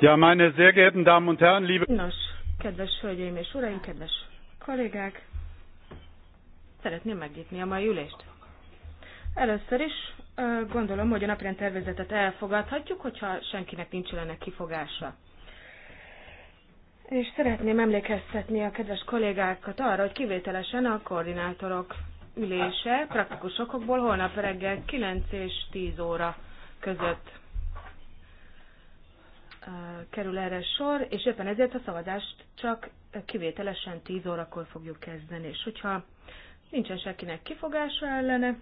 Ja, meine sehr geehrten Damen und Herren, liebe... Nos, kedves hölgyeim és uraim, kedves kollégák, szeretném megnyitni a mai ülést. Először is gondolom, hogy a napirend tervezetet elfogadhatjuk, hogyha senkinek nincs lenne kifogása. És szeretném emlékeztetni a kedves kollégákat arra, hogy kivételesen a koordinátorok ülése praktikus okokból holnap reggel 9 és 10 óra között kerül erre sor, és éppen ezért a szavazást csak kivételesen 10 órakor fogjuk kezdeni. És hogyha nincsen senkinek kifogása ellene,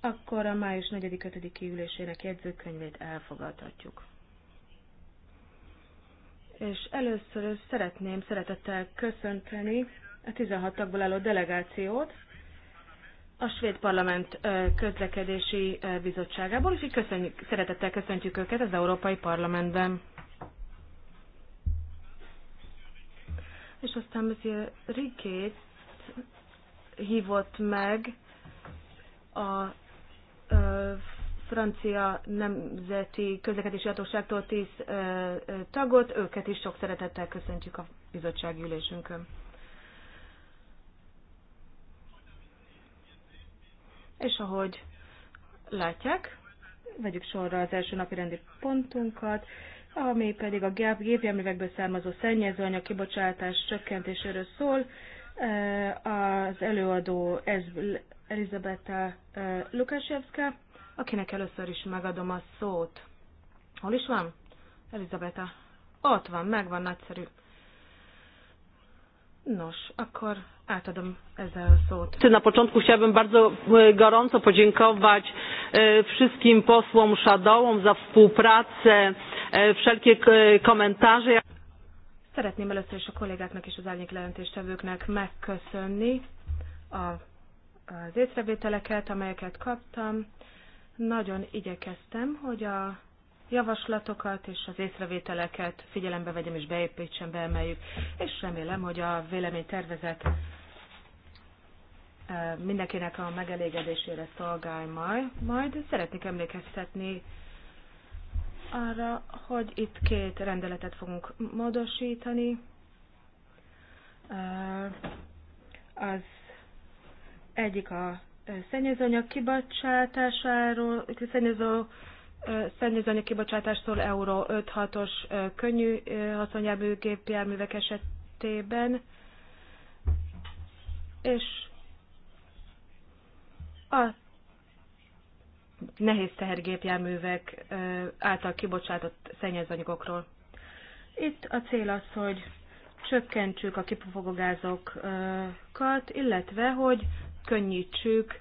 akkor a május 4-5. kiülésének jegyzőkönyvét elfogadhatjuk. És először szeretném szeretettel köszönteni a 16 tagból álló delegációt, a Svéd Parlament közlekedési bizottságából, és így köszönjük, szeretettel köszöntjük őket az Európai Parlamentben. És aztán az Rikét hívott meg a francia nemzeti közlekedési hatóságtól tíz tagot, őket is sok szeretettel köszöntjük a bizottsági ülésünkön. és ahogy látják, vegyük sorra az első napi rendi pontunkat, ami pedig a gépjárművekből származó szennyezőanyag kibocsátás csökkentéséről szól. Eh, az előadó ez Elizabeta eh, Lukasevska, akinek először is megadom a szót. Hol is van? Elizabeta. Ott van, megvan, nagyszerű. Nos, akkor Átadom ezzel a szót. Na początku chciałbym bardzo e, gorąco podziękować e, wszystkim posłom Shadowom za współpracę, e, wszelkie komentarze. Szeretném először is a kollégáknak és az árnyék jelentéstevőknek megköszönni a, az észrevételeket, amelyeket kaptam. Nagyon igyekeztem, hogy a javaslatokat és az észrevételeket figyelembe vegyem és beépítsem, beemeljük, és remélem, hogy a véleménytervezet mindenkinek a megelégedésére szolgálj majd. Majd szeretnék emlékeztetni arra, hogy itt két rendeletet fogunk módosítani. Az egyik a szennyezőanyag kibocsátásáról, szennyező szennyezőanyag kibocsátástól euró 5-6-os könnyű haszonjármű gépjárművek esetében, és a nehéz tehergépjárművek által kibocsátott szennyezőanyagokról. Itt a cél az, hogy csökkentsük a kipufogogázokat, illetve hogy könnyítsük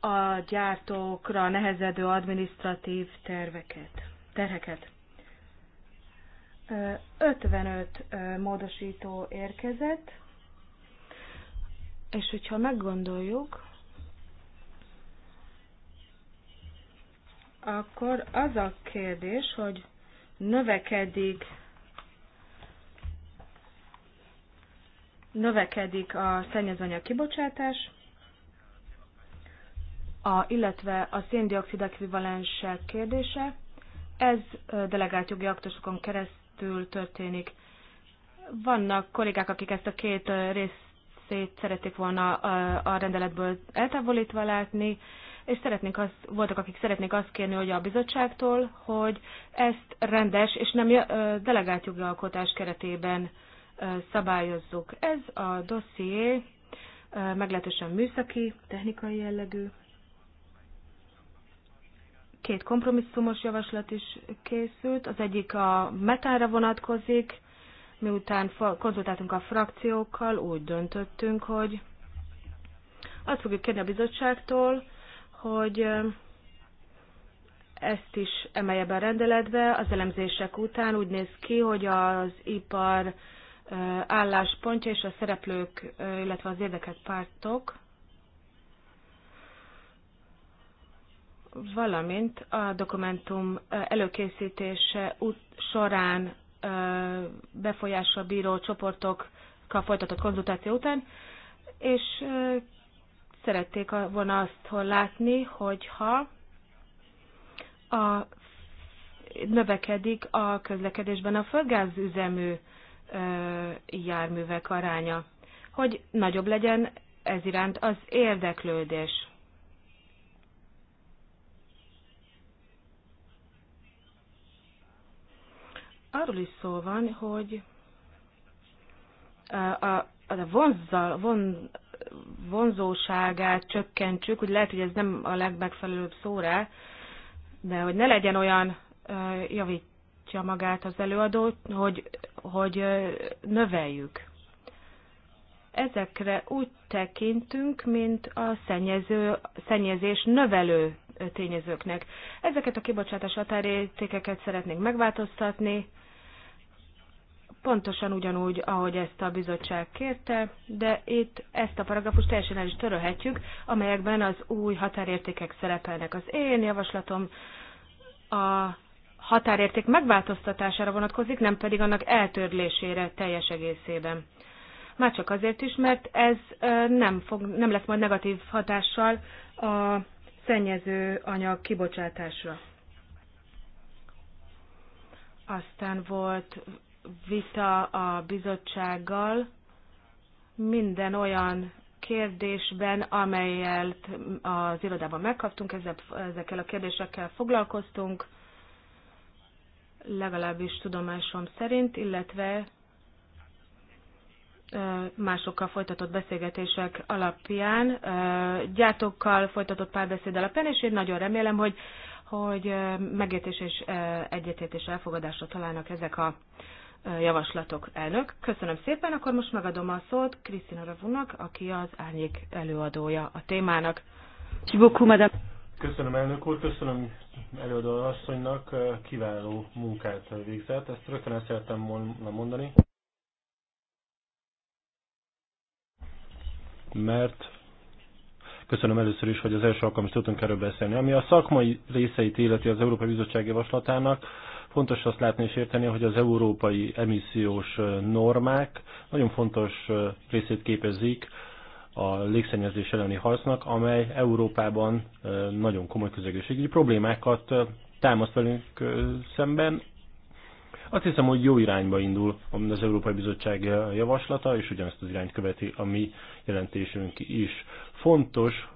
a gyártókra nehezedő adminisztratív terveket, terheket. 55 módosító érkezett, és hogyha meggondoljuk, akkor az a kérdés, hogy növekedik növekedik a szennyezőanyag kibocsátás, a, illetve a széndiokszid ekvivalensek kérdése. Ez delegált jogi aktusokon keresztül történik. Vannak kollégák, akik ezt a két részét szerették volna a rendeletből eltávolítva látni, és szeretnék azt, voltak, akik szeretnék azt kérni, hogy a bizottságtól, hogy ezt rendes és nem delegált jogalkotás keretében szabályozzuk. Ez a dosszié meglehetősen műszaki, technikai jellegű. Két kompromisszumos javaslat is készült. Az egyik a metánra vonatkozik, miután konzultáltunk a frakciókkal, úgy döntöttünk, hogy azt fogjuk kérni a bizottságtól, hogy ezt is emelje be a rendeletbe. Az elemzések után úgy néz ki, hogy az ipar álláspontja és a szereplők, illetve az érdekelt pártok, valamint a dokumentum előkészítése során befolyásra bíró csoportokkal folytatott konzultáció után, és szerették volna azt hogy látni, hogyha a, növekedik a közlekedésben a földgázüzemű járművek aránya, hogy nagyobb legyen ez iránt az érdeklődés. Arról is szó van, hogy a, a, a vonzal, von, vonzóságát csökkentsük, úgy lehet, hogy ez nem a legmegfelelőbb szóra, de hogy ne legyen olyan javítja magát az előadó, hogy, hogy növeljük. Ezekre úgy tekintünk, mint a szennyező, szennyezés növelő tényezőknek. Ezeket a kibocsátás határértékeket szeretnénk megváltoztatni, pontosan ugyanúgy, ahogy ezt a bizottság kérte, de itt ezt a paragrafust teljesen el is törölhetjük, amelyekben az új határértékek szerepelnek. Az én javaslatom a határérték megváltoztatására vonatkozik, nem pedig annak eltörlésére teljes egészében. Már csak azért is, mert ez nem, fog, nem lesz majd negatív hatással a szennyező anyag kibocsátásra. Aztán volt vita a bizottsággal minden olyan kérdésben, amelyet az irodában megkaptunk, ezekkel a kérdésekkel foglalkoztunk, legalábbis tudomásom szerint, illetve másokkal folytatott beszélgetések alapján, gyártókkal folytatott párbeszéd alapján, és én nagyon remélem, hogy, hogy megértés és egyetértés elfogadásra találnak ezek a javaslatok. Elnök, köszönöm szépen, akkor most megadom a szót Krisztina Ravunnak, aki az árnyék előadója a témának. Köszönöm elnök úr, köszönöm előadó asszonynak, eh, kiváló munkát végzett, ezt rögtön el szerettem volna mondani. Mert köszönöm először is, hogy az első is tudtunk erről beszélni. Ami a szakmai részeit illeti az Európai Bizottság javaslatának, Fontos azt látni és érteni, hogy az európai emissziós normák nagyon fontos részét képezik a légszennyezés elleni harcnak, amely Európában nagyon komoly közegészségügyi problémákat támaszt velünk szemben. Azt hiszem, hogy jó irányba indul az Európai Bizottság javaslata, és ugyanezt az irányt követi a mi jelentésünk is. Fontos,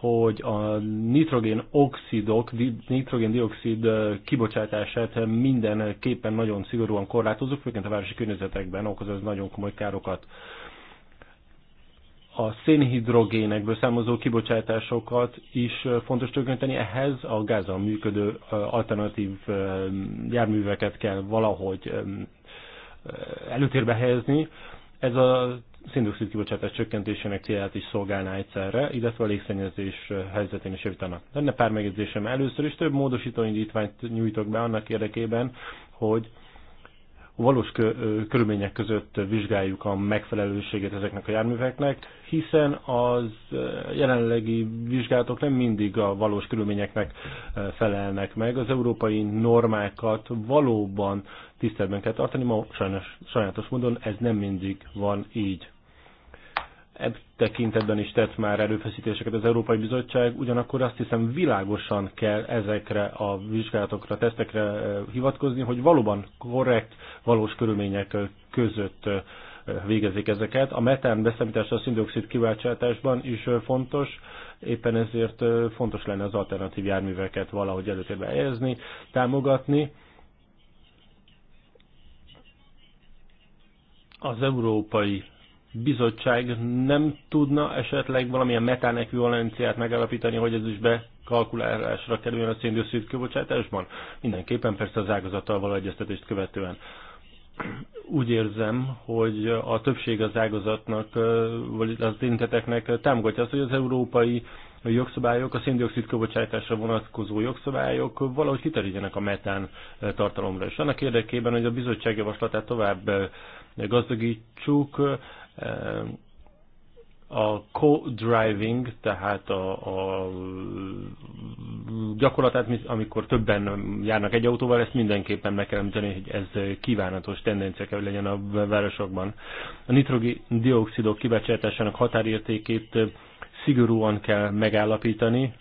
hogy a nitrogén oxidok, nitrogén-dioxid kibocsátását mindenképpen nagyon szigorúan korlátozunk, főként a városi környezetekben okoz ez nagyon komoly károkat. A szénhidrogénekből származó kibocsátásokat is fontos csökkenteni, ehhez a gázal működő alternatív járműveket kell valahogy előtérbe helyezni. Ez a szindoxid kibocsátás csökkentésének célját is szolgálná egyszerre, illetve a légszennyezés eh, helyzetén is javítana. Lenne pár megjegyzésem először is, több módosító indítványt nyújtok be annak érdekében, hogy valós körülmények között vizsgáljuk a megfelelőséget ezeknek a járműveknek, hiszen az eh, jelenlegi vizsgálatok nem mindig a valós körülményeknek eh, felelnek meg. Az európai normákat valóban tiszteletben kell tartani, ma sajnos, sajnos módon ez nem mindig van így ebb tekintetben is tett már erőfeszítéseket az Európai Bizottság, ugyanakkor azt hiszem világosan kell ezekre a vizsgálatokra, tesztekre e, hivatkozni, hogy valóban korrekt, valós körülmények e, között e, végezik ezeket. A metán beszámítása a szindioxid kivácsátásban is fontos, éppen ezért fontos lenne az alternatív járműveket valahogy előtérbe helyezni, támogatni. Az Európai bizottság nem tudna esetleg valamilyen metánekvivalenciát megállapítani, hogy ez is bekalkulálásra kerüljön a széndiokszid kibocsátásban? Mindenképpen persze az ágazattal való egyeztetést követően. Úgy érzem, hogy a többség az ágazatnak, vagy az érinteteknek támogatja azt, hogy az európai a jogszabályok, a széndiokszid kibocsátásra vonatkozó jogszabályok valahogy kiterjedjenek a metán tartalomra. És annak érdekében, hogy a bizottság javaslatát tovább gazdagítsuk, a co-driving, tehát a, a gyakorlatát, amikor többen járnak egy autóval, ezt mindenképpen meg kell említeni, hogy ez kívánatos tendencia kell, legyen a városokban. A nitrogén-dioxidok kibecsátásának határértékét szigorúan kell megállapítani,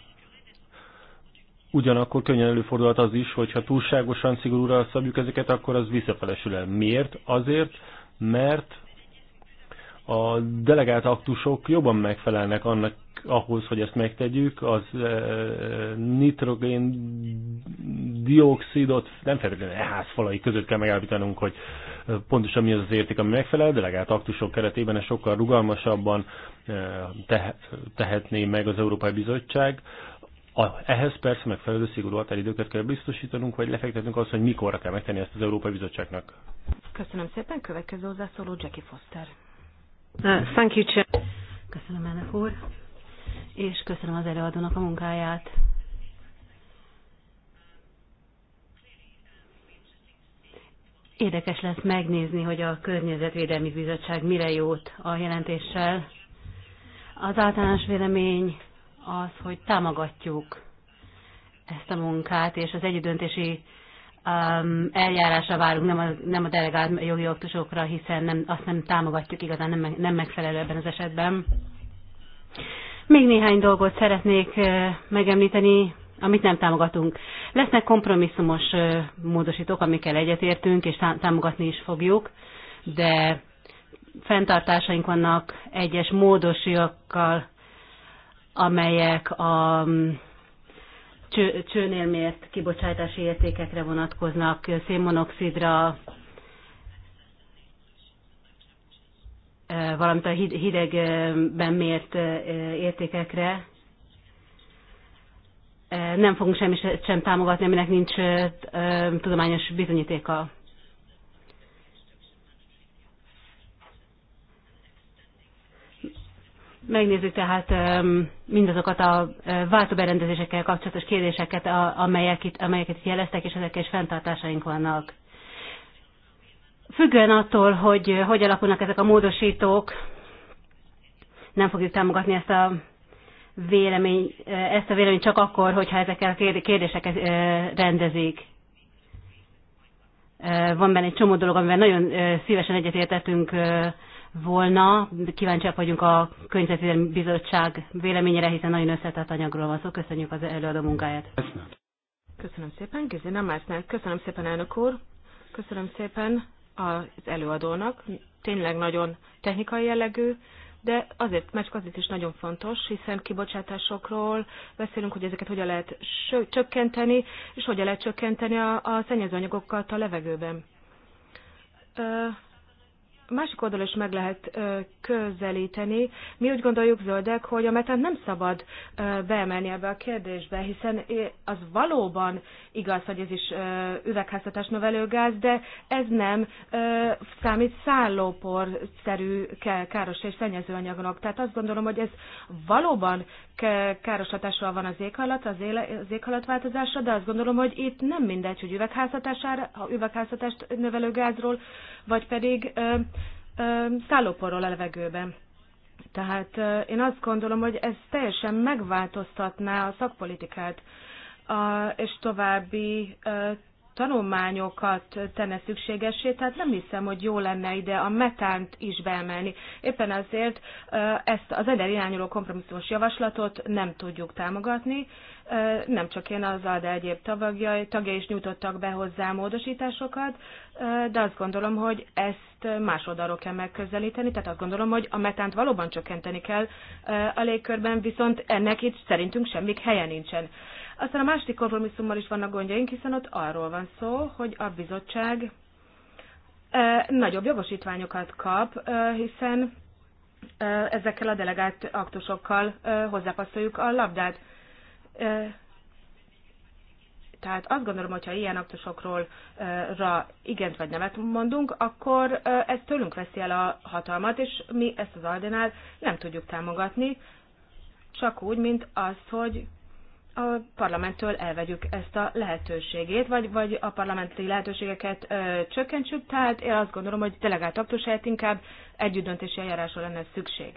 Ugyanakkor könnyen előfordulhat az is, hogyha túlságosan szigorúra szabjuk ezeket, akkor az visszafelesül el. Miért? Azért, mert a delegált aktusok jobban megfelelnek annak ahhoz, hogy ezt megtegyük, az e, nitrogén dioxidot nem feltétlenül e falai között kell megállapítanunk, hogy eh, pontosan mi az az érték, ami megfelel, delegált aktusok keretében ez sokkal rugalmasabban e, tehetné meg az Európai Bizottság. A, ehhez persze megfelelő szigorú határidőket kell biztosítanunk, vagy lefektetnünk azt, hogy mikorra kell megtenni ezt az Európai Bizottságnak. Köszönöm szépen, következő hozzászóló Jackie Foster. Uh, thank you, Chair. Köszönöm, ennek úr, és köszönöm az előadónak a munkáját. Érdekes lesz megnézni, hogy a Környezetvédelmi Bizottság mire jót a jelentéssel. Az általános vélemény az, hogy támogatjuk ezt a munkát, és az együttdöntési um, eljárásra várunk, nem a, nem a delegált jogi aktusokra, hiszen nem, azt nem támogatjuk igazán, nem, nem megfelelő ebben az esetben. Még néhány dolgot szeretnék megemlíteni, amit nem támogatunk. Lesznek kompromisszumos módosítók, amikkel egyetértünk, és támogatni is fogjuk, de fenntartásaink vannak egyes módosítókkal, amelyek a cső, csőnél mért kibocsátási értékekre vonatkoznak, szénmonoxidra, valamint a hidegben mért értékekre. Nem fogunk semmit sem támogatni, aminek nincs tudományos bizonyítéka. Megnézzük tehát mindazokat a váltóberendezésekkel kapcsolatos kérdéseket, amelyek itt, amelyeket itt jeleztek, és ezekkel is fenntartásaink vannak. Függően attól, hogy eh, hogy alakulnak ezek a módosítók, nem fogjuk támogatni ezt a vélemény, eh, ezt a vélemény csak akkor, hogyha ezekkel a kérdéseket eh, rendezik. Van benne egy csomó dolog, amivel nagyon szívesen egyetértettünk volna. Kíváncsiak vagyunk a Környezetvédelmi Bizottság véleményére, hiszen nagyon összetett anyagról van szó. Köszönjük az előadó munkáját. Köszönöm szépen, Gizina nem. Köszönöm szépen, elnök úr. Köszönöm szépen az előadónak. Tényleg nagyon technikai jellegű, de azért, mert azért is nagyon fontos, hiszen kibocsátásokról beszélünk, hogy ezeket hogyan lehet csökkenteni, és hogyan lehet csökkenteni a, a szennyezőanyagokat a levegőben másik oldal is meg lehet közelíteni. Mi úgy gondoljuk zöldek, hogy a metán nem szabad beemelni ebbe a kérdésbe, hiszen az valóban igaz, hogy ez is üvegháztatás növelő de ez nem számít szállóporszerű káros és szennyezőanyagnak. Tehát azt gondolom, hogy ez valóban káros hatással van az éghajlat, az, éle, az változása, de azt gondolom, hogy itt nem mindegy, hogy üvegházhatására, üvegházhatást növelő gázról, vagy pedig szállóporról a levegőben. Tehát én azt gondolom, hogy ez teljesen megváltoztatná a szakpolitikát, és további tanulmányokat tenne szükségessé, tehát nem hiszem, hogy jó lenne ide a metánt is beemelni. Éppen azért ezt az egyre irányuló kompromisszumos javaslatot nem tudjuk támogatni, nem csak én azzal, de egyéb tagjai, tagjai is nyújtottak be hozzá módosításokat, de azt gondolom, hogy ezt más oldalról kell megközelíteni, tehát azt gondolom, hogy a metánt valóban csökkenteni kell a légkörben, viszont ennek itt szerintünk semmi helye nincsen. Aztán a másik kompromisszummal is vannak gondjaink, hiszen ott arról van szó, hogy a bizottság nagyobb jogosítványokat kap, hiszen ezekkel a delegált aktusokkal hozzápasszoljuk a labdát tehát azt gondolom, hogyha ilyen aktusokról ra igent vagy nemet mondunk, akkor ez tőlünk veszi el a hatalmat, és mi ezt az Aldenál nem tudjuk támogatni, csak úgy, mint az, hogy a parlamenttől elvegyük ezt a lehetőségét, vagy, vagy a parlamenti lehetőségeket ö, csökkentsük, tehát én azt gondolom, hogy delegált aktus helyett inkább együttdöntési eljárásra lenne szükség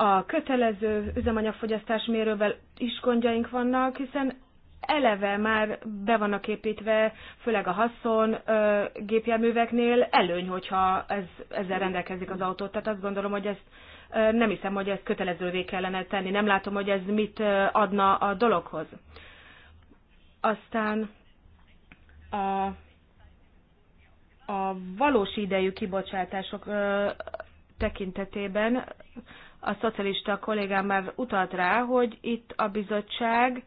a kötelező üzemanyagfogyasztás mérővel is gondjaink vannak, hiszen eleve már be vannak építve, főleg a haszon ö, gépjárműveknél előny, hogyha ez, ezzel rendelkezik az autó. Tehát azt gondolom, hogy ezt ö, nem hiszem, hogy ezt kötelezővé kellene tenni. Nem látom, hogy ez mit adna a dologhoz. Aztán a, a valós idejű kibocsátások ö, tekintetében a szocialista kollégám már utalt rá, hogy itt a bizottság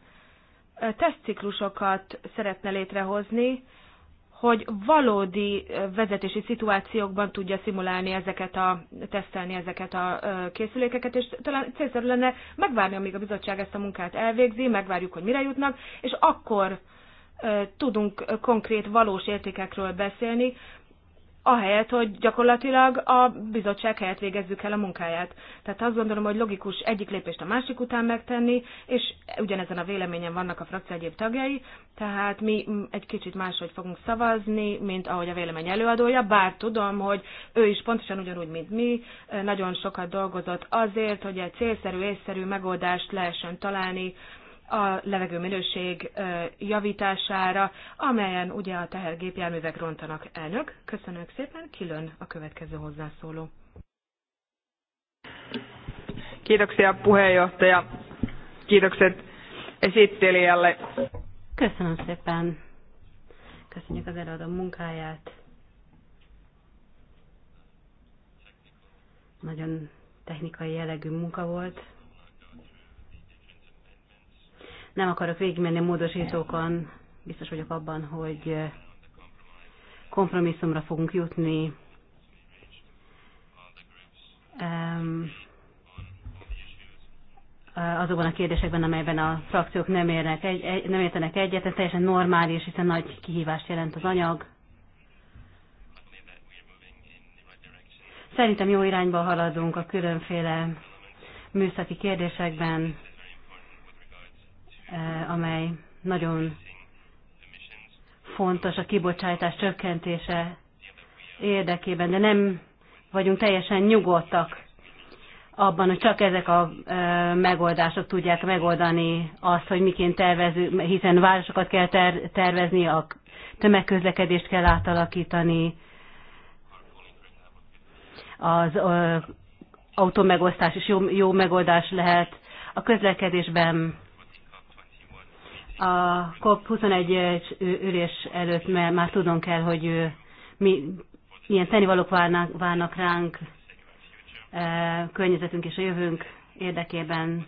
tesztciklusokat szeretne létrehozni, hogy valódi vezetési szituációkban tudja szimulálni ezeket a, tesztelni ezeket a készülékeket, és talán célszerű lenne megvárni, amíg a bizottság ezt a munkát elvégzi, megvárjuk, hogy mire jutnak, és akkor tudunk konkrét valós értékekről beszélni, ahelyett, hogy gyakorlatilag a bizottság helyett végezzük el a munkáját. Tehát azt gondolom, hogy logikus egyik lépést a másik után megtenni, és ugyanezen a véleményen vannak a frakció egyéb tagjai, tehát mi egy kicsit máshogy fogunk szavazni, mint ahogy a vélemény előadója, bár tudom, hogy ő is pontosan ugyanúgy, mint mi, nagyon sokat dolgozott azért, hogy egy célszerű, észszerű megoldást lehessen találni a levegő minőség javítására, amelyen ugye a tehergépjárművek rontanak. Elnök, köszönök szépen, külön a következő hozzászóló. Kiitoksia puheenjohtaja. Kiitokset esittelijälle. Köszönöm szépen. Köszönjük az előadó munkáját. Nagyon technikai jellegű munka volt. Nem akarok végigmenni a módosítókon, biztos vagyok abban, hogy kompromisszumra fogunk jutni. azokban a kérdésekben, amelyben a frakciók nem, érnek egy, egy, nem értenek egyet, ez teljesen normális, hiszen nagy kihívást jelent az anyag. Szerintem jó irányba haladunk a különféle műszaki kérdésekben. Eh, amely nagyon fontos a kibocsátás csökkentése érdekében, de nem vagyunk teljesen nyugodtak abban, hogy csak ezek a eh, megoldások tudják megoldani azt, hogy miként tervezünk, hiszen városokat kell ter- tervezni, a tömegközlekedést kell átalakítani, az autómegosztás is jó, jó megoldás lehet. A közlekedésben a COP21 ülés előtt mert már tudom kell, hogy mi, milyen tennivalók várnak, várnak ránk e, környezetünk és a jövőnk érdekében,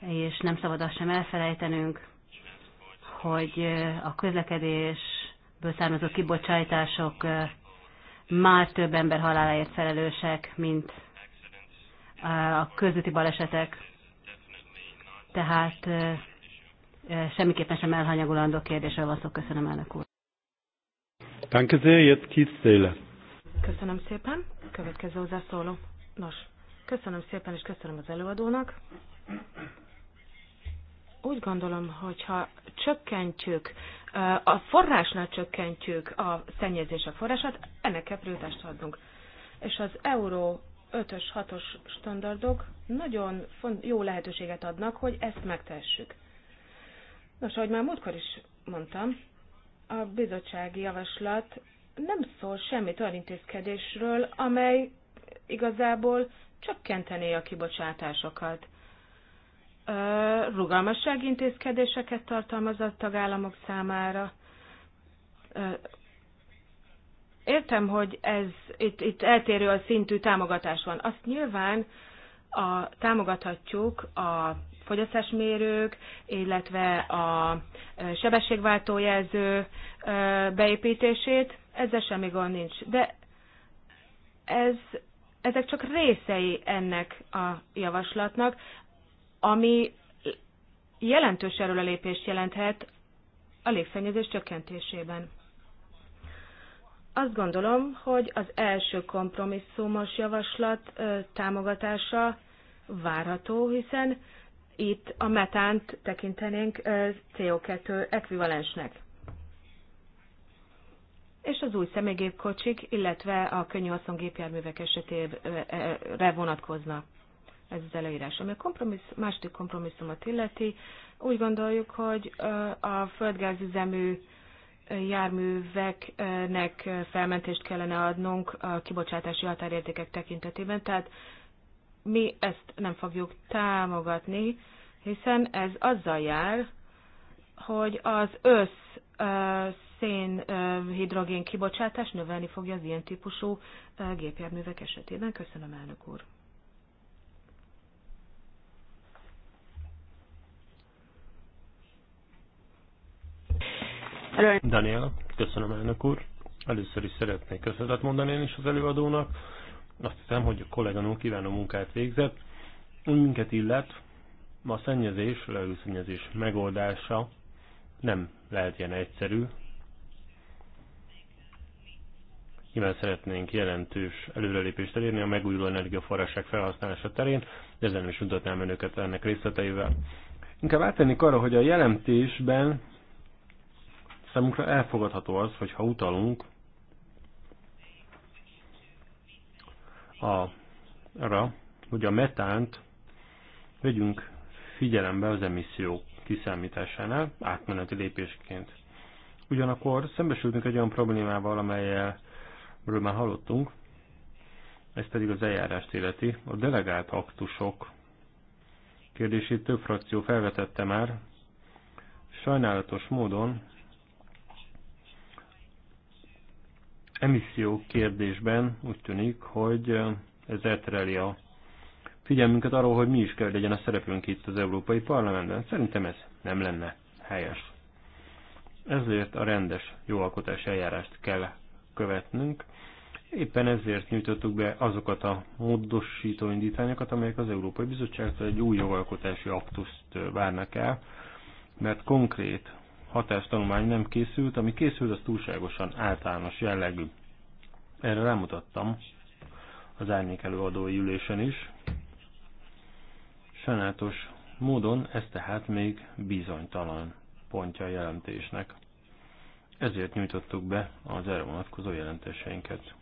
és nem szabad azt sem elfelejtenünk, hogy a közlekedésből származó kibocsátások már több ember haláláért felelősek, mint a közúti balesetek. Tehát semmiképpen sem elhanyagolandó kérdésre van szó. Köszönöm, elnök úr. Danke sehr, jetzt Köszönöm szépen. Következő hozzászóló. Nos, köszönöm szépen, és köszönöm az előadónak. Úgy gondolom, hogyha csökkentjük, a forrásnál csökkentjük a szennyezés a forrását, ennek kell prioritást adnunk. És az euró 5-ös, 6-os standardok nagyon jó lehetőséget adnak, hogy ezt megtessük. Nos, ahogy már múltkor is mondtam, a bizottsági javaslat nem szól semmit olyan intézkedésről, amely igazából csökkentené a kibocsátásokat. Rugalmassági intézkedéseket tartalmaz a tagállamok számára. Értem, hogy ez itt, itt eltérő a szintű támogatás van. Azt nyilván a, támogathatjuk a fogyasztásmérők, illetve a sebességváltó jelző beépítését, ezzel semmi gond nincs. De ez, ezek csak részei ennek a javaslatnak, ami jelentős erőlelépést jelenthet a légszennyezés csökkentésében. Azt gondolom, hogy az első kompromisszumos javaslat ö, támogatása várható, hiszen itt a metánt tekintenénk CO2 ekvivalensnek. És az új személygépkocsik, illetve a könnyű gépjárművek esetére vonatkozna ez az előírás. Ami a kompromissz, második kompromisszumot illeti, úgy gondoljuk, hogy a földgázüzemű járműveknek felmentést kellene adnunk a kibocsátási határértékek tekintetében, tehát mi ezt nem fogjuk támogatni, hiszen ez azzal jár, hogy az össz szénhidrogén kibocsátás növelni fogja az ilyen típusú gépjárművek esetében. Köszönöm, elnök úr. Daniel, köszönöm elnök úr. Először is szeretnék köszönetet mondani én is az előadónak azt hiszem, hogy a kolléganunk kívánó munkát végzett. Minket illet, a szennyezés, leülszennyezés megoldása nem lehet ilyen egyszerű. Nyilván szeretnénk jelentős előrelépést elérni a megújuló energiaforrások felhasználása terén, de ezen is mutatnám önöket ennek részleteivel. Inkább átennék arra, hogy a jelentésben számunkra elfogadható az, hogy ha utalunk arra, hogy a metánt vegyünk figyelembe az emissziók kiszámításánál átmeneti lépésként. Ugyanakkor szembesültünk egy olyan problémával, amelyel már hallottunk, ez pedig az eljárást illeti. A delegált aktusok kérdését több frakció felvetette már, sajnálatos módon emisszió kérdésben úgy tűnik, hogy ez eltereli a figyelmünket arról, hogy mi is kell legyen a szerepünk itt az Európai Parlamentben. Szerintem ez nem lenne helyes. Ezért a rendes jóalkotás eljárást kell követnünk. Éppen ezért nyújtottuk be azokat a módosító indítványokat, amelyek az Európai Bizottságtól egy új jogalkotási aktust várnak el, mert konkrét hatástanulmány nem készült, ami készült, az túlságosan általános jellegű. Erre rámutattam az árnyék előadói ülésen is. Sajnálatos módon ez tehát még bizonytalan pontja a jelentésnek. Ezért nyújtottuk be az erre vonatkozó jelentéseinket.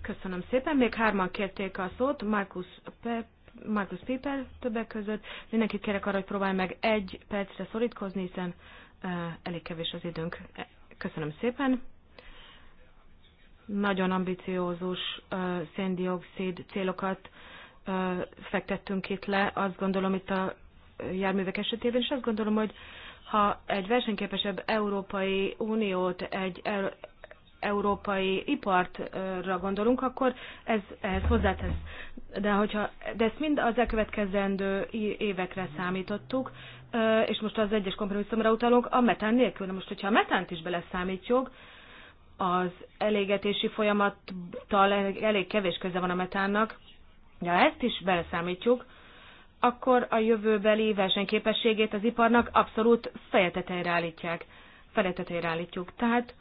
Köszönöm szépen. Még hárman kérték a szót. Markus Pep Markus Piper többek között. Mindenkit kérek arra, hogy próbálj meg egy percre szorítkozni, hiszen elég kevés az időnk. E, köszönöm szépen. Nagyon ambiciózus széndiokszid célokat fektettünk itt le, azt gondolom itt a járművek esetében, és azt gondolom, hogy ha egy versenyképesebb Európai Uniót, egy európai ipartra gondolunk, akkor ez ez hozzátesz. De, hogyha, de ezt mind az elkövetkezendő évekre számítottuk, és most az egyes kompromisszumra utalunk, a metán nélkül. Na most, hogyha a metánt is beleszámítjuk, az elégetési folyamattal elég kevés köze van a metánnak, ha ezt is beleszámítjuk, akkor a jövőbeli versenyképességét az iparnak abszolút fejeteteire állítják. Feleteteire állítjuk. Tehát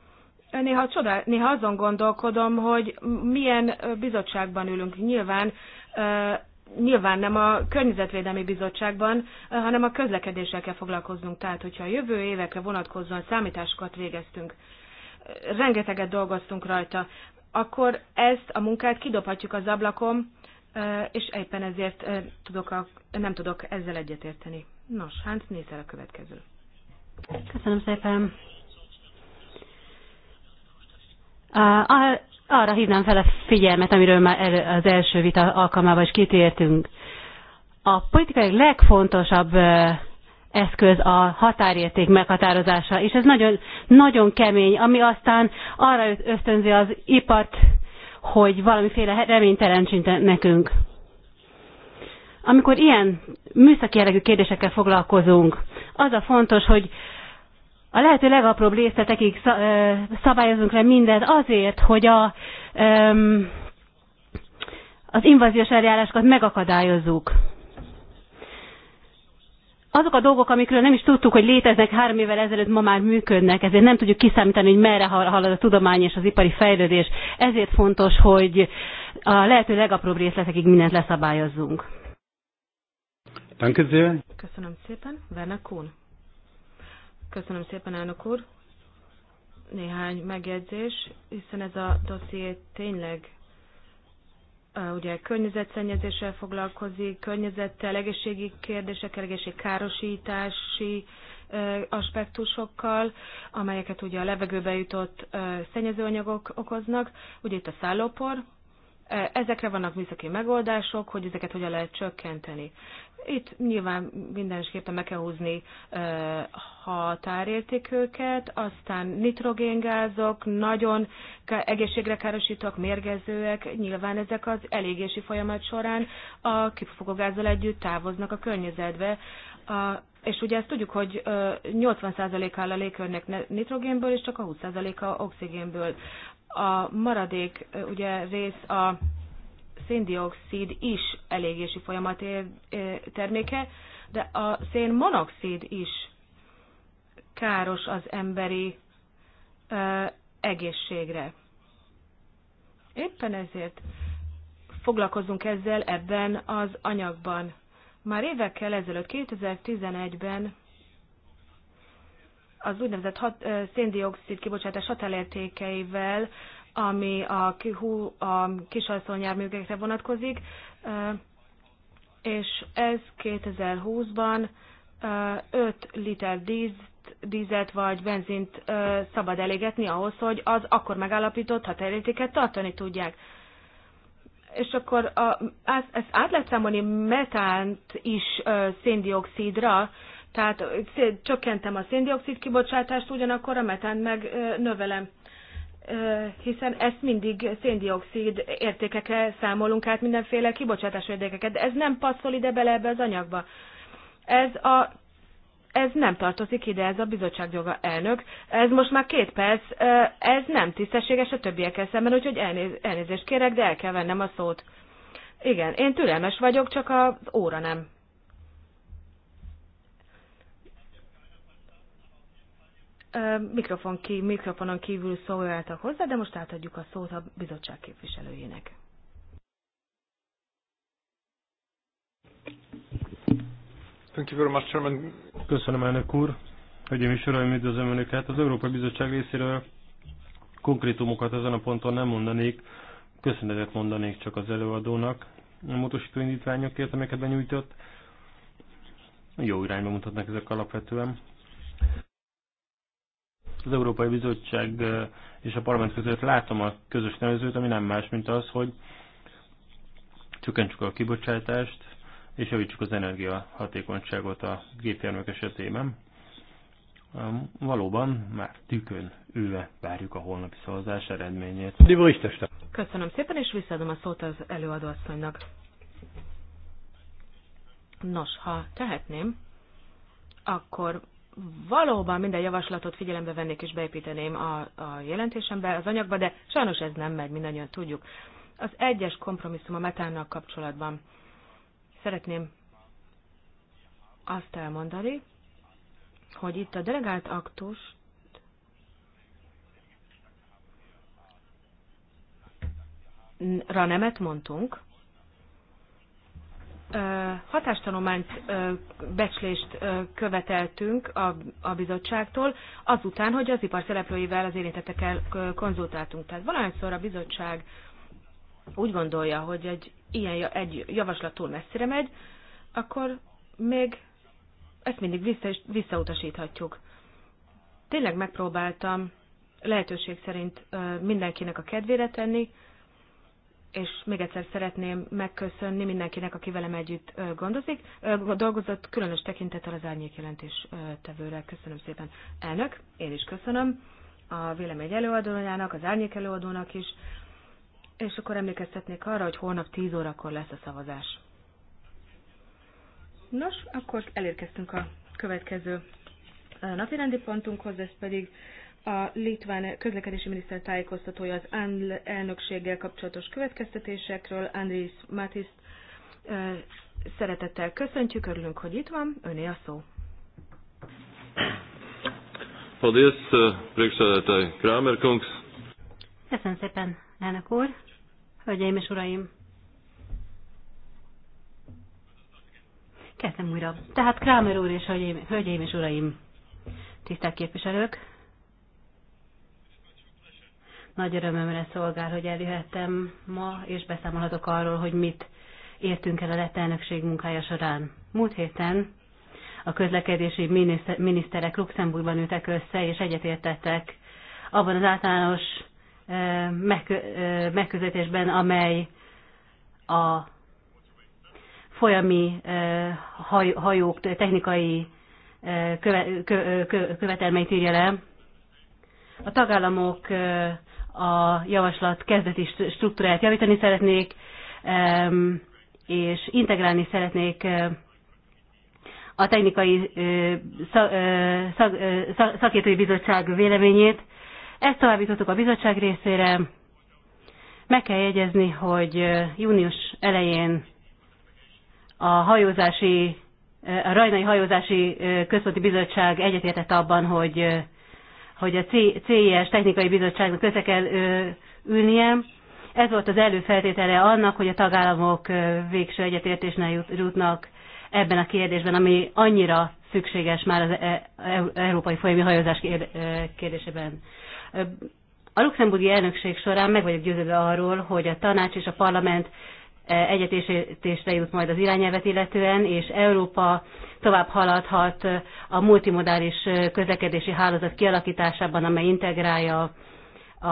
néha, csodál, néha azon gondolkodom, hogy milyen bizottságban ülünk. Nyilván nyilván nem a Környezetvédelmi Bizottságban, hanem a közlekedéssel kell foglalkoznunk. Tehát, hogyha a jövő évekre vonatkozóan számításokat végeztünk, rengeteget dolgoztunk rajta, akkor ezt a munkát kidobhatjuk az ablakom, és éppen ezért tudok a, nem tudok ezzel egyetérteni. Nos, Hánc, nézel a következő. Köszönöm szépen. Arra hívnám fel a figyelmet, amiről már az első vita alkalmával is kitértünk. A politikai legfontosabb eszköz a határérték meghatározása, és ez nagyon, nagyon kemény, ami aztán arra ösztönzi az ipart, hogy valamiféle reményt teremtsünk nekünk. Amikor ilyen műszaki jellegű kérdésekkel foglalkozunk, az a fontos, hogy a lehető legapróbb részletekig szabályozunk le mindent azért, hogy a, az invaziós eljárásokat megakadályozzuk. Azok a dolgok, amikről nem is tudtuk, hogy léteznek három évvel ezelőtt, ma már működnek, ezért nem tudjuk kiszámítani, hogy merre halad a tudomány és az ipari fejlődés. Ezért fontos, hogy a lehető legapróbb részletekig mindent leszabályozzunk. Köszönöm szépen. Werner Kuhn. Köszönöm szépen, elnök úr. Néhány megjegyzés, hiszen ez a dosszié tényleg ugye környezetszennyezéssel foglalkozik, környezettel, egészségi kérdésekkel, egészségkárosítási aspektusokkal, amelyeket ugye a levegőbe jutott szennyezőanyagok okoznak. Ugye itt a szállópor, E, ezekre vannak műszaki megoldások, hogy ezeket hogyan lehet csökkenteni. Itt nyilván mindenképpen meg kell húzni e, határértékőket, aztán nitrogéngázok, nagyon egészségre károsítók, mérgezőek, nyilván ezek az elégési folyamat során a kifogogázzal együtt távoznak a környezetbe. A, és ugye ezt tudjuk, hogy 80% áll a légkörnek nitrogénből, és csak a 20%-a oxigénből a maradék ugye rész a széndiokszid is elégési folyamat terméke, de a szénmonoxid is káros az emberi ö, egészségre. Éppen ezért foglalkozunk ezzel ebben az anyagban. Már évekkel ezelőtt, 2011-ben az úgynevezett hat, széndiokszid kibocsátás határértékeivel, ami a, hú, a kisalszonyjárművekre vonatkozik, és ez 2020-ban 5 liter dízt, dízet vagy benzint szabad elégetni ahhoz, hogy az akkor megállapított határértéket tartani tudják és akkor a, ezt át lehet számolni metánt is széndiokszidra, tehát csökkentem a széndiokszid kibocsátást, ugyanakkor a metánt meg növelem hiszen ezt mindig széndiokszid értékekre számolunk át, mindenféle kibocsátás értékeket, de ez nem passzol ide bele ebbe az anyagba. Ez, a, ez nem tartozik ide, ez a bizottság joga elnök. Ez most már két perc, ez nem tisztességes a többiekkel szemben, úgyhogy elnéz, elnézést kérek, de el kell vennem a szót. Igen, én türelmes vagyok, csak az óra nem. mikrofon ki, mikrofonon kívül szóltak hozzá, de most átadjuk a szót a bizottság képviselőjének. Thank you very much, Chairman. Köszönöm, elnök úr. Hölgyeim és uraim, üdvözlöm Önöket. Az Európai Bizottság részéről konkrétumokat ezen a ponton nem mondanék, köszönetet mondanék csak az előadónak a módosító indítványokért, amiket benyújtott. Jó irányba mutatnak ezek alapvetően az Európai Bizottság és a parlament között látom a közös nevezőt, ami nem más, mint az, hogy csökkentsük a kibocsátást, és javítsuk az energiahatékonyságot a gépjárművek esetében. Valóban már tükön ülve várjuk a holnapi szavazás eredményét. Köszönöm szépen, és visszaadom a szót az előadóasszonynak. Nos, ha tehetném, akkor valóban minden javaslatot figyelembe vennék és beépíteném a, a jelentésembe, az anyagba, de sajnos ez nem megy, mindannyian tudjuk. Az egyes kompromisszum a metánnal kapcsolatban. Szeretném azt elmondani, hogy itt a delegált aktus ra nemet mondtunk, hatástanományt becslést követeltünk a, a bizottságtól, azután, hogy az ipar szereplőivel, az érintettekkel konzultáltunk. Tehát valahányszor a bizottság úgy gondolja, hogy egy ilyen egy javaslat túl messzire megy, akkor még ezt mindig vissza, visszautasíthatjuk. Tényleg megpróbáltam lehetőség szerint mindenkinek a kedvére tenni, és még egyszer szeretném megköszönni mindenkinek, aki velem együtt gondozik, dolgozott, különös tekintettel az árnyék jelentés tevőre. Köszönöm szépen, elnök, én is köszönöm a vélemény előadójának, az árnyék előadónak is, és akkor emlékeztetnék arra, hogy holnap 10 órakor lesz a szavazás. Nos, akkor elérkeztünk a következő napirendi pontunkhoz, ez pedig a litván közlekedési miniszter tájékoztatója az ANL elnökséggel kapcsolatos következtetésekről. Andris Matis szeretettel köszöntjük, örülünk, hogy itt van, öné a szó. Paldies, priekšsēdētāji Krāmer kungs. Köszönöm szépen, elnök úr, hölgyeim és uraim. Kezdem újra. Tehát Krámer úr és hölgyeim, hölgyeim és uraim, tisztelt képviselők, nagy örömömre szolgál, hogy eljöhettem ma, és beszámolhatok arról, hogy mit értünk el a lett elnökség munkája során. Múlt héten a közlekedési miniszterek Luxemburgban ültek össze, és egyetértettek abban az általános megközelítésben, amely a folyami hajók technikai követelményt írja le. A tagállamok a javaslat kezdeti struktúráját javítani szeretnék, és integrálni szeretnék a technikai szakértői bizottság véleményét. Ezt továbbítottuk a bizottság részére. Meg kell jegyezni, hogy június elején a hajózási, a Rajnai Hajózási Központi Bizottság egyetértett abban, hogy hogy a CIS e technikai bizottságnak össze kell ülnie. Ez volt az előfeltétele annak, hogy a tagállamok végső egyetértésnél jutnak ebben a kérdésben, ami annyira szükséges már az e, e, európai folyami hajózás kérdésében. A luxemburgi elnökség során meg vagyok győződve arról, hogy a tanács és a parlament egyetésre jut majd az irányelvet illetően, és Európa tovább haladhat a multimodális közlekedési hálózat kialakításában, amely integrálja a,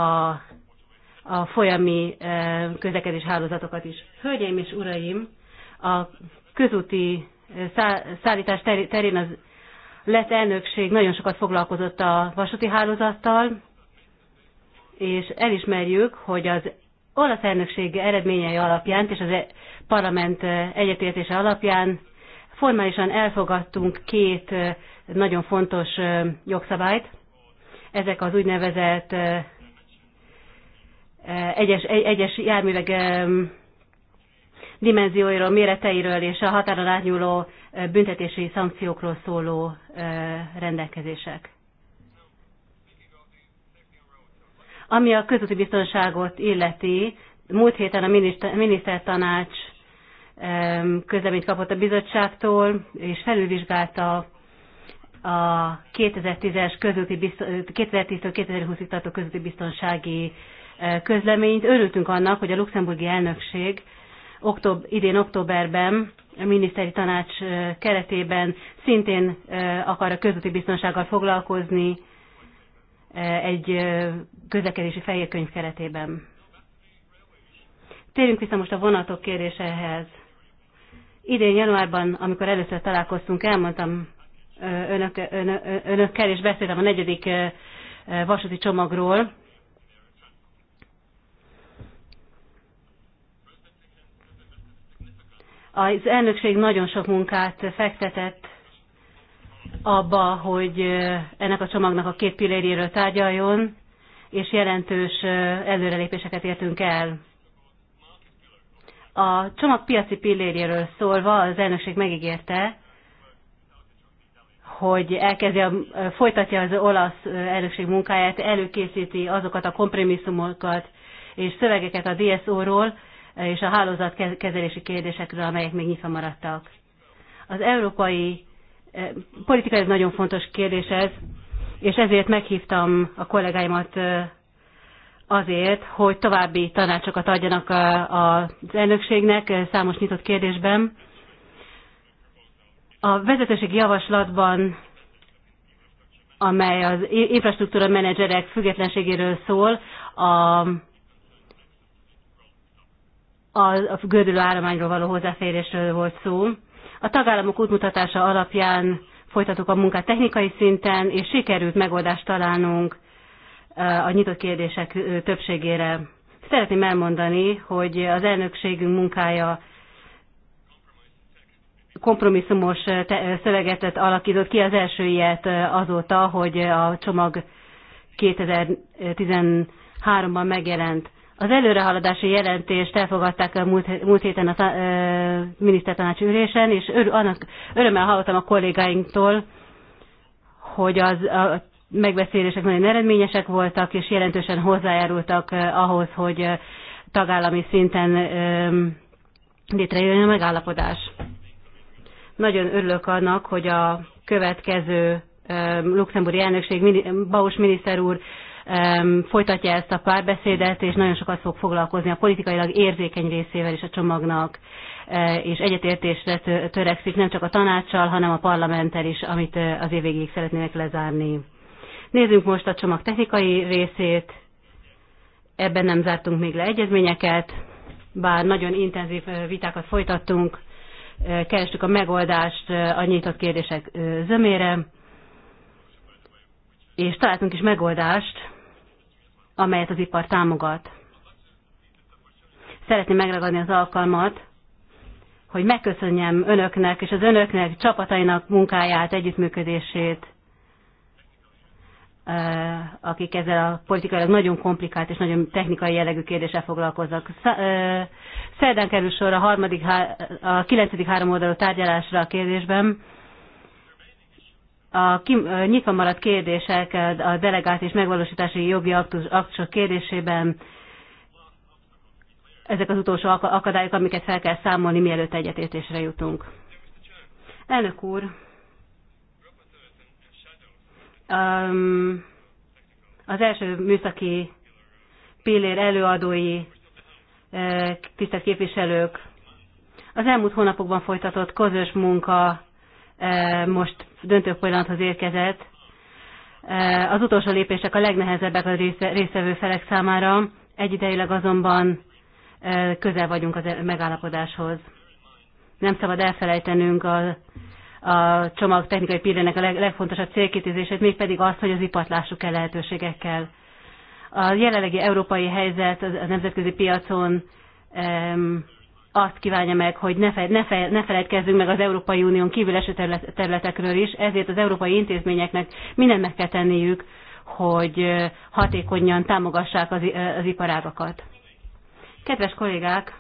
a folyami e, közlekedési hálózatokat is. Hölgyeim és uraim, a közúti e, szállítás terén az lett elnökség nagyon sokat foglalkozott a vasúti hálózattal, és elismerjük, hogy az olasz elnökség eredményei alapján és az e- parlament egyetértése alapján formálisan elfogadtunk két nagyon fontos jogszabályt. Ezek az úgynevezett egyes, egyes járművek dimenzióiról, méreteiről és a határon átnyúló büntetési szankciókról szóló rendelkezések. Ami a közúti biztonságot illeti, múlt héten a miniszter, minisztertanács közleményt kapott a bizottságtól, és felülvizsgálta a 2010-es közúti 2010 2020-ig tartó közúti biztonsági e, közleményt. Örültünk annak, hogy a luxemburgi elnökség október, idén októberben a miniszteri tanács e, keretében szintén e, akar a közúti biztonsággal foglalkozni, egy közlekedési fehér könyv keretében. Térjünk vissza most a vonatok kérésehez. Idén januárban, amikor először találkoztunk, elmondtam önök, önök, önökkel, és beszéltem a negyedik vasúti csomagról. Az elnökség nagyon sok munkát fektetett abba, hogy ennek a csomagnak a két pilléréről tárgyaljon, és jelentős előrelépéseket értünk el. A csomag piaci pilléréről szólva az elnökség megígérte, hogy elkezdi a, folytatja az olasz elnökség munkáját, előkészíti azokat a kompromisszumokat és szövegeket a DSO-ról és a hálózatkezelési kérdésekről, amelyek még nyitva maradtak. Az európai Politika ez nagyon fontos kérdés ez, és ezért meghívtam a kollégáimat azért, hogy további tanácsokat adjanak az elnökségnek számos nyitott kérdésben. A vezetőségi javaslatban, amely az infrastruktúra menedzserek függetlenségéről szól, a, a, gördülő állományról való hozzáférésről volt szó. A tagállamok útmutatása alapján folytatok a munkát technikai szinten, és sikerült megoldást találnunk eh, a nyitott kérdések eh, többségére. Szeretném elmondani, hogy az elnökségünk munkája kompromisszumos eh, szövegetet alakított ki, az első ilyet azóta, hogy a csomag 2013-ban megjelent. Az előrehaladási jelentést elfogadták a múlt, múlt héten a e, minisztertanács ülésen, és ör, annak, örömmel hallottam a kollégáinktól, hogy az, a megbeszélések nagyon eredményesek voltak, és jelentősen hozzájárultak ahhoz, hogy tagállami szinten létrejön a megállapodás. Nagyon örülök annak, hogy a következő luxemburgi elnökség, Baus miniszter úr folytatja ezt a párbeszédet, és nagyon sokat fog foglalkozni a politikailag érzékeny részével is a csomagnak, e, és egyetértésre törekszik nem csak a tanácssal, hanem a parlamenttel is, amit e, az év végéig szeretnének lezárni. Nézzünk most a csomag technikai részét. Ebben nem zártunk még le egyezményeket, bár nagyon intenzív e, vitákat folytattunk, kerestük a megoldást a nyitott kérdések zömére, és találtunk is megoldást amelyet az ipar támogat. Szeretném megragadni az alkalmat, hogy megköszönjem önöknek és az önöknek csapatainak munkáját, együttműködését, akik ezzel a politikailag nagyon komplikált és nagyon technikai jellegű kérdéssel foglalkoznak. Szerdán kerül sor a, harmadik, a 9. oldalú tárgyalásra a kérdésben, a nyitva maradt kérdések a delegált és megvalósítási jogi aktusok kérdésében ezek az utolsó akadályok, amiket fel kell számolni, mielőtt egyetértésre jutunk. Elnök úr, az első műszaki pillér előadói, tisztelt képviselők, az elmúlt hónapokban folytatott közös munka most döntő folyamathoz érkezett. E, az utolsó lépések a legnehezebbek a résztvevő felek számára, egyidejűleg azonban e, közel vagyunk az e, megállapodáshoz. Nem szabad elfelejtenünk a, a csomag technikai pillének a leg, legfontosabb célkitűzését, mégpedig azt, hogy az ipart lássuk el lehetőségekkel. A jelenlegi európai helyzet a nemzetközi piacon azt kívánja meg, hogy ne, fej, ne, fej, ne feledkezzünk meg az Európai Unión kívül eső területekről is, ezért az európai intézményeknek mindent meg kell tenniük, hogy hatékonyan támogassák az, az iparágakat. Kedves kollégák,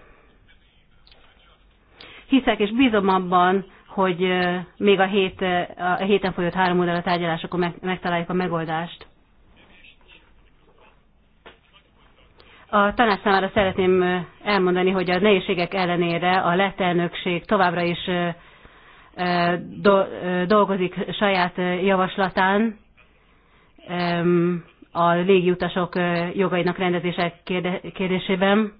hiszek és bízom abban, hogy még a, hét, a héten folyott három oldalra tárgyalásokon megtaláljuk a megoldást. A tanács számára szeretném elmondani, hogy a nehézségek ellenére a lett elnökség továbbra is dolgozik saját javaslatán a légiutasok jogainak rendezése kérdésében,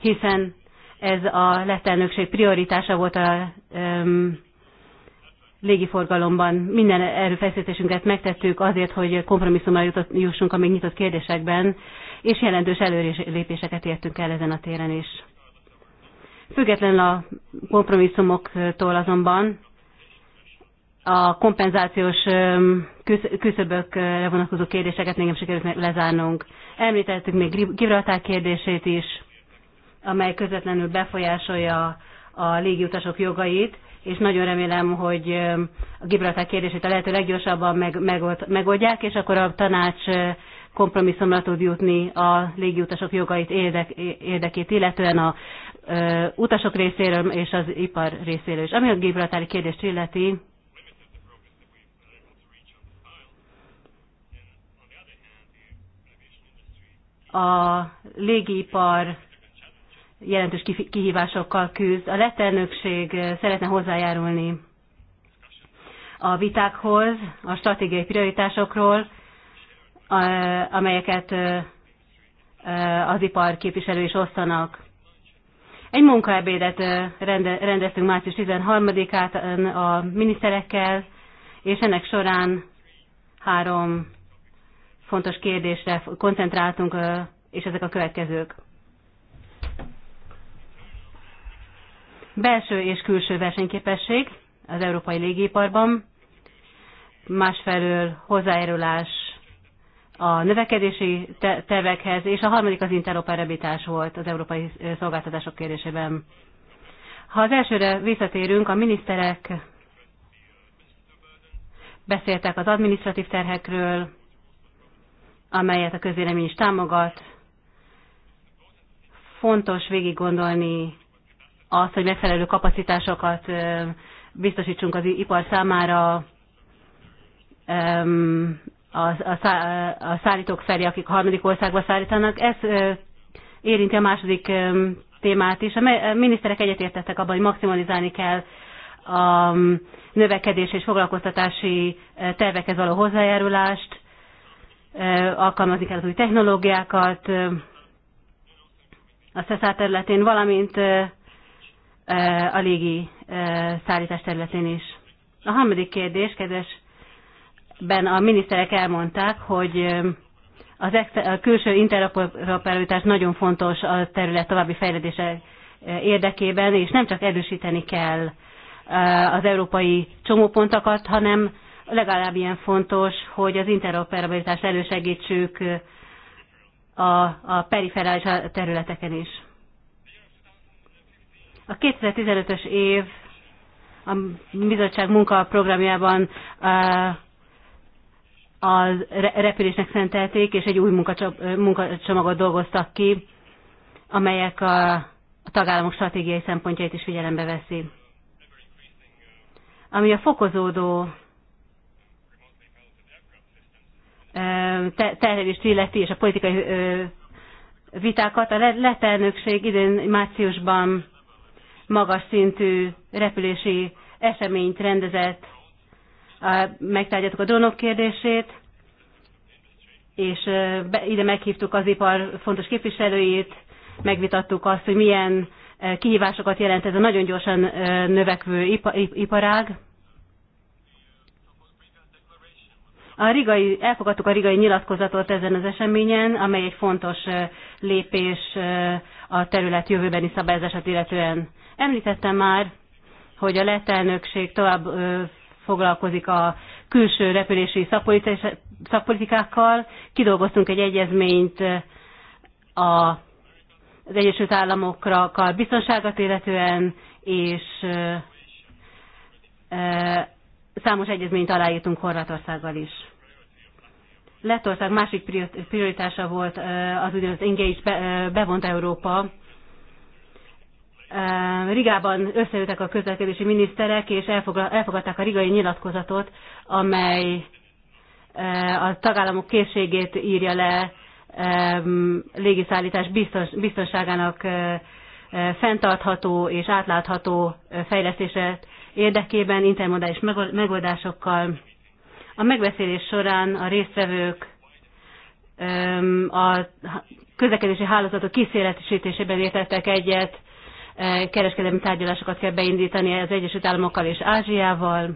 hiszen ez a lett elnökség prioritása volt a légiforgalomban. Minden erőfeszítésünket megtettük azért, hogy kompromisszumra jussunk a még nyitott kérdésekben, és jelentős előrelépéseket értünk el ezen a téren is. Függetlenül a kompromisszumoktól azonban a kompenzációs küszöbökre vonatkozó kérdéseket még nem sikerült lezárnunk. Említettük még Gibraltár kérdését is, amely közvetlenül befolyásolja a légiutasok jogait, és nagyon remélem, hogy a Gibraltár kérdését a lehető leggyorsabban megoldják, és akkor a tanács kompromisszumra tud jutni a légiutasok jogait érdek, érdekét, illetően a ö, utasok részéről és az ipar részéről is. Ami a gibraltári kérdést illeti, a légipar jelentős kihívásokkal küzd. A lett elnökség szeretne hozzájárulni a vitákhoz, a stratégiai prioritásokról, amelyeket az ipar képviselő is osztanak. Egy munkaebédet rendeztünk március 13-át a miniszterekkel, és ennek során három fontos kérdésre koncentráltunk, és ezek a következők. Belső és külső versenyképesség az európai légiparban, másfelől hozzájárulás a növekedési tervekhez, és a harmadik az interoperabilitás volt az európai szolgáltatások kérdésében. Ha az elsőre visszatérünk, a miniszterek beszéltek az administratív terhekről, amelyet a közvélemény is támogat. Fontos végig gondolni azt, hogy megfelelő kapacitásokat biztosítsunk az ipar számára, a, a, a szállítók felé, akik a harmadik országba szállítanak. Ez érinti a második témát is. A miniszterek egyetértettek abban, hogy maximalizálni kell a növekedés és foglalkoztatási tervekhez való hozzájárulást, alkalmazni kell az új technológiákat a SZESZÁ területén, valamint a légi szállítás területén is. A harmadik kérdés, kedves ben a miniszterek elmondták, hogy az extra, a külső interoperabilitás nagyon fontos a terület további fejlődése érdekében, és nem csak erősíteni kell az európai csomópontokat, hanem legalább ilyen fontos, hogy az interoperabilitást elősegítsük a, a periferális területeken is. A 2015-ös év a bizottság munkaprogramjában a repülésnek szentelték, és egy új munkacsomagot dolgoztak ki, amelyek a tagállamok stratégiai szempontjait is figyelembe veszi. Ami a fokozódó terhelést illeti és a politikai vitákat, a letelnökség idén márciusban magas szintű repülési eseményt rendezett megtárgyaltuk a drónok kérdését, és ide meghívtuk az ipar fontos képviselőit, megvitattuk azt, hogy milyen kihívásokat jelent ez a nagyon gyorsan növekvő iparág. A rigai, elfogadtuk a rigai nyilatkozatot ezen az eseményen, amely egy fontos lépés a terület jövőbeni szabályozását illetően. Említettem már, hogy a lett elnökség tovább foglalkozik a külső repülési szakpolitikákkal. Kidolgoztunk egy egyezményt a, az Egyesült Államokkal biztonságot illetően, és számos egyezményt aláírtunk Horvátországgal is. Lettország másik prioritása volt az úgynevezett engage bevont Európa, Rigában összeültek a közlekedési miniszterek, és elfogadták a rigai nyilatkozatot, amely eh, a tagállamok készségét írja le légiszállítás biztonságának eh, eh, fenntartható és átlátható fejlesztése érdekében intermodális megoldásokkal. A megbeszélés során a résztvevők a közlekedési hálózatok kiszéletesítésében értettek egyet, Eh, kereskedelmi tárgyalásokat kell beindítani az Egyesült Államokkal és Ázsiával,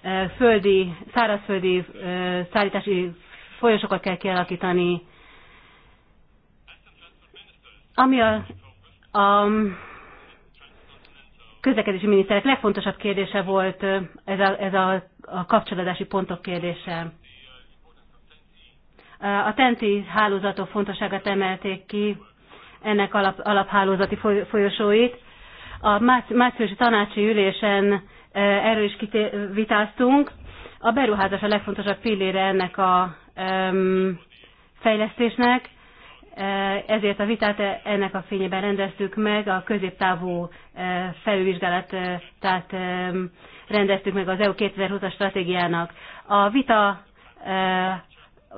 eh, földi, szárazföldi eh, szállítási folyosokat kell kialakítani, ami a, a közlekedési miniszterek legfontosabb kérdése volt ez a, ez a, a kapcsolódási pontok kérdése. A TENTI hálózatok fontosságát emelték ki, ennek alap, alaphálózati folyosóit. A márciusi tanácsi ülésen e, erről is vitáztunk. A beruházás a legfontosabb pillére ennek a fejlesztésnek, e, ezért a vitát e, ennek a fényében rendeztük meg, a középtávú felülvizsgálat, tehát rendeztük meg az EU 2020-as stratégiának. A vita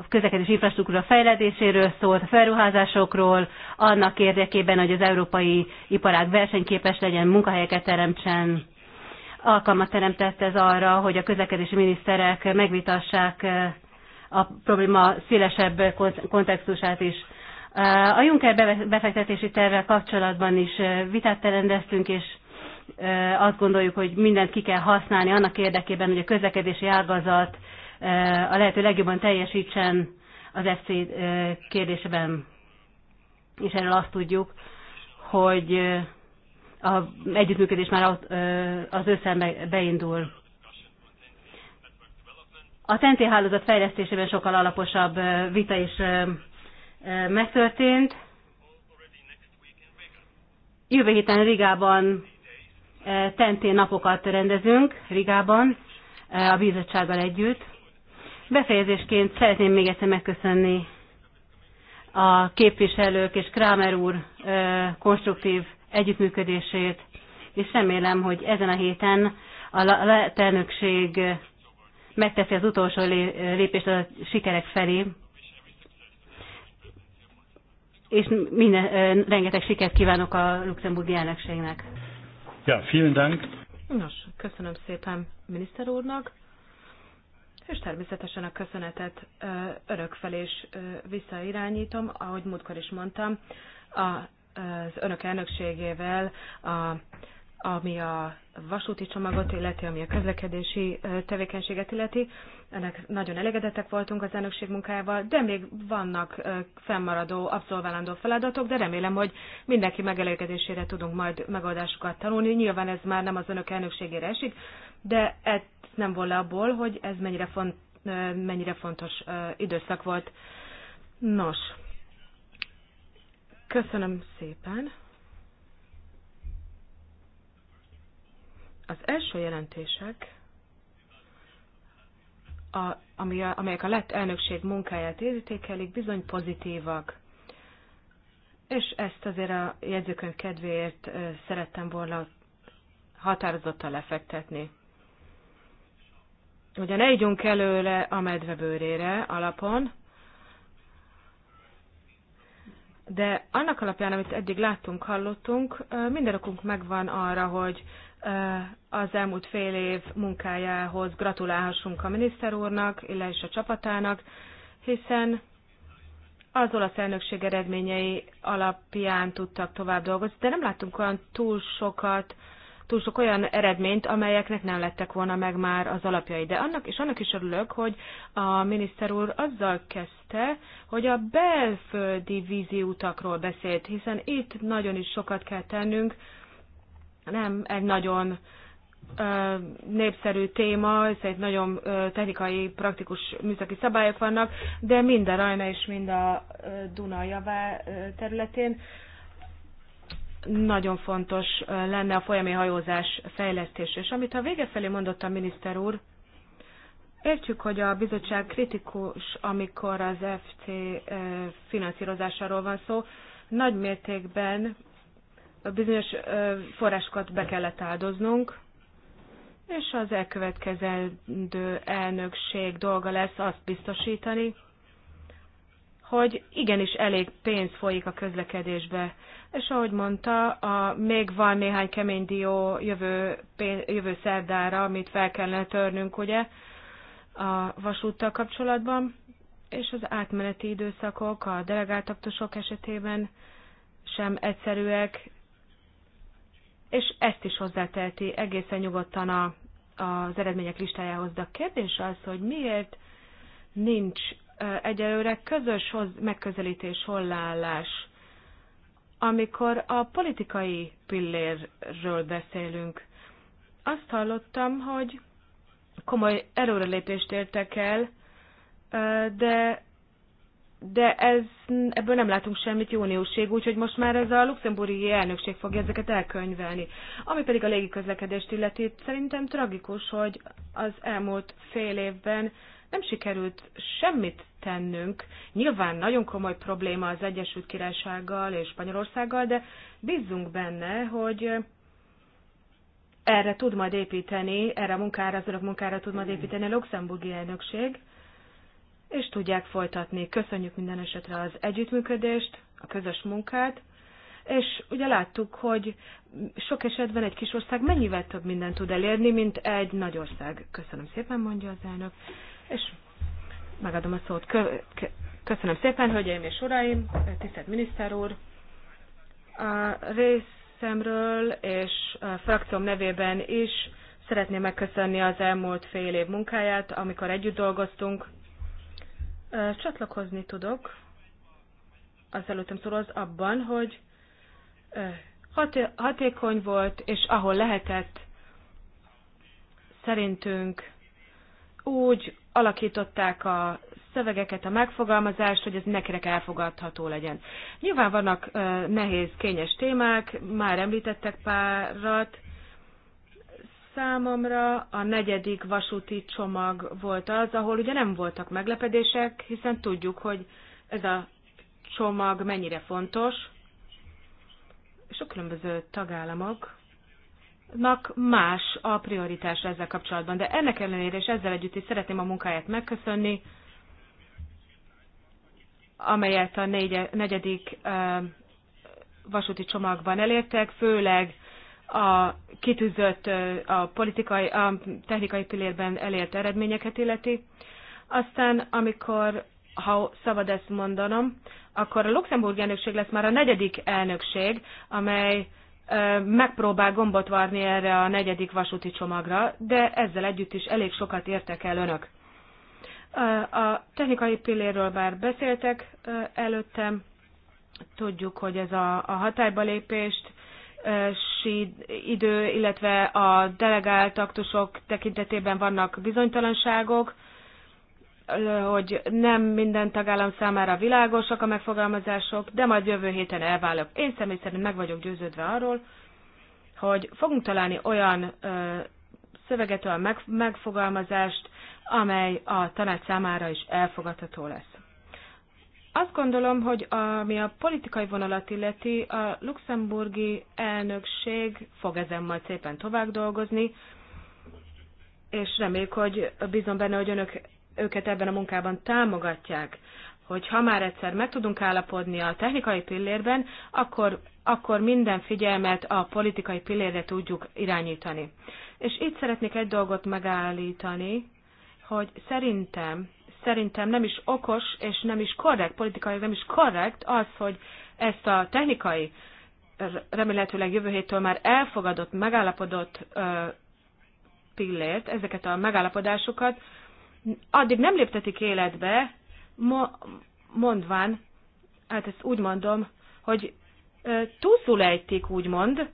közlekedés infrastruktúra fejlesztéséről szólt, a felruházásokról, annak érdekében, hogy az európai iparág versenyképes legyen, munkahelyeket teremtsen. Alkalmat teremtett ez arra, hogy a közlekedési miniszterek megvitassák eh, a probléma szélesebb kontextusát is. Eh, a Juncker befektetési tervvel kapcsolatban is eh, vitát rendeztünk, és azt gondoljuk, hogy mindent ki kell használni annak érdekében, hogy a közlekedési ágazat a lehető legjobban teljesítsen az FC eh, kérdéseben, És erről azt tudjuk, hogy eh, a együttműködés már eh, az összen beindul. A TNT hálózat fejlesztésében sokkal alaposabb vita is megtörtént. Jövő héten Rigában TNT napokat rendezünk, Rigában, a bizottsággal együtt. Befejezésként szeretném még egyszer megköszönni a képviselők és Krámer úr konstruktív együttműködését, és remélem, hogy ezen a héten a lehetőség megteszi az utolsó lépést a sikerek felé, és minden, rengeteg sikert kívánok a luxemburgi elnökségnek. Ja, vielen Dank. Nos, köszönöm szépen miniszter úrnak és természetesen a köszönetet örök felé is visszairányítom, ahogy múltkor is mondtam, az önök elnökségével a ami a vasúti csomagot illeti, ami a közlekedési tevékenységet illeti. Ennek nagyon elégedettek voltunk az elnökség munkájával, de még vannak fennmaradó, abszolválandó feladatok, de remélem, hogy mindenki megelégedésére tudunk majd megoldásokat tanulni. Nyilván ez már nem az önök elnökségére esik, de ez nem volna abból, hogy ez mennyire, font, mennyire fontos időszak volt. Nos, köszönöm szépen. Az első jelentések, a, ami a, amelyek a lett elnökség munkáját értékelik, bizony pozitívak. És ezt azért a jegyzőkönyv kedvéért szerettem volna határozottan lefektetni. Ugye ne ígyunk előle a medvebőrére alapon, de annak alapján, amit eddig láttunk, hallottunk, minden okunk megvan arra, hogy az elmúlt fél év munkájához gratulálhassunk a miniszter úrnak, illetve a csapatának, hiszen az olasz elnökség eredményei alapján tudtak tovább dolgozni, de nem láttunk olyan túl sokat túl sok olyan eredményt, amelyeknek nem lettek volna meg már az alapjai. De annak, és annak is örülök, hogy a miniszter úr azzal kezdte, hogy a belföldi vízi utakról beszélt, hiszen itt nagyon is sokat kell tennünk, nem egy nagyon népszerű téma, szerint nagyon technikai, praktikus műszaki szabályok vannak, de mind a Rajna és mind a Duna javá területén nagyon fontos lenne a folyami hajózás fejlesztés. És amit a vége felé mondott a miniszter úr, értjük, hogy a bizottság kritikus, amikor az FC finanszírozásáról van szó, nagy mértékben bizonyos forrásokat be kellett áldoznunk, és az elkövetkezendő elnökség dolga lesz azt biztosítani, hogy igenis elég pénz folyik a közlekedésbe, és ahogy mondta, a, még van néhány kemény dió jövő, jövő szerdára, amit fel kellene törnünk, ugye, a vasúttal kapcsolatban, és az átmeneti időszakok a delegáltaktusok esetében sem egyszerűek, és ezt is hozzáteheti egészen nyugodtan a, az eredmények listájához. De a kérdés az, hogy miért nincs egyelőre közös megközelítés, hollállás amikor a politikai pillérről beszélünk, azt hallottam, hogy komoly erőrelépést értek el, de, de ez, ebből nem látunk semmit júniusig, úgyhogy most már ez a luxemburgi elnökség fogja ezeket elkönyvelni. Ami pedig a légiközlekedést illeti, szerintem tragikus, hogy az elmúlt fél évben nem sikerült semmit tennünk. Nyilván nagyon komoly probléma az Egyesült Királysággal és Spanyolországgal, de bízzunk benne, hogy erre tud majd építeni, erre a munkára, az örök munkára tud majd építeni a luxemburgi elnökség, és tudják folytatni. Köszönjük minden esetre az együttműködést, a közös munkát, és ugye láttuk, hogy sok esetben egy kis ország mennyivel több mindent tud elérni, mint egy nagy ország. Köszönöm szépen, mondja az elnök és megadom a szót. Köszönöm szépen, hölgyeim és uraim, tisztelt miniszter úr. A részemről és a frakcióm nevében is szeretném megköszönni az elmúlt fél év munkáját, amikor együtt dolgoztunk. Csatlakozni tudok az előttem szóló az abban, hogy hatékony volt, és ahol lehetett, szerintünk úgy alakították a szövegeket, a megfogalmazást, hogy ez nekinek elfogadható legyen. Nyilván vannak nehéz, kényes témák, már említettek párat. Számomra a negyedik vasúti csomag volt az, ahol ugye nem voltak meglepedések, hiszen tudjuk, hogy ez a csomag mennyire fontos, és a különböző tagállamok nak más a prioritása ezzel kapcsolatban. De ennek ellenére és ezzel együtt is szeretném a munkáját megköszönni, amelyet a négye, negyedik vasúti csomagban elértek, főleg a kitűzött a politikai, a technikai pillérben elért eredményeket illeti. Aztán, amikor, ha szabad ezt mondanom, akkor a Luxemburg elnökség lesz már a negyedik elnökség, amely megpróbál gombot varni erre a negyedik vasúti csomagra, de ezzel együtt is elég sokat értek el önök. A technikai pilléről már beszéltek előttem, tudjuk, hogy ez a, a hatályba lépést, idő, illetve a delegált aktusok tekintetében vannak bizonytalanságok, hogy nem minden tagállam számára világosak a megfogalmazások, de majd jövő héten elválok. Én személy szerint meg vagyok győződve arról, hogy fogunk találni olyan ö, szöveget, olyan meg, megfogalmazást, amely a tanács számára is elfogadható lesz. Azt gondolom, hogy ami a politikai vonalat illeti, a luxemburgi elnökség fog ezen majd szépen tovább dolgozni, és reméljük, hogy bízom benne, hogy önök őket ebben a munkában támogatják, hogy ha már egyszer meg tudunk állapodni a technikai pillérben, akkor, akkor minden figyelmet a politikai pillérre tudjuk irányítani. És itt szeretnék egy dolgot megállítani, hogy szerintem, szerintem nem is okos és nem is korrekt, politikai nem is korrekt az, hogy ezt a technikai, remélhetőleg jövő héttől már elfogadott, megállapodott pillért, ezeket a megállapodásokat addig nem léptetik életbe, mo- mondván, hát ezt úgy mondom, hogy túlszul ejtik, úgymond,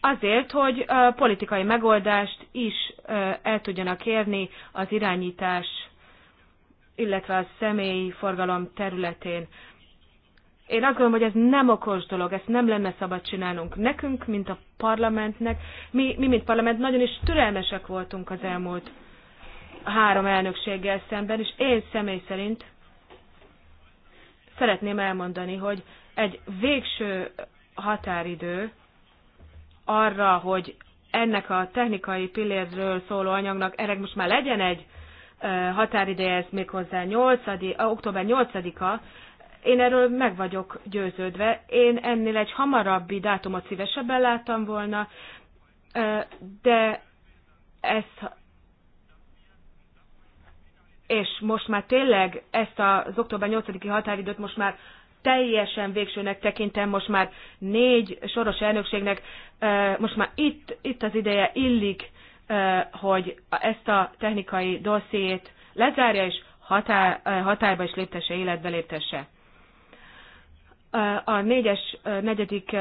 azért, hogy a politikai megoldást is el tudjanak érni az irányítás, illetve a személyi forgalom területén. Én azt gondolom, hogy ez nem okos dolog, ezt nem lenne szabad csinálnunk. Nekünk, mint a parlamentnek, mi, mi mint parlament nagyon is türelmesek voltunk az elmúlt három elnökséggel szemben, és én személy szerint szeretném elmondani, hogy egy végső határidő arra, hogy ennek a technikai pillérről szóló anyagnak, erre most már legyen egy határideje, ez méghozzá 8, október 8-a, én erről meg vagyok győződve. Én ennél egy hamarabbi dátumot szívesebben láttam volna, de ezt és most már tényleg ezt az október 8-i határidőt most már teljesen végsőnek tekintem, most már négy soros elnökségnek, most már itt, itt az ideje illik, hogy ezt a technikai dossziét lezárja, és határ, határba is léptesse, életbe léptesse. A négyes, negyedik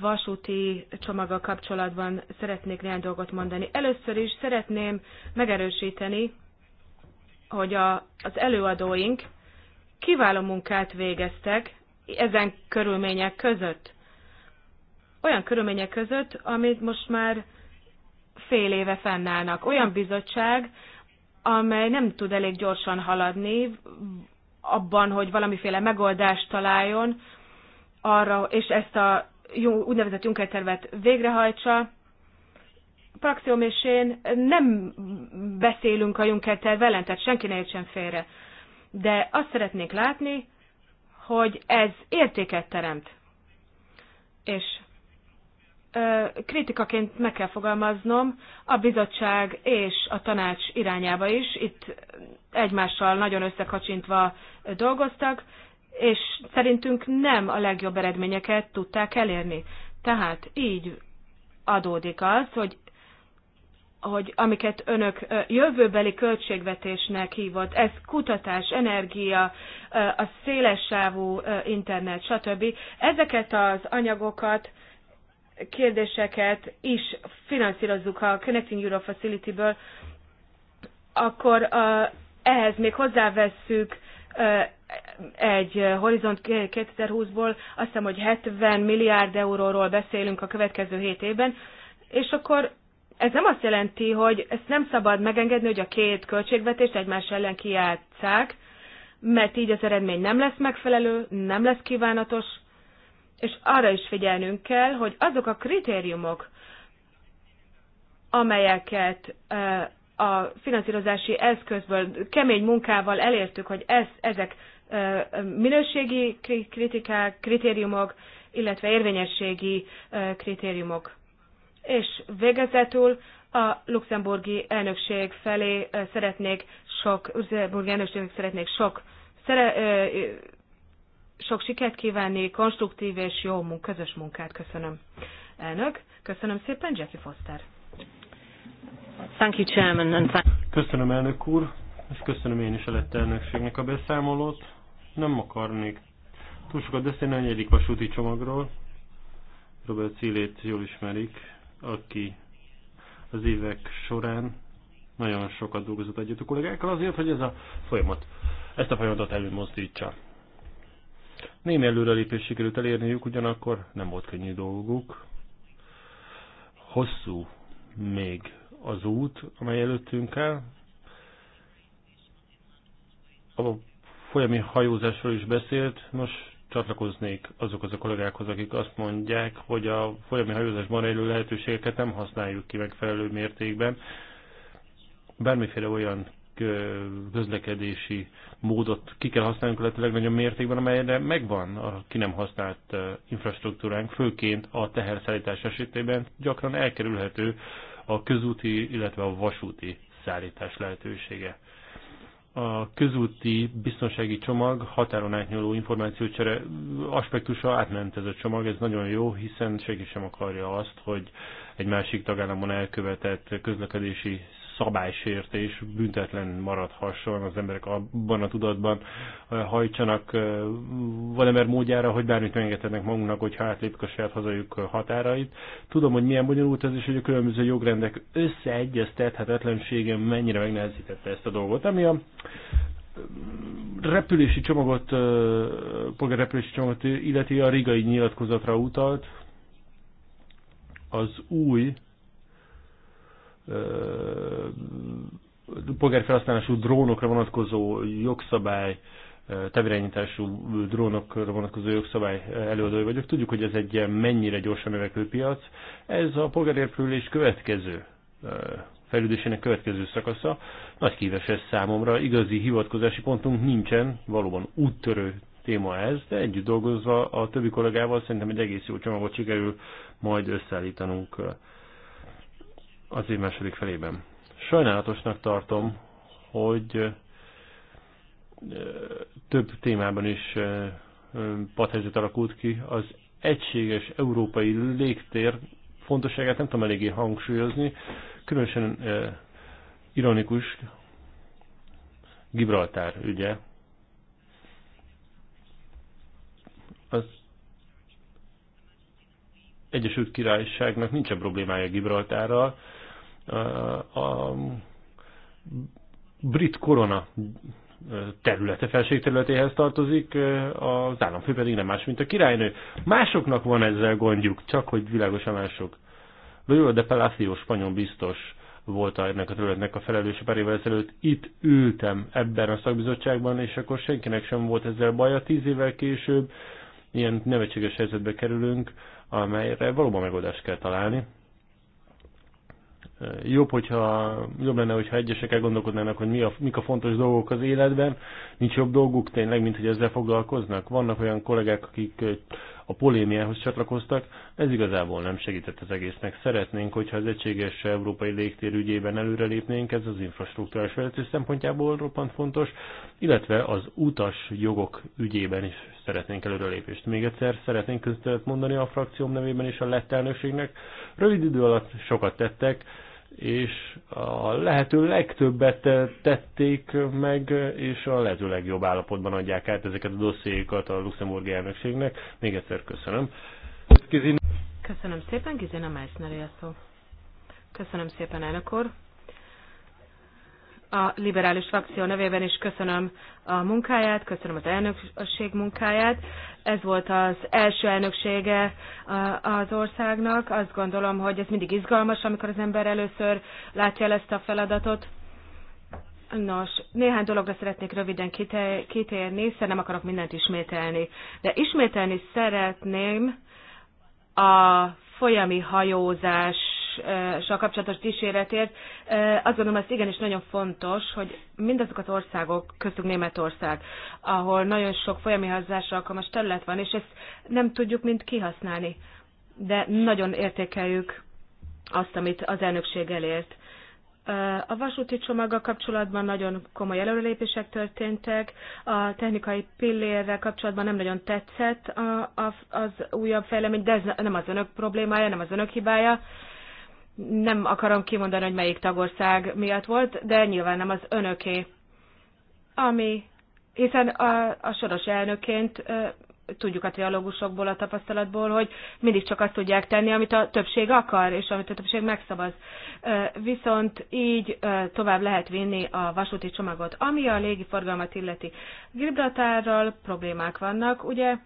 vasúti csomaggal kapcsolatban szeretnék néhány dolgot mondani. Először is szeretném megerősíteni, hogy a, az előadóink kiváló munkát végeztek ezen körülmények között. Olyan körülmények között, amit most már fél éve fennállnak. Olyan bizottság, amely nem tud elég gyorsan haladni abban, hogy valamiféle megoldást találjon arra, és ezt a úgynevezett Juncker tervet végrehajtsa, Paxiom és én nem beszélünk a Junkertel tervelen, tehát senki ne értsen félre. De azt szeretnék látni, hogy ez értéket teremt. És ö, kritikaként meg kell fogalmaznom a bizottság és a tanács irányába is. Itt egymással nagyon összekacsintva dolgoztak, és szerintünk nem a legjobb eredményeket tudták elérni. Tehát így adódik az, hogy hogy amiket önök jövőbeli költségvetésnek hívott, ez kutatás, energia, a szélessávú internet, stb. Ezeket az anyagokat, kérdéseket is finanszírozzuk a Connecting Europe Facility-ből, akkor ehhez még hozzávesszük egy Horizont 2020-ból, azt hiszem, hogy 70 milliárd euróról beszélünk a következő hét évben, és akkor ez nem azt jelenti, hogy ezt nem szabad megengedni, hogy a két költségvetést egymás ellen kiátszák, mert így az eredmény nem lesz megfelelő, nem lesz kívánatos, és arra is figyelnünk kell, hogy azok a kritériumok, amelyeket a finanszírozási eszközből kemény munkával elértük, hogy ez, ezek minőségi kritikák, kritériumok, illetve érvényességi kritériumok és végezetül a luxemburgi elnökség felé szeretnék sok, luxemburgi elnökségnek szeretnék sok, szere, sok sikert kívánni, konstruktív és jó munk, közös munkát köszönöm. Elnök, köszönöm szépen, Jackie Foster. Thank you, Chairman. And thank köszönöm, elnök úr, és köszönöm én is a lett elnökségnek a beszámolót. Nem akarnék túl sokat beszélni a negyedik vasúti csomagról. Robert Cillét jól ismerik, aki az évek során nagyon sokat dolgozott együtt a kollégákkal azért, hogy ez a folyamat, ezt a folyamatot előmozdítsa. Némi előrelépés sikerült elérniük, ugyanakkor nem volt könnyű dolguk. Hosszú még az út, amely előttünk áll. El. A folyami hajózásról is beszélt. most csatlakoznék azokhoz a kollégákhoz, akik azt mondják, hogy a folyami hajózásban rejlő lehetőségeket nem használjuk ki megfelelő mértékben. Bármiféle olyan közlekedési módot ki kell használnunk a legnagyobb mértékben, amelyre megvan a ki nem használt infrastruktúránk, főként a teherszállítás esetében gyakran elkerülhető a közúti, illetve a vasúti szállítás lehetősége a közúti biztonsági csomag határon átnyúló információcsere aspektusa átment ez a csomag, ez nagyon jó, hiszen senki sem akarja azt, hogy egy másik tagállamon elkövetett közlekedési szabálysértés büntetlen maradhasson, az emberek abban a tudatban hajtsanak valamert módjára, hogy bármit megengedhetnek magunknak, hogy átlépik a saját hazajuk határait. Tudom, hogy milyen bonyolult ez, és hogy a különböző jogrendek összeegyeztethetetlensége mennyire megnehezítette ezt a dolgot, ami a repülési csomagot, polgárrepülési csomagot illeti a rigai nyilatkozatra utalt, az új polgárfelhasználású felhasználású drónokra vonatkozó jogszabály, tevirányítású drónokra vonatkozó jogszabály előadói vagyok. Tudjuk, hogy ez egy mennyire gyorsan növekvő piac. Ez a polgári következő fejlődésének következő szakasza. Nagy kíves ez számomra, igazi hivatkozási pontunk nincsen, valóban úttörő téma ez, de együtt dolgozva a többi kollégával szerintem egy egész jó csomagot sikerül majd összeállítanunk az év második felében. Sajnálatosnak tartom, hogy több témában is padhelyzet alakult ki. Az egységes európai légtér fontosságát nem tudom eléggé hangsúlyozni, különösen ironikus Gibraltár ügye. Az Egyesült Királyságnak nincsen problémája Gibraltárral, a brit korona területe, felség területéhez tartozik, az államfő pedig nem más, mint a királynő. Másoknak van ezzel gondjuk, csak hogy világosan mások. Loyola de Palacio spanyol biztos volt ennek a területnek a felelőse pár évvel ezelőtt. Itt ültem ebben a szakbizottságban, és akkor senkinek sem volt ezzel baja. Tíz évvel később ilyen nevetséges helyzetbe kerülünk, amelyre valóban megoldást kell találni jobb, hogyha, jobb lenne, hogyha egyesek elgondolkodnának, hogy mi a, mik a fontos dolgok az életben, nincs jobb dolguk tényleg, mint hogy ezzel foglalkoznak. Vannak olyan kollégák, akik a polémiához csatlakoztak, ez igazából nem segített az egésznek. Szeretnénk, hogyha az egységes európai légtér ügyében előrelépnénk, ez az infrastruktúrás fejlesztés szempontjából roppant fontos, illetve az utas jogok ügyében is szeretnénk előrelépést. Még egyszer szeretnénk köztelet mondani a frakcióm nevében és a lett elnökségnek. Rövid idő alatt sokat tettek, és a lehető legtöbbet tették meg, és a lehető legjobb állapotban adják át ezeket a dossziékat a luxemburgi elnökségnek. Még egyszer köszönöm. Köszönöm szépen, Gizina Meissner szó. Köszönöm szépen, elnök úr a liberális frakció nevében is köszönöm a munkáját, köszönöm az elnökség munkáját. Ez volt az első elnöksége az országnak. Azt gondolom, hogy ez mindig izgalmas, amikor az ember először látja el ezt a feladatot. Nos, néhány dologra szeretnék röviden kitérni, hiszen nem akarok mindent ismételni. De ismételni szeretném a folyami hajózás a kapcsolatos kíséretért. Azt gondolom, ez igenis nagyon fontos, hogy mindazok az országok, köztük Németország, ahol nagyon sok hazzás alkalmas terület van, és ezt nem tudjuk mind kihasználni. De nagyon értékeljük azt, amit az elnökség elért. A vasúti csomaggal kapcsolatban nagyon komoly előrelépések történtek, a technikai pillérrel kapcsolatban nem nagyon tetszett a, a, az újabb fejlemény, de ez nem az önök problémája, nem az önök hibája. Nem akarom kimondani, hogy melyik tagország miatt volt, de nyilván nem az önöké. Ami, hiszen a, a soros elnökként e, tudjuk a trialógusokból, a tapasztalatból, hogy mindig csak azt tudják tenni, amit a többség akar, és amit a többség megszavaz. E, viszont így e, tovább lehet vinni a vasúti csomagot. Ami a légiforgalmat illeti, Gibraltárral problémák vannak, ugye,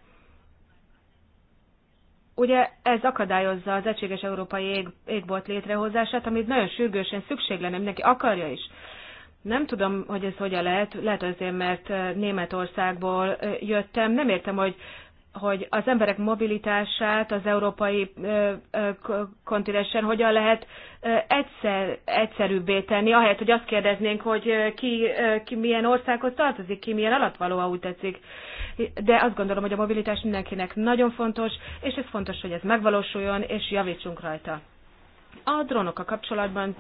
ugye ez akadályozza az egységes európai ég, égbolt létrehozását, amit nagyon sürgősen szükség lenne, mindenki akarja is. Nem tudom, hogy ez hogyan lehet, lehet azért, mert eh, Németországból eh, jöttem, nem értem, hogy hogy az emberek mobilitását az európai kontinensen hogyan lehet egyszer, egyszerűbbé tenni, ahelyett, hogy azt kérdeznénk, hogy ki, ki milyen országhoz tartozik, ki milyen alattvaló, úgy tetszik. De azt gondolom, hogy a mobilitás mindenkinek nagyon fontos, és ez fontos, hogy ez megvalósuljon, és javítsunk rajta. A drónokkal kapcsolatban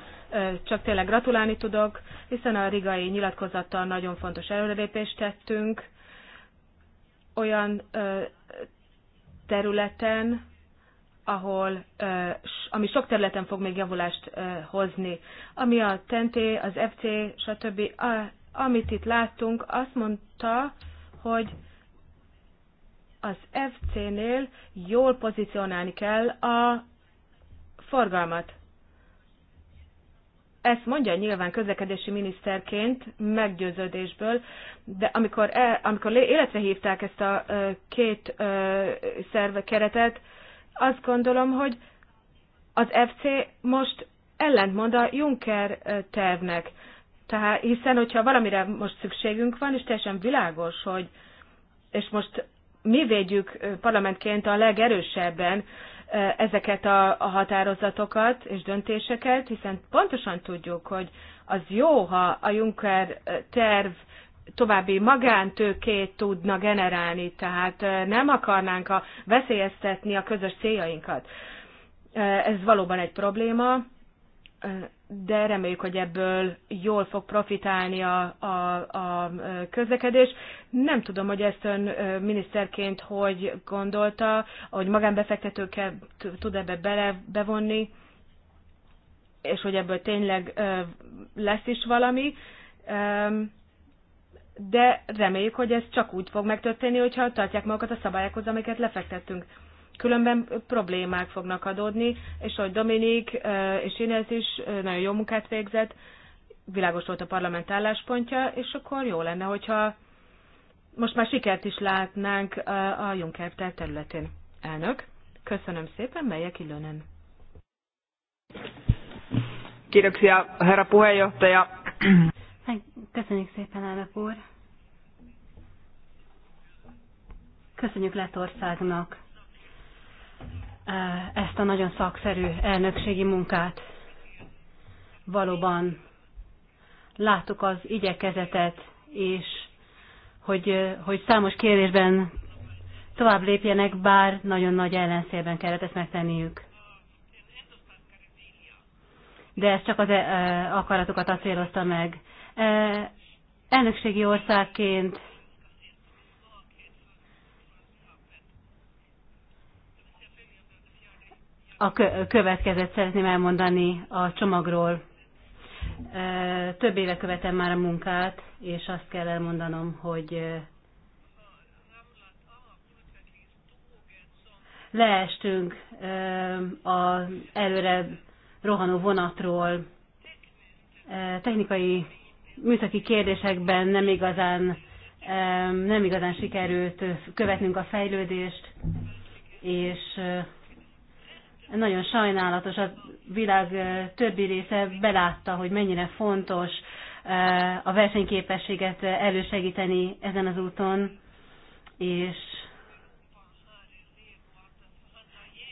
csak tényleg gratulálni tudok, hiszen a rigai nyilatkozattal nagyon fontos előrelépést tettünk, olyan ö, területen, ahol, ö, ami sok területen fog még javulást ö, hozni. Ami a TNT, az FC, stb. A, amit itt láttunk, azt mondta, hogy az FC-nél jól pozícionálni kell a forgalmat ezt mondja nyilván közlekedési miniszterként meggyőződésből, de amikor, el, amikor életre hívták ezt a két szerve keretet, azt gondolom, hogy az FC most ellentmond a Juncker tervnek. Tehát, hiszen, hogyha valamire most szükségünk van, és teljesen világos, hogy, és most mi védjük parlamentként a legerősebben ezeket a, a határozatokat és döntéseket, hiszen pontosan tudjuk, hogy az jó, ha a Juncker terv további magántőkét tudna generálni, tehát nem akarnánk a, veszélyeztetni a közös céljainkat. Ez valóban egy probléma, de reméljük, hogy ebből jól fog profitálni a, a, a közlekedés. Nem tudom, hogy ezt ön miniszterként hogy gondolta, hogy magánbefektetőkkel tud ebbe bele, bevonni, és hogy ebből tényleg lesz is valami de reméljük, hogy ez csak úgy fog megtörténni, hogyha tartják magukat a szabályokhoz, amiket lefektettünk. Különben problémák fognak adódni, és ahogy Dominik és Inez is nagyon jó munkát végzett, világos volt a parlament álláspontja, és akkor jó lenne, hogyha most már sikert is látnánk a Juncker területén. Elnök, köszönöm szépen, melyek illőnen. szia, herra puheenjohtaja. Köszönjük szépen, elnök úr. Köszönjük Letországnak E, ezt a nagyon szakszerű elnökségi munkát. Valóban láttuk az igyekezetet, és hogy, e, hogy számos kérdésben tovább lépjenek, bár nagyon nagy ellenszélben kellett ezt megtenniük. De ez csak az e, akaratokat acélozta meg. Elnökségi országként A következőt szeretném elmondani a csomagról. Több éve követem már a munkát, és azt kell elmondanom, hogy leestünk az előre rohanó vonatról. Technikai műszaki kérdésekben nem igazán, nem igazán sikerült követnünk a fejlődést, és nagyon sajnálatos, a világ többi része belátta, hogy mennyire fontos a versenyképességet elősegíteni ezen az úton, és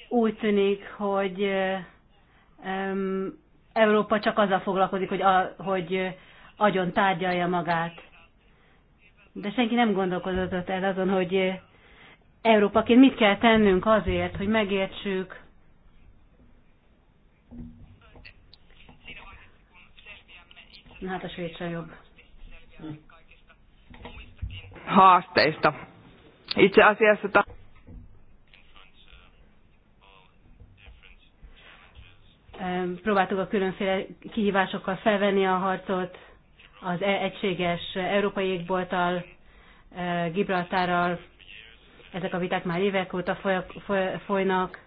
úgy tűnik, hogy Európa csak azzal foglalkozik, hogy, a, hogy agyon tárgyalja magát. De senki nem gondolkozott el azon, hogy Európaként mit kell tennünk azért, hogy megértsük, Hát a svéd sem jobb. Haasteista. Itse asiassa ta- próbáltuk a különféle kihívásokkal felvenni a harcot, az e- egységes európai égbolttal, Gibraltárral, ezek a viták már évek óta folynak,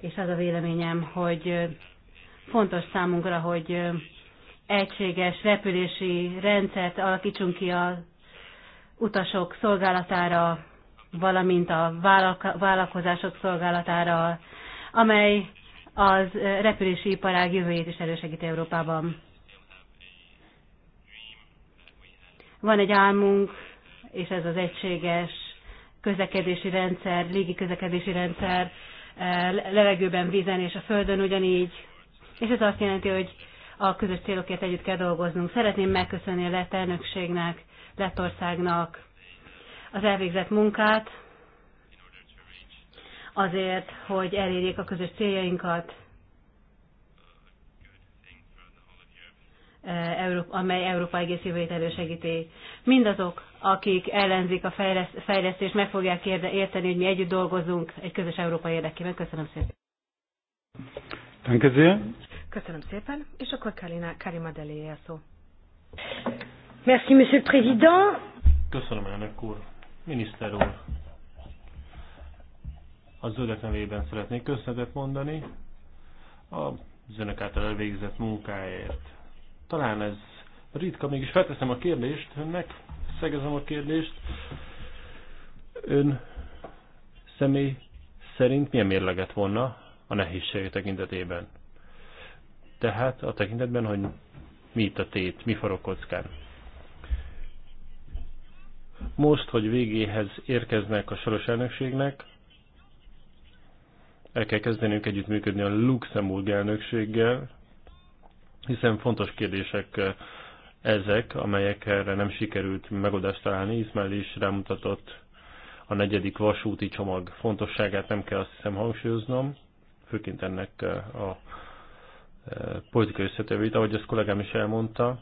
és az a véleményem, hogy Fontos számunkra, hogy egységes repülési rendszert alakítsunk ki a utasok szolgálatára, valamint a vállalkozások szolgálatára, amely az repülési iparág jövőjét is elősegít Európában. Van egy álmunk, és ez az egységes közlekedési rendszer, légi közlekedési rendszer, levegőben, vízen és a földön ugyanígy és ez azt jelenti, hogy a közös célokért együtt kell dolgoznunk. Szeretném megköszönni a lett elnökségnek, Lettországnak az elvégzett munkát, azért, hogy elérjék a közös céljainkat, amely Európa egész jövőjét elősegíti. Mindazok, akik ellenzik a fejlesztést, meg fogják érteni, hogy mi együtt dolgozunk egy közös Európa érdekében. Köszönöm szépen. Danke sehr. Köszönöm szépen, és akkor Karina, Karima Deléje szó. Merci, monsieur le président. Köszönöm, elnök úr. Miniszter úr, a zöldek nevében szeretnék köszönetet mondani a önök által elvégzett munkáért. Talán ez ritka, mégis felteszem a kérdést önnek, szegezem a kérdést. Ön személy szerint milyen mérleget vonna a nehézségek tekintetében? tehát a tekintetben, hogy mi itt a tét, mi forog kockán. Most, hogy végéhez érkeznek a soros elnökségnek, el kell kezdenünk együttműködni a Luxemburg elnökséggel, hiszen fontos kérdések eh, ezek, amelyekre nem sikerült megoldást találni. Ismail is rámutatott a negyedik vasúti csomag fontosságát, nem kell azt hiszem hangsúlyoznom, főként ennek eh, a politikai összetevőit, ahogy ezt kollégám is elmondta,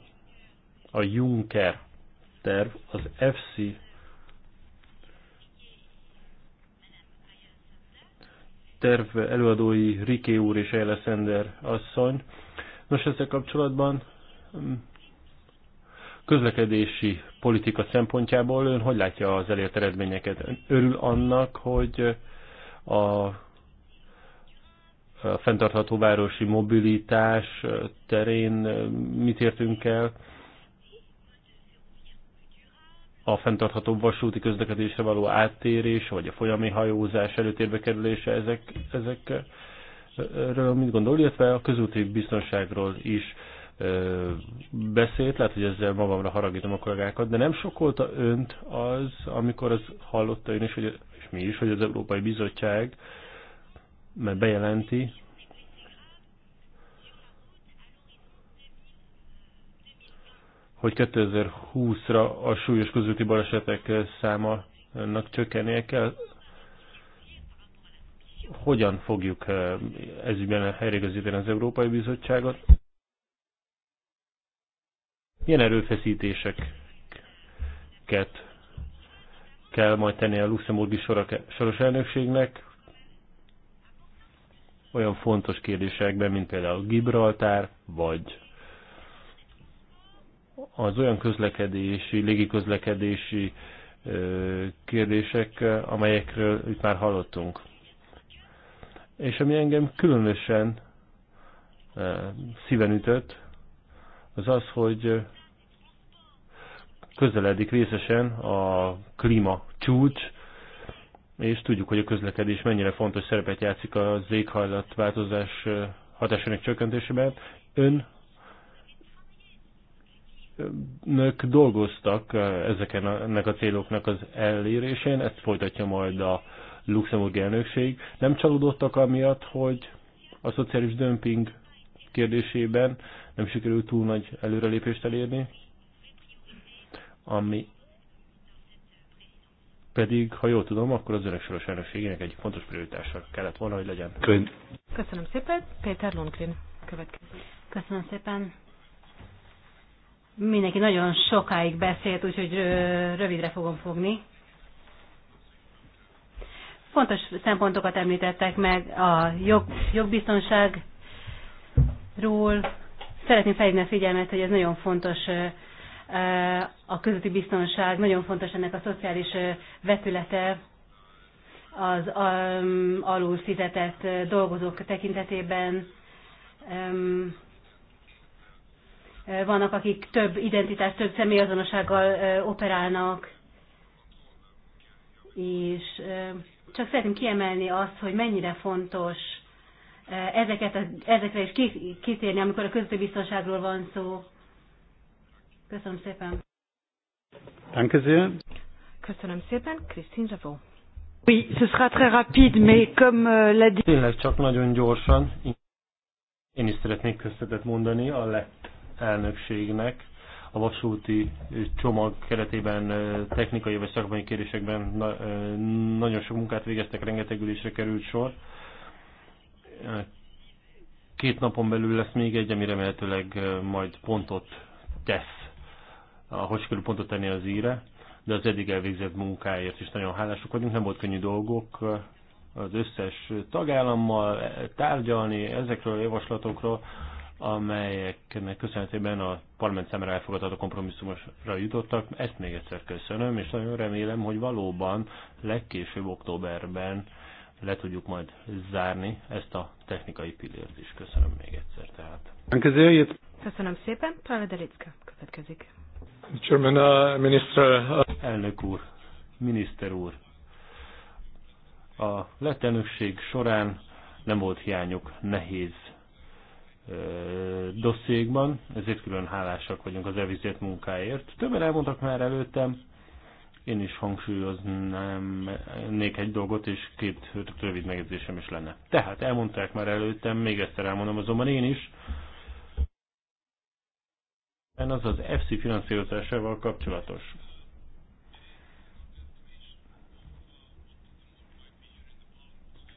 a Juncker terv, az FC terv előadói Riké úr és Eile Sender asszony. Nos, ezzel kapcsolatban mm, közlekedési politika szempontjából ön hogy látja az elért eredményeket? Örül annak, hogy a a fenntartható városi mobilitás terén mit értünk el, a fenntartható vasúti közlekedésre való áttérés, vagy a folyami hajózás előtérbe kerülése, ezek, ezekről mit gondol, illetve a közúti biztonságról is beszélt, lehet, hogy ezzel magamra haragítom a kollégákat, de nem sokkolta önt az, amikor az hallotta ön is, hogy, és mi is, hogy az Európai Bizottság mert bejelenti, hogy 2020-ra a súlyos közúti balesetek számának csökkennie kell. Hogyan fogjuk eh, ezügyben helyreigazítani az Európai Bizottságot? Milyen erőfeszítéseket kell majd tenni a luxemburgi soros elnökségnek, olyan fontos kérdésekben, mint például Gibraltár, vagy az olyan közlekedési, légiközlekedési kérdések, amelyekről itt már hallottunk. És ami engem különösen szíven ütött, az az, hogy közeledik részesen a klíma csúcs, és tudjuk, hogy a közlekedés mennyire fontos szerepet játszik az éghajlatváltozás hatásának csökkentésében. Ön nők dolgoztak ezeken a, ennek a céloknak az elérésén, ezt folytatja majd a luxemburgi elnökség. Nem csalódottak amiatt, hogy a szociális dömping kérdésében nem sikerült túl nagy előrelépést elérni, ami pedig, ha jól tudom, akkor az öreg soros elnökségének egyik fontos prioritása kellett volna, hogy legyen. Köszönöm, Köszönöm szépen. Péter Lundgren következik. Köszönöm szépen. Mindenki nagyon sokáig beszélt, úgyhogy rövidre fogom fogni. Fontos szempontokat említettek meg a jog, jogbiztonságról. Szeretném felhívni a figyelmet, hogy ez nagyon fontos Eh, a közötti biztonság, nagyon fontos ennek a szociális eh, vetülete az um, alul fizetett eh, dolgozók tekintetében. Vannak, akik több identitás, több személyazonossággal operálnak, és csak szeretném kiemelni azt, hogy mennyire fontos ezeket, ezekre is kitérni, amikor a közötti biztonságról van szó Köszönöm szépen. Danke sehr. Köszönöm szépen, Krisztin Zavó. Oui, ce sera très rapide, mais comme euh, l'a dit... Tényleg csak nagyon gyorsan. Én is szeretnék köszönetet mondani a lett elnökségnek. A vasúti csomag keretében technikai vagy szakmai kérésekben nagyon sok munkát végeztek, rengeteg ülésre került sor. Két napon belül lesz még egy, ami remélhetőleg majd pontot tesz hogy sikerül pontot tenni az íre, de az eddig elvégzett munkáért is nagyon hálások vagyunk. Nem volt könnyű dolgok eh, az összes tagállammal tárgyalni ezekről a javaslatokról, amelyeknek köszönhetében a parlament számára elfogadható kompromisszumosra jutottak. Ezt még egyszer köszönöm, és nagyon remélem, hogy valóban legkésőbb októberben le tudjuk majd zárni ezt a technikai pillért is. Köszönöm még egyszer tehát. Köszönöm szépen. Pála Delicka következik. German, uh, minister. Uh, Elnök úr, miniszter úr, a letenőség során nem volt hiányok nehéz dosszékban, ezért külön hálásak vagyunk az elvizet munkáért. Többen elmondtak már előttem, én is hangsúlyoznám nék egy dolgot, és két rövid megjegyzésem is lenne. Tehát elmondták már előttem, még egyszer elmondom azonban én is, az az FC finanszírozásával kapcsolatos.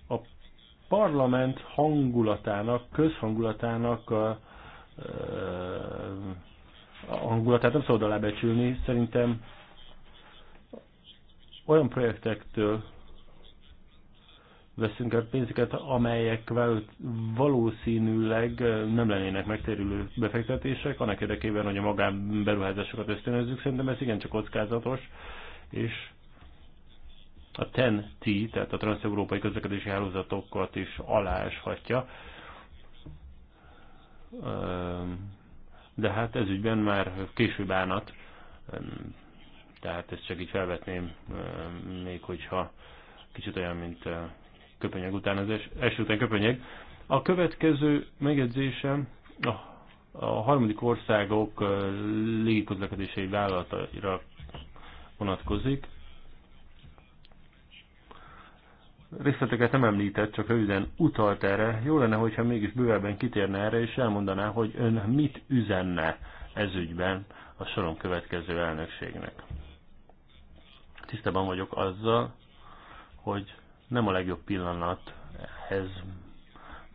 A parlament hangulatának, közhangulatának a, a hangulatát nem szabad alábecsülni, szerintem olyan projektektől veszünk el pénzeket, amelyek valószínűleg nem lennének megtérülő befektetések, annak érdekében, hogy a magánberuházásokat ösztönözzük. Szerintem ez igencsak kockázatos, és a TEN-T, tehát a transeurópai közlekedési hálózatokat is aláshatja. De hát ez ügyben már később bánat, tehát ezt csak így felvetném, még hogyha kicsit olyan, mint köpenyeg után, az eső után köpenyeg. A következő megjegyzésem a, a harmadik országok légiközlekedései vállalataira vonatkozik. Részleteket nem említett, csak röviden utalt erre. Jó lenne, hogyha mégis bővebben kitérne erre, és elmondaná, hogy ön mit üzenne ügyben a soron következő elnökségnek. Tisztában vagyok azzal, hogy nem a legjobb pillanat ez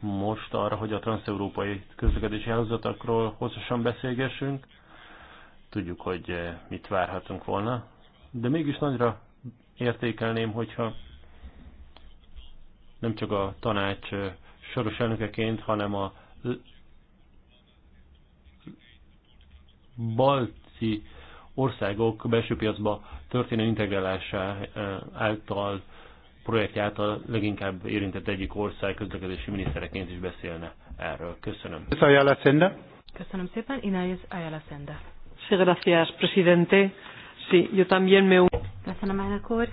most arra, hogy a transeurópai közlekedési hálózatokról hosszasan beszélgessünk. Tudjuk, hogy eh, mit várhatunk volna, de mégis nagyra értékelném, hogyha nem csak a tanács eh, soros elnökeként, hanem a balti országok belső piacba történő integrálása eh, által projektje által leginkább érintett egyik ország közlekedési minisztereként is beszélne erről. Köszönöm. Köszönöm szépen. Inés Ayala Senda. Sí, gracias, presidente. Sí, yo también me... Köszönöm, elnök úr.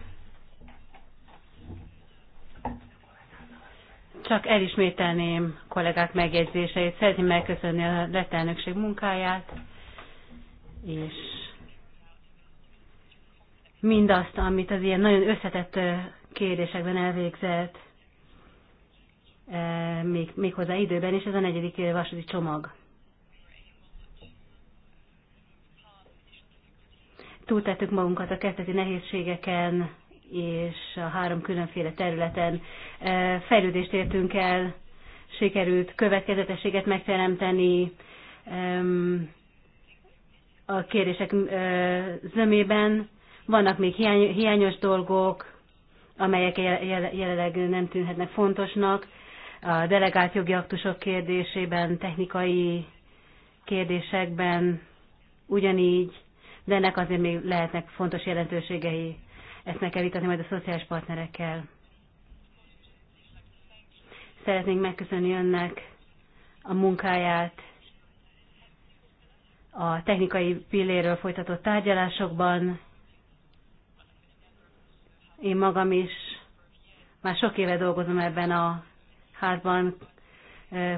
Csak elismételném kollégák megjegyzéseit. Szeretném megköszönni a letelnökség munkáját, és mindazt, amit az ilyen nagyon összetett kérdésekben elvégzett, e, még, méghozzá időben, és ez a negyedik vasúti csomag. Túltettük magunkat a kezdeti nehézségeken, és a három különféle területen e, fejlődést értünk el, sikerült következetességet megteremteni a kérdések e, zömében. Vannak még hiányos dolgok, amelyek jelenleg nem tűnhetnek fontosnak. A delegált jogi aktusok kérdésében, technikai kérdésekben ugyanígy, de ennek azért még lehetnek fontos jelentőségei. Ezt meg kell vitatni majd a szociális partnerekkel. Szeretnénk megköszönni önnek a munkáját a technikai pilléről folytatott tárgyalásokban, én magam is már sok éve dolgozom ebben a házban,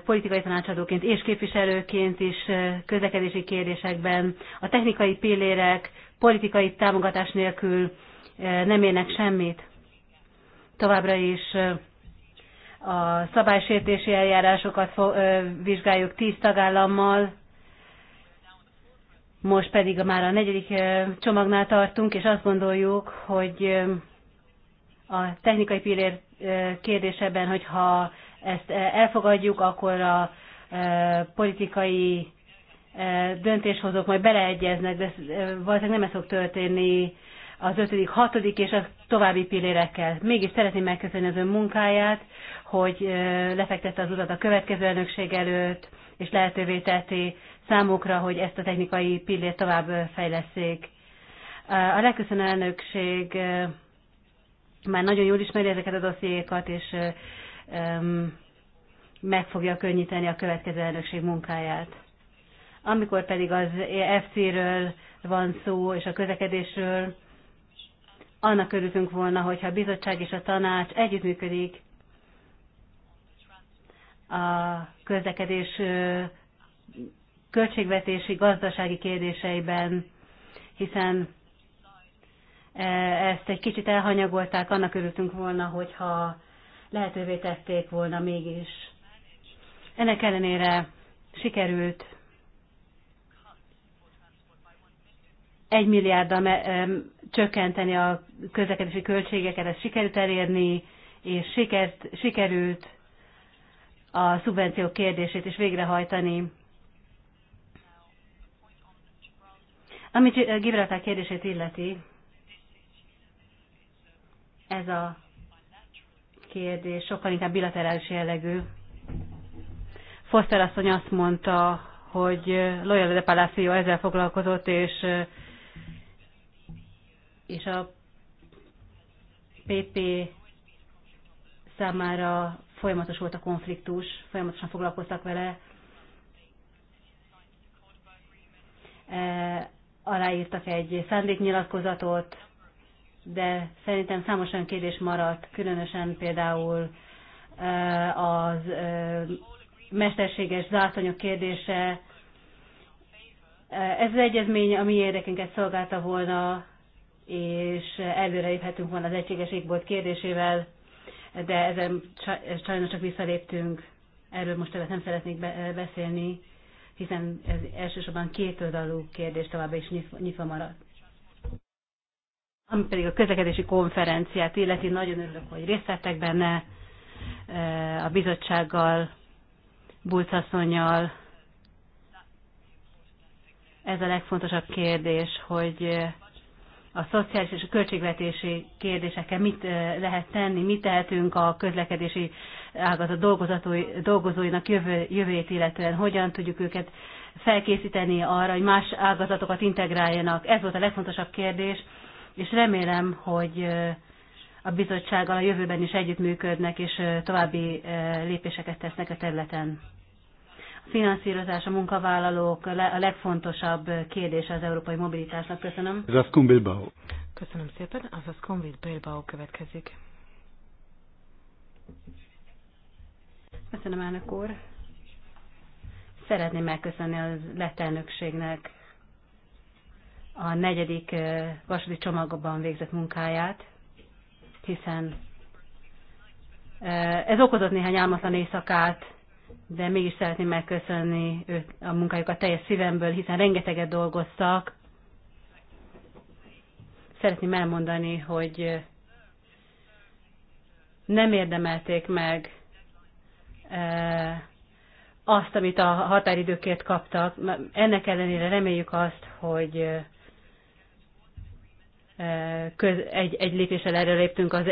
politikai tanácsadóként és képviselőként is közlekedési kérdésekben. A technikai pillérek politikai támogatás nélkül nem érnek semmit. Továbbra is a szabálysértési eljárásokat vizsgáljuk tíz tagállammal, most pedig már a negyedik csomagnál tartunk, és azt gondoljuk, hogy a technikai pillér kérdésében, hogyha ezt elfogadjuk, akkor a politikai döntéshozók majd beleegyeznek, de valószínűleg nem ez fog történni az ötödik, hatodik és a további pillérekkel. Mégis szeretném megköszönni az ön munkáját, hogy lefektette az utat a következő elnökség előtt, és lehetővé teti számukra, hogy ezt a technikai pillért tovább fejleszék. A legköszönő elnökség már nagyon jól ismeri ezeket a dossziékat, és meg fogja könnyíteni a következő elnökség munkáját. Amikor pedig az FC-ről van szó, és a közlekedésről, annak örültünk volna, hogyha a bizottság és a tanács együttműködik a közlekedés költségvetési, gazdasági kérdéseiben, hiszen E, ezt egy kicsit elhanyagolták, annak örültünk volna, hogyha lehetővé tették volna mégis. Ennek ellenére sikerült egy milliárddal e, csökkenteni a közlekedési költségeket, ezt sikerült elérni, és sikert, sikerült a szubvenciók kérdését is végrehajtani. amit Gibraltár kérdését illeti, ez a kérdés sokkal inkább bilaterális jellegű. Foster asszony azt mondta, hogy Loyola de Palacio ezzel foglalkozott, és, és a PP számára folyamatos volt a konfliktus, folyamatosan foglalkoztak vele. E, aláírtak egy szándéknyilatkozatot, de szerintem számos olyan kérdés maradt, különösen például az mesterséges zátonyok kérdése. Ez az egyezmény a mi érdekünket szolgálta volna, és előreléphetünk volna az egységes égbolt kérdésével, de ezen sajnos csak visszaléptünk. Erről most többet nem szeretnék beszélni, hiszen ez elsősorban kétoldalú kérdés továbbra is nyitva maradt ami pedig a közlekedési konferenciát illeti. Nagyon örülök, hogy részt vettek benne e, a bizottsággal, Bulcaszonyjal. Ez a legfontosabb kérdés, hogy a szociális és a költségvetési kérdésekkel mit e, lehet tenni, mit tehetünk a közlekedési ágazat dolgozóinak jövő, jövőjét illetően, hogyan tudjuk őket felkészíteni arra, hogy más ágazatokat integráljanak. Ez volt a legfontosabb kérdés és remélem, hogy a bizottsággal a jövőben is együttműködnek, és további lépéseket tesznek a területen. A finanszírozás, a munkavállalók a legfontosabb kérdés az európai mobilitásnak. Köszönöm. Zaskun Bilbao. Köszönöm szépen. Az Zaskun Bilbao következik. Köszönöm, elnök úr. Szeretném megköszönni az lett elnökségnek a negyedik eh, vasúti csomagban végzett munkáját, hiszen eh, ez okozott néhány álmatlan éjszakát, de mégis szeretném megköszönni őt, a munkájukat teljes szívemből, hiszen rengeteget dolgoztak. Szeretném elmondani, hogy eh, nem érdemelték meg azt, amit a határidőkért kaptak. Ennek ellenére reméljük azt, hogy köz, egy, egy lépéssel erre léptünk az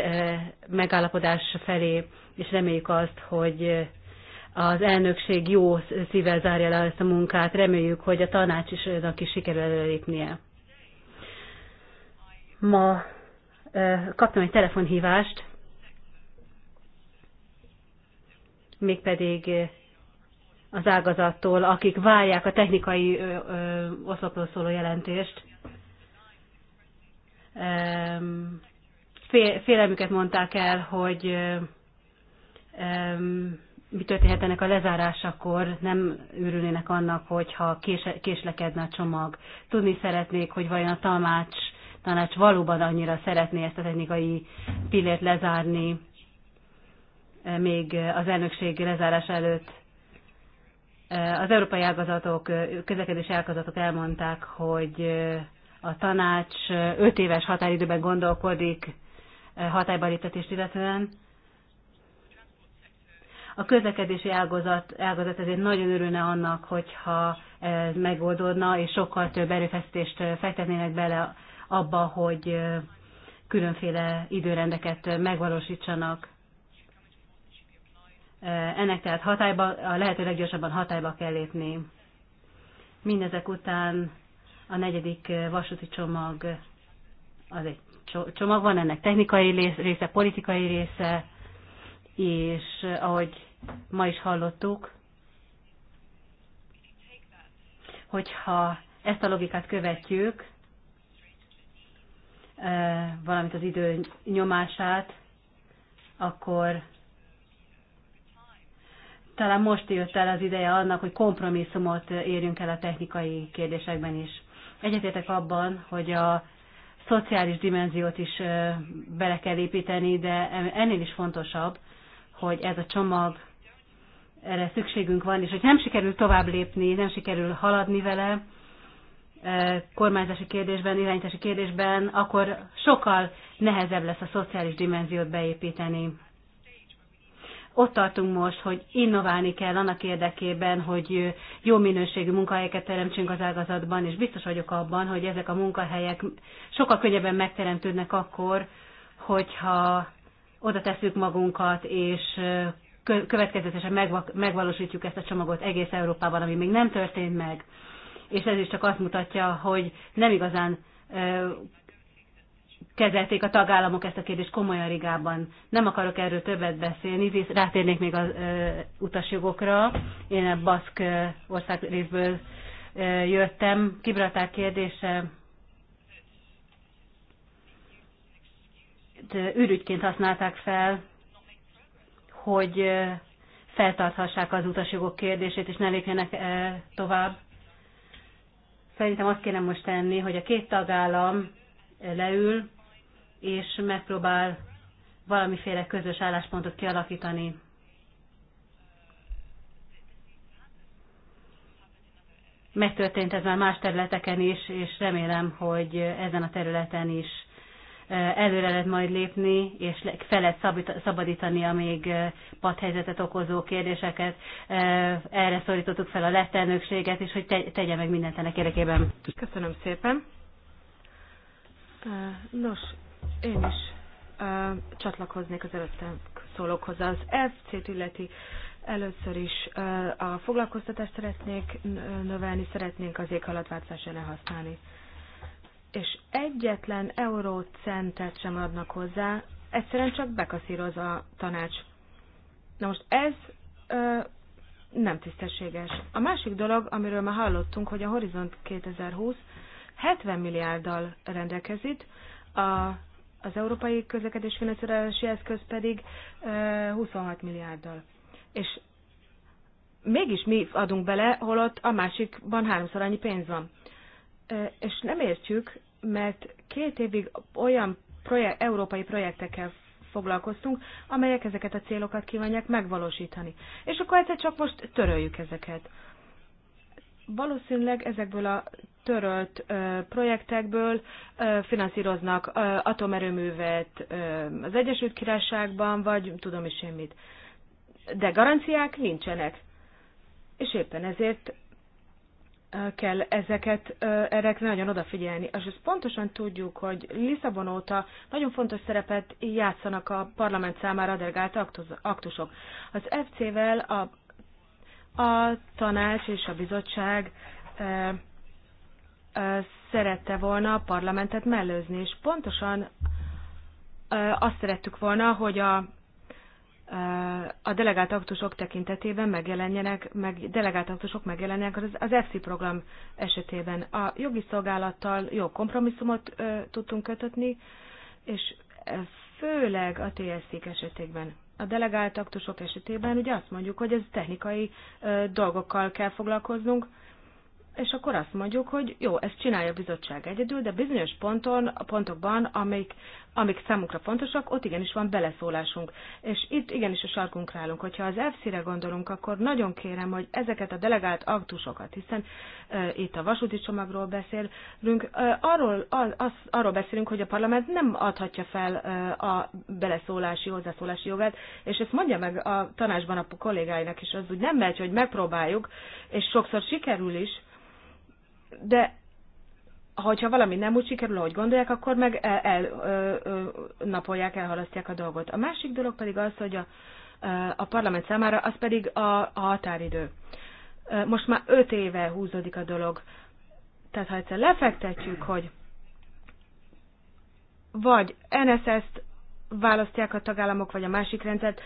megállapodás felé, és reméljük azt, hogy az elnökség jó szívvel zárja le ezt a munkát. Reméljük, hogy a tanács is, is sikerül előlépnie. Ma kaptam egy telefonhívást, mégpedig az ágazattól, akik várják a technikai oszlopról szóló jelentést félelmüket mondták el, hogy mi történhet ennek a lezárásakor, nem őrülnének annak, hogyha késlekedne a csomag. Tudni szeretnék, hogy vajon a tanács, tanács valóban annyira szeretné ezt a technikai pillért lezárni, eh, még az elnökség lezárás előtt. Eh, az európai ágazatok, eh, közlekedési ágazatok elmondták, hogy a tanács öt éves határidőben gondolkodik hatályba léptetést illetően. A közlekedési ágazat, ágazat ezért nagyon örülne annak, hogyha ez megoldódna, és sokkal több erőfeszítést fektetnének bele abba, hogy különféle időrendeket megvalósítsanak. Ennek tehát hatályba, a lehető leggyorsabban hatályba kell lépni. Mindezek után a negyedik eh, vasúti csomag az egy csomag van, ennek technikai része, politikai része, és eh, ahogy ma is hallottuk, hogyha ezt a logikát követjük, eh, valamint az idő nyomását, akkor talán most jött el az ideje annak, hogy kompromisszumot érjünk el a technikai kérdésekben is. Egyetértek abban, hogy a szociális dimenziót is bele kell építeni, de ennél is fontosabb, hogy ez a csomag, erre szükségünk van, és hogy nem sikerül tovább lépni, nem sikerül haladni vele, kormányzási kérdésben, irányítási kérdésben, akkor sokkal nehezebb lesz a szociális dimenziót beépíteni ott tartunk most, hogy innoválni kell annak érdekében, hogy jó minőségű munkahelyeket teremtsünk az ágazatban, és biztos vagyok abban, hogy ezek a munkahelyek sokkal könnyebben megteremtődnek akkor, hogyha oda tesszük magunkat, és következetesen megvalósítjuk ezt a csomagot egész Európában, ami még nem történt meg. És ez is csak azt mutatja, hogy nem igazán kezelték a tagállamok ezt a kérdést komolyan Rigában. Nem akarok erről többet beszélni, rátérnék még az utasjogokra. Én a Baszk ország részből jöttem. Kibratár kérdése ürügyként használták fel, hogy feltarthassák az utasjogok kérdését, és ne lépjenek tovább. Szerintem azt kéne most tenni, hogy a két tagállam leül, és megpróbál valamiféle közös álláspontot kialakítani. Megtörtént ez már más területeken is, és remélem, hogy ezen a területen is e, előre lehet majd lépni, és fel lehet szabadítani a még e, padhelyzetet okozó kérdéseket. E, erre szorítottuk fel a lett és hogy tegye meg mindent ennek érdekében. Köszönöm szépen. Nos, én is uh, csatlakoznék az előttem szólókhoz. Az FC-t illeti először is uh, a foglalkoztatást szeretnék növelni, szeretnénk az éghalatváltozás ellen használni. És egyetlen eurócentet sem adnak hozzá, egyszerűen csak bekaszíroz a tanács. Na most ez ö, nem tisztességes. A másik dolog, amiről már hallottunk, hogy a Horizont 2020 70 milliárddal rendelkezik, a az európai közlekedés finanszírozási eszköz pedig 26 milliárddal. És mégis mi adunk bele, holott a másikban háromszor annyi pénz van. És nem értjük, mert két évig olyan projekt, európai projektekkel foglalkoztunk, amelyek ezeket a célokat kívánják megvalósítani. És akkor egyszer csak most töröljük ezeket. Valószínűleg ezekből a törölt ö, projektekből ö, finanszíroznak ö, atomerőművet ö, az Egyesült Királyságban, vagy tudom is én mit. De garanciák nincsenek. És éppen ezért kell ezeket, erre nagyon odafigyelni. És ezt pontosan tudjuk, hogy Lisszabon óta nagyon fontos szerepet játszanak a parlament számára delegált aktusok. Az FC-vel a a tanács és a bizottság szerette volna a parlamentet mellőzni, és pontosan azt szerettük volna, hogy a a delegált aktusok tekintetében megjelenjenek, meg, delegált aktusok megjelenjenek az, az EFSI program esetében. A jogi szolgálattal jó kompromisszumot e, tudtunk kötötni, és főleg a TSZ-k esetében a delegált aktusok esetében ugye azt mondjuk, hogy ez technikai ö, dolgokkal kell foglalkoznunk, és akkor azt mondjuk, hogy jó, ezt csinálja a bizottság egyedül, de bizonyos ponton, a pontokban, amik amik számunkra fontosak, ott igenis van beleszólásunk. És itt igenis a sarkunkra állunk. Hogyha az EFSZ-re gondolunk, akkor nagyon kérem, hogy ezeket a delegált aktusokat, hiszen e, itt a vasúti csomagról beszélünk, e, arról, az, az, arról beszélünk, hogy a parlament nem adhatja fel e, a beleszólási, hozzászólási jogát, és ezt mondja meg a tanácsban a kollégáinak is, az úgy nem megy, hogy megpróbáljuk, és sokszor sikerül is, de hogyha valami nem úgy sikerül, ahogy gondolják, akkor meg el, el, napolják, elhalasztják a dolgot. A másik dolog pedig az, hogy a, a parlament számára, az pedig a, a határidő. Most már öt éve húzódik a dolog. Tehát ha egyszer lefektetjük, hogy vagy nsz t választják a tagállamok, vagy a másik rendszert,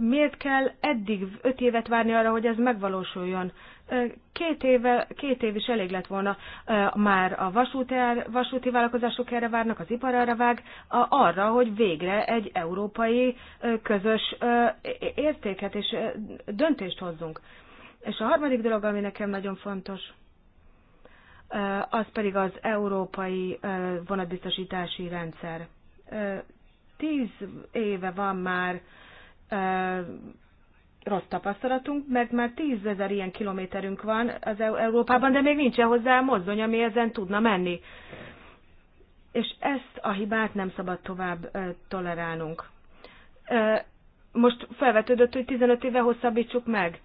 miért kell eddig öt évet várni arra, hogy ez megvalósuljon? Két, éve, két év is elég lett volna. Már a vasúti, vasúti vállalkozások erre várnak, az ipar arra vág, arra, hogy végre egy európai közös értéket és döntést hozzunk. És a harmadik dolog, ami nekem nagyon fontos, az pedig az európai vonatbiztosítási rendszer. Tíz éve van már rossz tapasztalatunk, mert már tízezer ilyen kilométerünk van az Európában, de még nincsen hozzá mozdony, ami ezen tudna menni. És ezt a hibát nem szabad tovább tolerálnunk. most felvetődött, hogy 15 éve hosszabbítsuk meg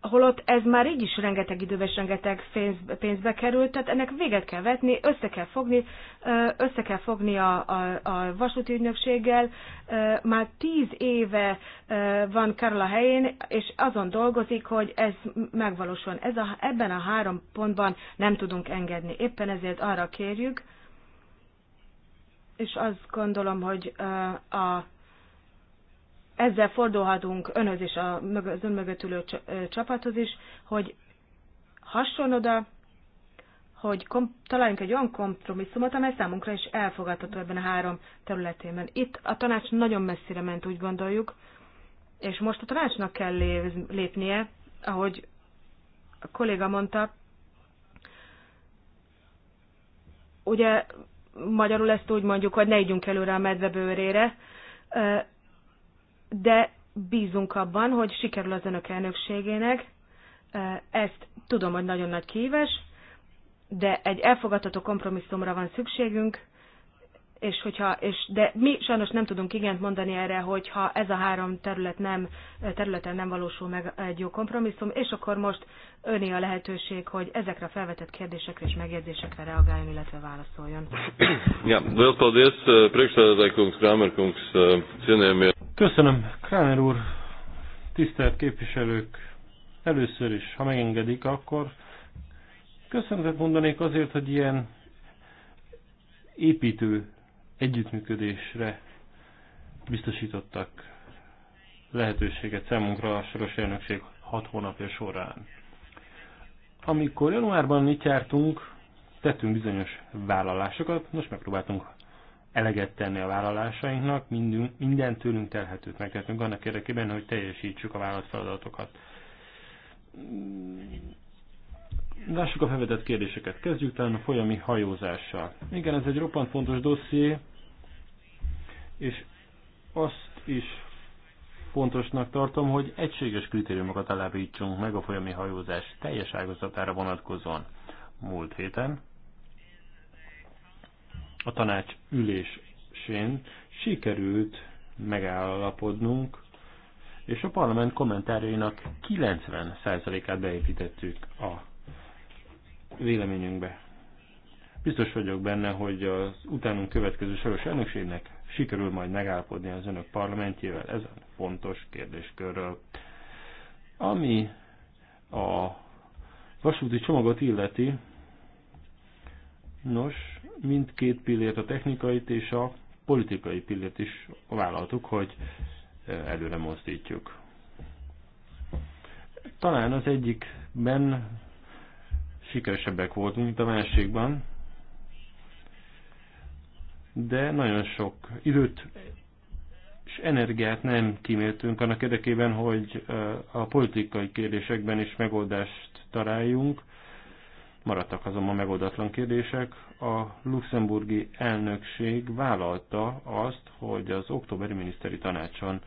holott ez már így is rengeteg időbe és rengeteg pénzbe került, tehát ennek véget kell vetni, össze kell fogni, össze kell fogni a, a, a vasúti ügynökséggel. Már tíz éve van Karla helyén, és azon dolgozik, hogy ez megvalósuljon. Ez a, ebben a három pontban nem tudunk engedni. Éppen ezért arra kérjük, és azt gondolom, hogy a ezzel fordulhatunk önhöz és a, az ön mögött ülő csapathoz is, hogy hasson oda, hogy kom- találjunk egy olyan kompromisszumot, amely számunkra is elfogadható ebben a három területében. Itt a tanács nagyon messzire ment, úgy gondoljuk, és most a tanácsnak kell lépnie, ahogy a kolléga mondta, ugye magyarul ezt úgy mondjuk, hogy ne ígyunk előre a medvebőrére, de bízunk abban, hogy sikerül az önök elnökségének. Ezt tudom, hogy nagyon nagy kíves, de egy elfogadható kompromisszumra van szükségünk, és hogyha, és, de mi sajnos nem tudunk igent mondani erre, hogyha ez a három terület nem, területen nem valósul meg egy jó kompromisszum, és akkor most öné a lehetőség, hogy ezekre a felvetett kérdésekre és megjegyzésekre reagáljon, illetve válaszoljon. Ja, liels paldies, uh, priekšstādātājkungs, Krámerkungs, uh, cienējamie. Köszönöm, Krámer úr, tisztelt képviselők, először is, ha megengedik, akkor köszönetet mondanék azért, hogy ilyen építő együttműködésre biztosítottak lehetőséget számunkra a soros elnökség hat hónapja során. Amikor januárban itt jártunk, tettünk bizonyos vállalásokat, most megpróbáltunk eleget tenni a vállalásainknak, mindünk, minden tőlünk telhetőt megtettünk annak érdekében, hogy teljesítsük a válaszfeladatokat. Lássuk a felvetett kérdéseket. Kezdjük talán a folyami hajózással. Igen, ez egy roppant fontos dosszié, és azt is fontosnak tartom, hogy egységes kritériumokat állapítsunk meg a folyami hajózás teljes ágazatára vonatkozóan. Múlt héten a tanács ülésén sikerült megállapodnunk, és a parlament kommentárjainak 90%-át beépítettük a véleményünkbe. Biztos vagyok benne, hogy az utánunk következő soros elnökségnek sikerül majd megállapodni az önök parlamentjével ezen fontos kérdéskörről. Ami a vasúti csomagot illeti, nos, mindkét pillért, a technikait és a politikai pillért is vállaltuk, hogy eh, előre mozdítjuk. Talán az egyikben sikeresebbek voltunk, mint a másikban, de nagyon sok időt és energiát nem kíméltünk annak érdekében, hogy a politikai kérdésekben is megoldást találjunk. Maradtak azonban megoldatlan kérdések. A luxemburgi elnökség vállalta azt, hogy az októberi miniszteri tanácson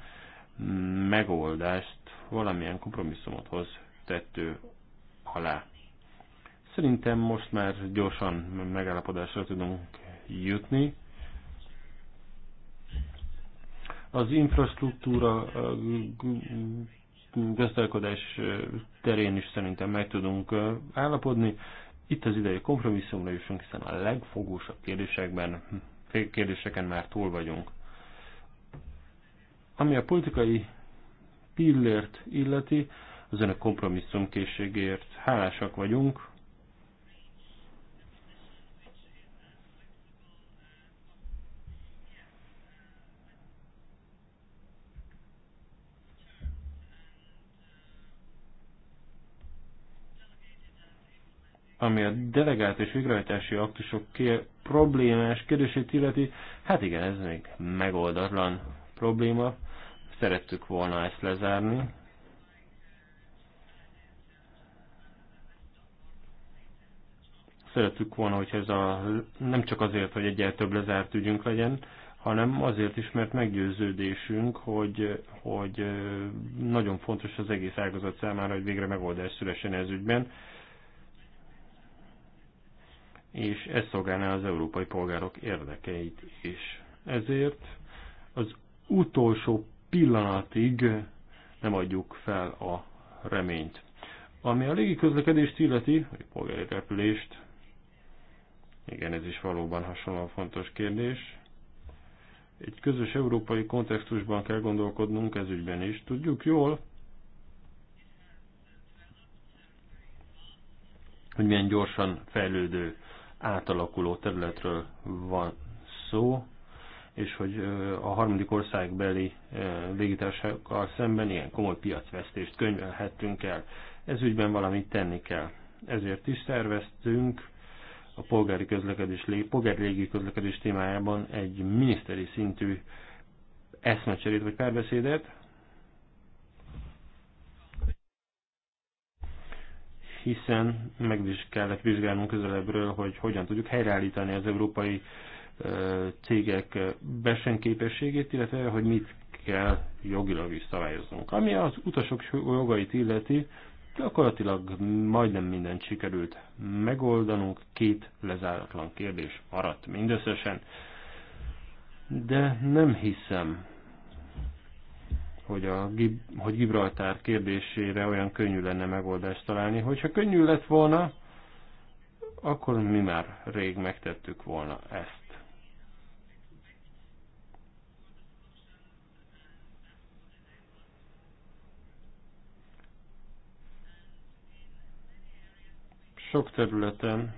megoldást, valamilyen kompromisszumot hoz tettő alá. Szerintem most már gyorsan megállapodásra tudunk jutni. Az infrastruktúra gazdálkodás terén is szerintem meg tudunk állapodni. Itt az ideje kompromisszumra jussunk, hiszen a legfogósabb kérdésekben, hm, kérdéseken már túl vagyunk. Ami a politikai pillért illeti, az önök kompromisszum készségért hálásak vagyunk, ami a delegált és végrehajtási aktusok problémás kérdését illeti, hát igen, ez még megoldatlan probléma. Szerettük volna ezt lezárni. Szerettük volna, hogy ez a, nem csak azért, hogy egyel több lezárt ügyünk legyen, hanem azért is, mert meggyőződésünk, hogy, hogy nagyon fontos az egész ágazat számára, hogy végre megoldás szülessen ez ügyben és ez szolgálná az európai polgárok érdekeit is. Ezért az utolsó pillanatig nem adjuk fel a reményt. Ami a légi közlekedést illeti, vagy polgári repülést, igen, ez is valóban hasonlóan fontos kérdés. Egy közös európai kontextusban kell gondolkodnunk ez ügyben is. Tudjuk jól, hogy milyen gyorsan fejlődő átalakuló területről van szó, és hogy a harmadik országbeli légitársakkal szemben ilyen komoly piacvesztést könyvelhettünk el. Ez ügyben valamit tenni kell. Ezért is szerveztünk a polgári közlekedés, polgári légi közlekedés témájában egy miniszteri szintű eszmecserét vagy párbeszédet, hiszen meg is kellett vizsgálnunk közelebbről, hogy hogyan tudjuk helyreállítani az európai cégek versenyképességét, illetve hogy mit kell jogilag is szabályoznunk. Ami az utasok jogait illeti, gyakorlatilag majdnem mindent sikerült megoldanunk, két lezáratlan kérdés maradt mindösszesen, de nem hiszem, hogy, a, hogy Gibraltár kérdésére olyan könnyű lenne megoldást találni. Hogyha könnyű lett volna, akkor mi már rég megtettük volna ezt. Sok területen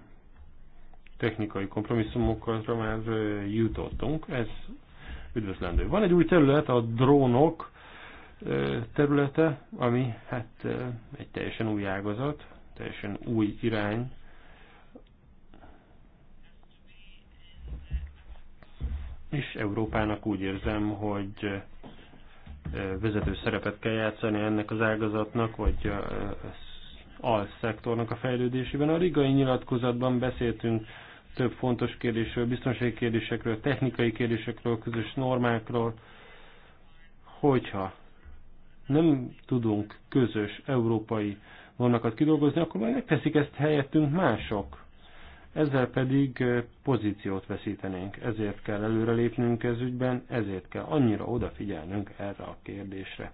technikai kompromisszumokra már jutottunk, ez üdvözlendő. Van egy új terület, a drónok, területe, ami hát egy teljesen új ágazat, teljesen új irány. És Európának úgy érzem, hogy vezető szerepet kell játszani ennek az ágazatnak, vagy alszektornak a fejlődésében. A rigai nyilatkozatban beszéltünk több fontos kérdésről, biztonsági kérdésekről, technikai kérdésekről, közös normákról, hogyha nem tudunk közös európai vonakat kidolgozni, akkor majd megteszik ezt helyettünk mások. Ezzel pedig pozíciót veszítenénk. Ezért kell előrelépnünk ez ügyben, ezért kell annyira odafigyelnünk erre a kérdésre.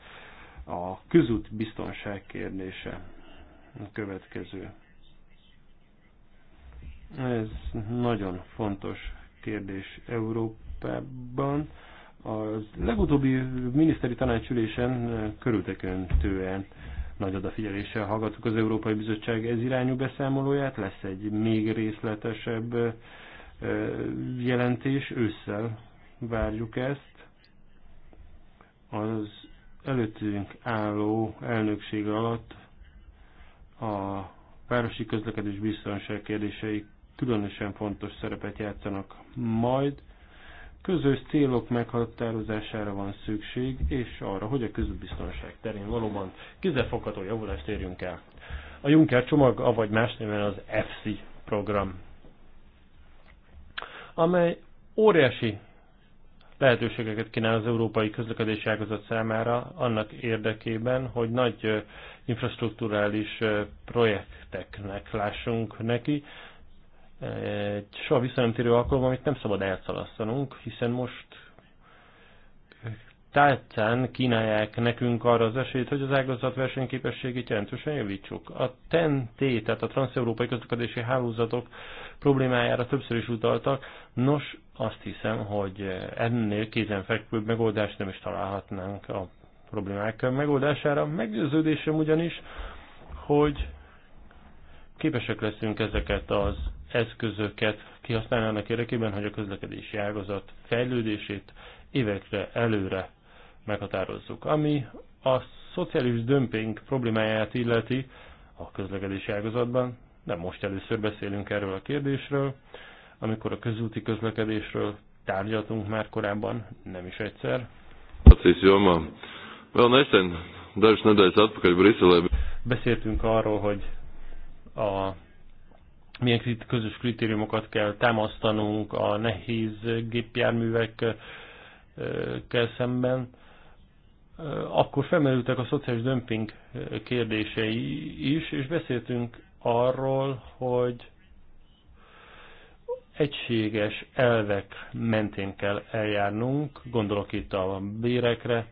A közút biztonság kérdése a következő. Ez nagyon fontos kérdés Európában. A legutóbbi miniszteri tanácsülésen körültekintően nagy odafigyeléssel hallgattuk az Európai Bizottság ez irányú beszámolóját, lesz egy még részletesebb jelentés, ősszel várjuk ezt. Az előttünk álló elnökség alatt a városi közlekedés biztonság kérdései különösen fontos szerepet játszanak majd. Közös célok meghatározására van szükség, és arra, hogy a közbiztonság terén valóban kézzelfogható javulást érjünk el. A Juncker csomag, avagy más néven az FC program, amely óriási lehetőségeket kínál az európai közlekedési ágazat számára annak érdekében, hogy nagy infrastruktúrális projekteknek lássunk neki, egy soha visszanemtérő alkalom, amit nem szabad elszalasztanunk, hiszen most tárcán kínálják nekünk arra az esélyt, hogy az ágazat versenyképességét jelentősen javítsuk. A TEN-T, tehát a transzeurópai közlekedési hálózatok problémájára többször is utaltak. Nos, azt hiszem, hogy ennél kézenfekvőbb megoldást nem is találhatnánk a problémák megoldására. Meggyőződésem ugyanis, hogy képesek leszünk ezeket az eszközöket kihasználni annak érdekében, hogy a közlekedési ágazat fejlődését évekre előre meghatározzuk. Ami a szociális dömping problémáját illeti a közlekedési ágazatban, nem most először beszélünk erről a kérdésről, amikor a közúti közlekedésről tárgyaltunk már korábban, nem is egyszer. Beszéltünk arról, hogy a milyen közös kritériumokat kell támasztanunk a nehéz gépjárművekkel szemben, akkor felmerültek a szociális dömping kérdései is, és beszéltünk arról, hogy egységes elvek mentén kell eljárnunk, gondolok itt a bérekre,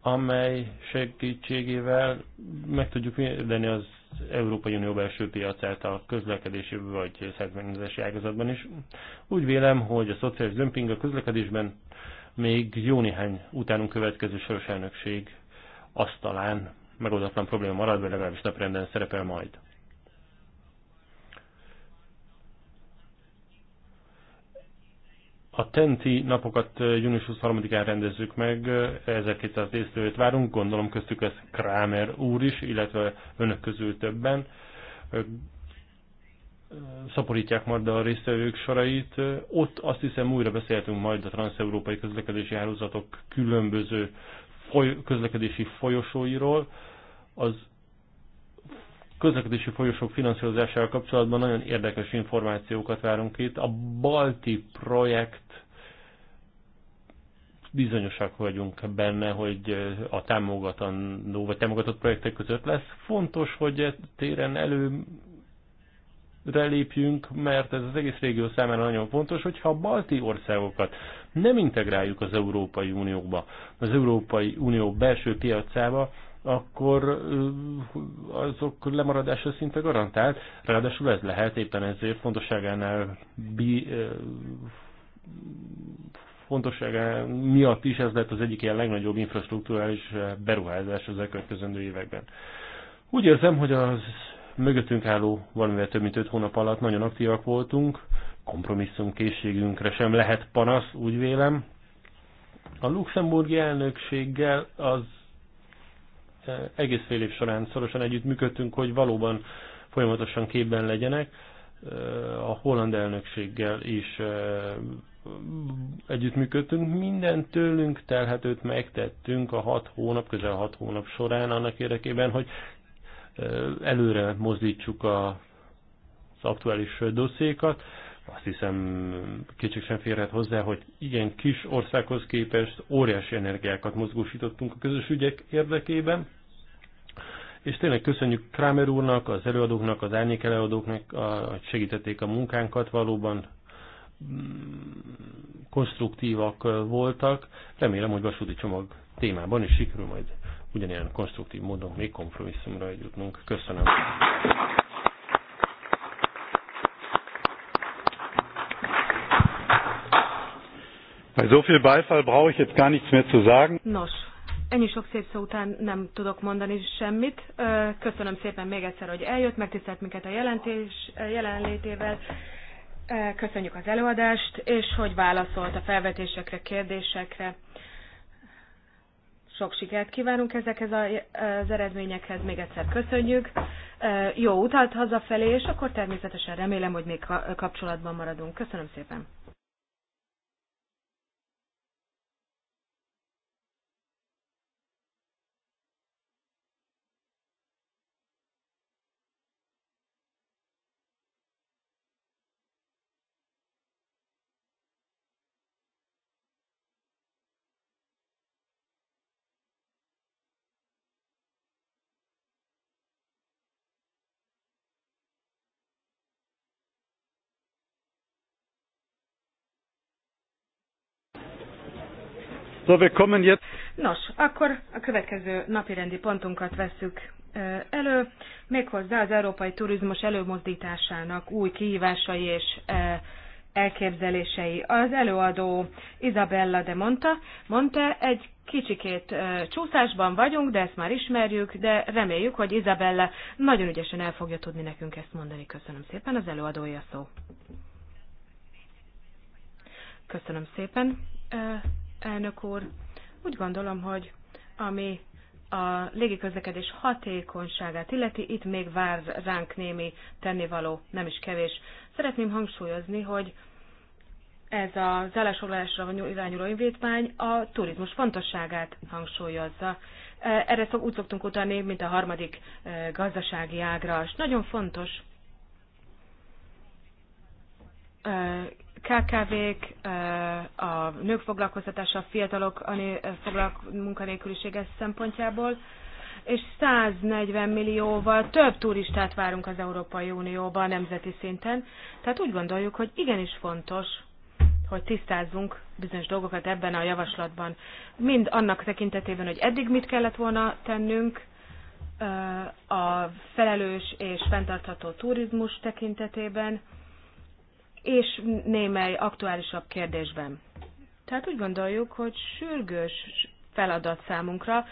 amely segítségével meg tudjuk védeni az Európai Unió belső piacát a közlekedési vagy szervezési ágazatban is. Úgy vélem, hogy a szociális dömping a közlekedésben még jó néhány utánunk következő soros elnökség asztalán megoldatlan probléma marad, vagy legalábbis naprenden szerepel majd. A Tenti napokat június 23-án rendezzük meg, 1200 résztvevőt várunk, gondolom köztük ez Kramer úr is, illetve önök közül többen. Szaporítják majd a résztvevők sorait. Ott azt hiszem újra beszéltünk majd a transeurópai közlekedési hálózatok különböző foly közlekedési folyosóiról. Az közlekedési folyosók finanszírozásával kapcsolatban nagyon érdekes információkat várunk itt. A Balti projekt bizonyosak vagyunk benne, hogy a támogatandó vagy támogatott projektek között lesz. Fontos, hogy e téren elő relépjünk, mert ez az egész régió számára nagyon fontos, hogyha a balti országokat nem integráljuk az Európai Unióba, az Európai Unió belső piacába, akkor azok lemaradása szinte garantált. Ráadásul ez lehet éppen ezért fontosságánál bi, fontossága miatt is ez lett az egyik ilyen legnagyobb infrastruktúrális beruházás az elkövetkezendő években. Úgy érzem, hogy az mögöttünk álló valamivel több mint öt hónap alatt nagyon aktívak voltunk, kompromisszum készségünkre sem lehet panasz, úgy vélem. A luxemburgi elnökséggel az egész fél év során szorosan együtt működtünk, hogy valóban folyamatosan képben legyenek. A holland elnökséggel is együttműködtünk, minden tőlünk telhetőt megtettünk a hat hónap, közel hat hónap során annak érdekében, hogy előre mozdítsuk a, az aktuális dosszékat azt hiszem kicsit sem férhet hozzá, hogy igen kis országhoz képest óriási energiákat mozgósítottunk a közös ügyek érdekében, és tényleg köszönjük Kramer úrnak, az előadóknak, az árnyék előadóknak, hogy segítették a munkánkat, valóban mm, konstruktívak voltak. Remélem, hogy vasúti csomag témában is sikerül majd ugyanilyen konstruktív módon még kompromisszumra jutnunk. Köszönöm. Bei so viel Beifall brauche ich jetzt gar nichts mehr zu sagen. Nos, ennyi sok szép szó után nem tudok mondani semmit. Köszönöm szépen még egyszer, hogy eljött, megtisztelt minket a jelentés jelenlétével. Köszönjük az előadást, és hogy válaszolt a felvetésekre, kérdésekre. Sok sikert kívánunk ezekhez az eredményekhez, még egyszer köszönjük. Jó utat hazafelé, és akkor természetesen remélem, hogy még kapcsolatban maradunk. Köszönöm szépen! So, wir kommen jetzt. Nos, akkor a következő napirendi pontunkat veszük elő, méghozzá az európai turizmus előmozdításának új kihívásai és elképzelései. Az előadó Isabella de Monta, mondta, egy kicsikét csúszásban vagyunk, de ezt már ismerjük, de reméljük, hogy Isabella nagyon ügyesen el fogja tudni nekünk ezt mondani. Köszönöm szépen, az előadója szó. Köszönöm szépen elnök úr. Úgy gondolom, hogy ami a légiközlekedés hatékonyságát illeti, itt még vár ránk némi tennivaló, nem is kevés. Szeretném hangsúlyozni, hogy ez az állásfoglalásra irányuló indítvány a turizmus fontosságát hangsúlyozza. E, erre szok, úgy szoktunk utalni, mint a harmadik e, gazdasági ágra, és nagyon fontos e, KKV-k, eh, a nők foglalkoztatása, a fiatalok a foglalk, munkanélkülisége szempontjából, és 140 millióval több turistát várunk az Európai Unióba nemzeti szinten. Tehát úgy gondoljuk, hogy igenis fontos, hogy tisztázzunk bizonyos dolgokat ebben a javaslatban. Mind annak tekintetében, hogy eddig mit kellett volna tennünk, eh, a felelős és fenntartható turizmus tekintetében, és némely aktuálisabb kérdésben. Tehát úgy gondoljuk, hogy sürgős feladat számunkra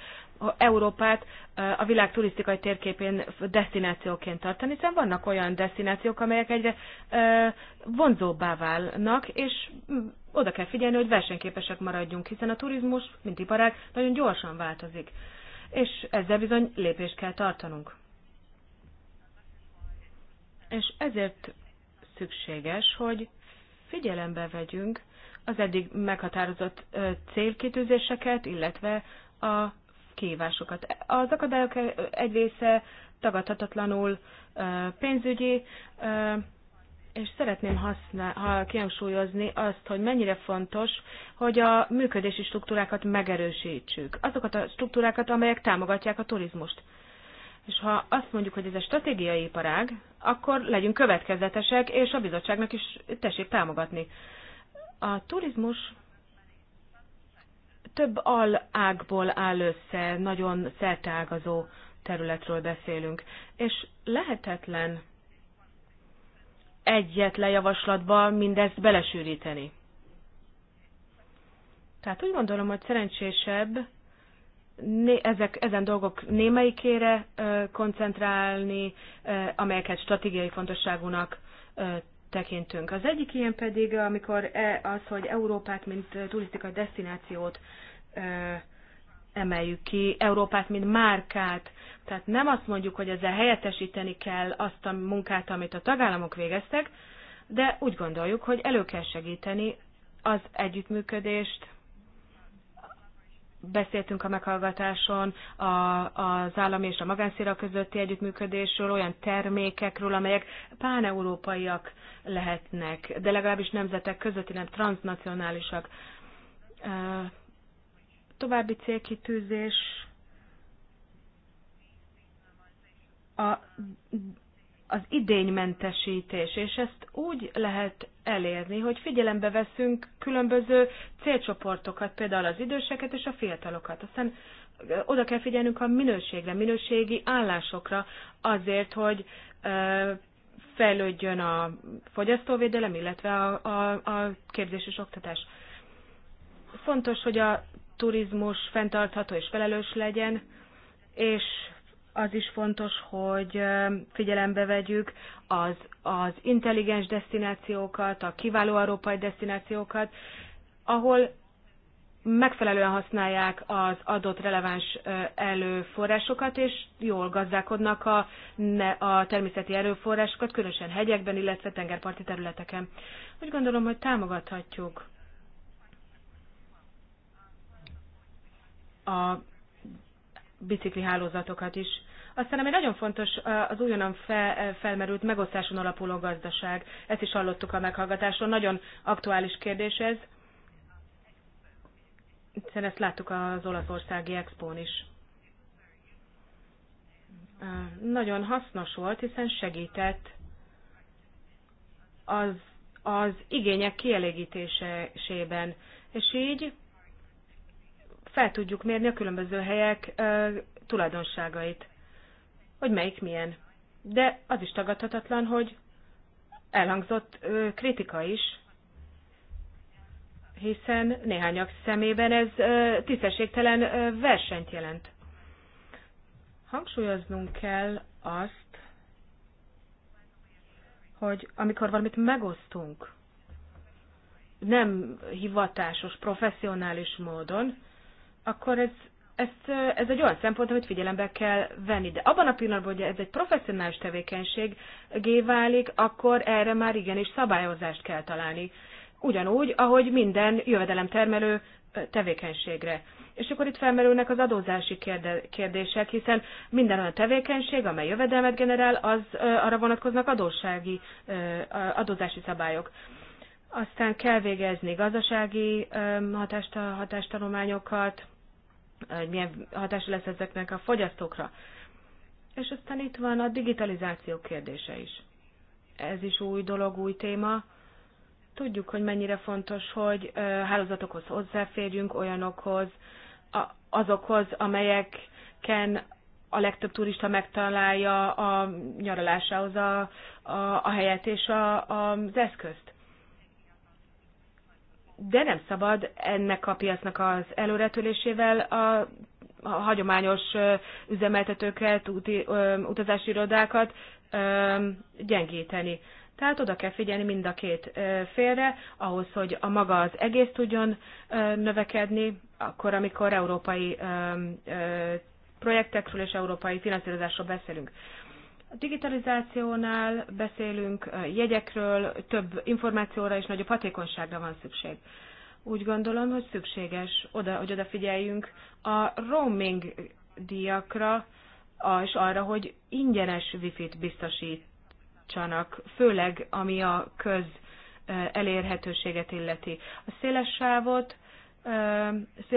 Európát eh, a világ turisztikai térképén destinációként tartani, hiszen vannak olyan destinációk, amelyek egyre eh, vonzóbbá válnak, és hm, oda kell figyelni, hogy versenyképesek maradjunk, hiszen a turizmus, mint iparág, nagyon gyorsan változik, és ezzel bizony lépést kell tartanunk. És ezért szükséges, hogy figyelembe vegyünk az eddig meghatározott célkitűzéseket, illetve a kívásokat. Az akadályok egy része tagadhatatlanul pénzügyi, és szeretném használ, ha kihangsúlyozni azt, hogy mennyire fontos, hogy a működési struktúrákat megerősítsük. Azokat a struktúrákat, amelyek támogatják a turizmust. És ha azt mondjuk, hogy ez egy stratégiai iparág, akkor legyünk következetesek, és a bizottságnak is tessék támogatni. A turizmus több alágból áll össze, nagyon szerteágazó területről beszélünk, és lehetetlen egyetlen javaslatba mindezt belesűríteni. Tehát úgy gondolom, hogy szerencsésebb ezek, ezen dolgok némelyikére koncentrálni, amelyeket stratégiai fontosságúnak tekintünk. Az egyik ilyen pedig, amikor e, az, hogy Európát, mint turisztikai destinációt emeljük ki, Európát, mint márkát. Tehát nem azt mondjuk, hogy ezzel helyettesíteni kell azt a munkát, amit a tagállamok végeztek, de úgy gondoljuk, hogy elő kell segíteni az együttműködést, beszéltünk a meghallgatáson a, az állami és a magánszéra közötti együttműködésről, olyan termékekről, amelyek páneurópaiak lehetnek, de legalábbis nemzetek közötti, nem transnacionálisak. További célkitűzés a az idénymentesítés, és ezt úgy lehet elérni, hogy figyelembe veszünk különböző célcsoportokat, például az időseket és a fiatalokat. Aztán oda kell figyelnünk a minőségre, minőségi állásokra azért, hogy fejlődjön a fogyasztóvédelem, illetve a, a, a képzés és oktatás. Fontos, hogy a turizmus fenntartható és felelős legyen, és az is fontos, hogy figyelembe vegyük az, az intelligens destinációkat, a kiváló európai destinációkat, ahol megfelelően használják az adott releváns előforrásokat, és jól gazdálkodnak a, a természeti erőforrásokat, különösen hegyekben, illetve tengerparti területeken. Úgy gondolom, hogy támogathatjuk a bicikli hálózatokat is. Aztán ami nagyon fontos, az újonnan fel, felmerült megosztáson alapuló gazdaság. Ezt is hallottuk a meghallgatáson. Nagyon aktuális kérdés ez, hiszen ezt láttuk az olaszországi expón is. Nagyon hasznos volt, hiszen segített az, az igények kielégítésében. És így fel tudjuk mérni a különböző helyek tulajdonságait, hogy melyik milyen. De az is tagadhatatlan, hogy elhangzott kritika is, hiszen néhányak szemében ez tisztességtelen versenyt jelent. Hangsúlyoznunk kell azt, hogy amikor valamit megosztunk, nem hivatásos, professzionális módon, akkor ez, ez, ez egy olyan szempont, amit figyelembe kell venni. De abban a pillanatban, hogy ez egy professzionális tevékenység válik, akkor erre már igenis szabályozást kell találni. Ugyanúgy, ahogy minden jövedelemtermelő tevékenységre. És akkor itt felmerülnek az adózási kérdések, hiszen minden olyan tevékenység, amely jövedelmet generál, az arra vonatkoznak adóssági, adózási szabályok. Aztán kell végezni gazdasági hatást, hatástanulmányokat, hogy milyen hatása lesz ezeknek a fogyasztókra. És aztán itt van a digitalizáció kérdése is. Ez is új dolog, új téma. Tudjuk, hogy mennyire fontos, hogy hálózatokhoz hozzáférjünk, olyanokhoz, azokhoz, amelyeken a legtöbb turista megtalálja a nyaralásához a, a, a helyet és a, a, az eszközt de nem szabad ennek a piacnak az előretülésével a, a hagyományos üzemeltetőket, úti, ö, utazási irodákat ö, gyengíteni. Tehát oda kell figyelni mind a két félre, ahhoz, hogy a maga az egész tudjon növekedni, akkor, amikor európai projektekről és európai finanszírozásról beszélünk. A digitalizációnál beszélünk jegyekről, több információra és nagyobb hatékonyságra van szükség. Úgy gondolom, hogy szükséges, oda, hogy odafigyeljünk a roaming díjakra, és arra, hogy ingyenes wifi-t biztosítsanak, főleg ami a köz elérhetőséget illeti. A széles sávot,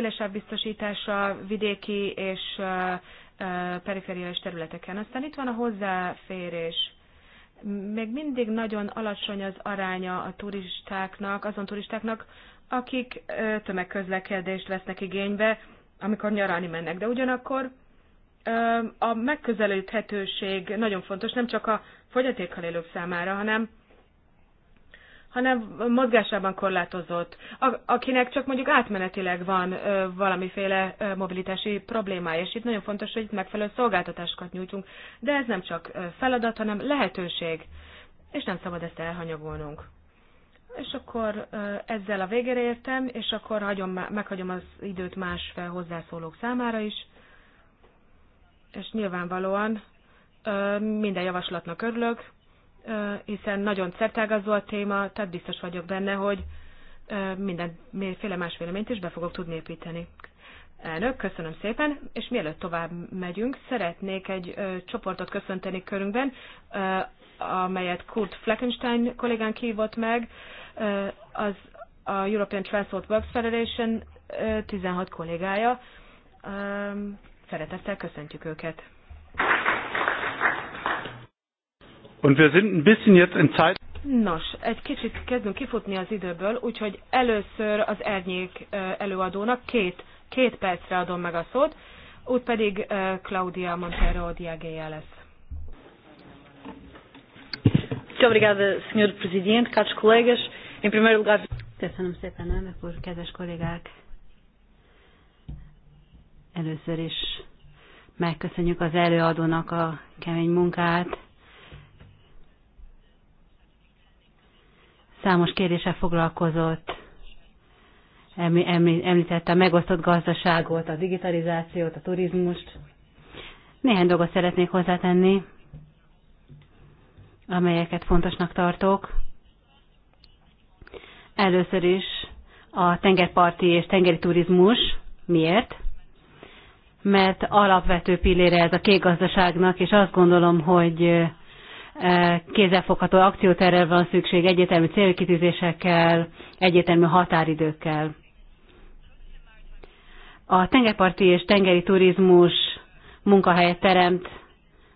sáv biztosítása vidéki és perifériás területeken. Aztán itt van a hozzáférés. Még mindig nagyon alacsony az aránya a turistáknak, azon turistáknak, akik tömegközlekedést vesznek igénybe, amikor nyaralni mennek. De ugyanakkor a megközelíthetőség nagyon fontos, nem csak a fogyatékkal élők számára, hanem hanem mozgásában korlátozott, akinek csak mondjuk átmenetileg van valamiféle mobilitási problémája, és itt nagyon fontos, hogy itt megfelelő szolgáltatásokat nyújtunk. de ez nem csak feladat, hanem lehetőség, és nem szabad ezt elhanyagolnunk. És akkor ezzel a végére értem, és akkor hagyom, meghagyom az időt más hozzászólók számára is, és nyilvánvalóan minden javaslatnak örülök, hiszen nagyon szertágazó a téma, tehát biztos vagyok benne, hogy mindenféle más véleményt is be fogok tudni építeni. Elnök, köszönöm szépen, és mielőtt tovább megyünk, szeretnék egy ö, csoportot köszönteni körünkben, ö, amelyet Kurt Fleckenstein kollégán hívott meg, ö, az a European Transport Works Federation ö, 16 kollégája. Ö, szeretettel köszöntjük őket. Und wir sind ein bisschen jetzt in Zeit. Nos, egy kicsit kezdünk kifutni az időből, úgyhogy először az Ernyék előadónak két, két percre adom meg a szót, út pedig Claudia Montero Diagéja lesz. Muito obrigada, Sr. Presidente, caros colegas. Em primeiro lugar... Köszönöm szépen, elnök úr, kedves kollégák! Először is megköszönjük az előadónak a kemény munkát, számos kérdése foglalkozott, említette a megosztott gazdaságot, a digitalizációt, a turizmust. Néhány dolgot szeretnék hozzátenni, amelyeket fontosnak tartok. Először is a tengerparti és tengeri turizmus. Miért? Mert alapvető pillére ez a kék gazdaságnak, és azt gondolom, hogy E, kézzelfogható akcióterre van szükség, egyetemű célkitűzésekkel, egyetemű határidőkkel. A tengerparti és tengeri turizmus munkahelyet teremt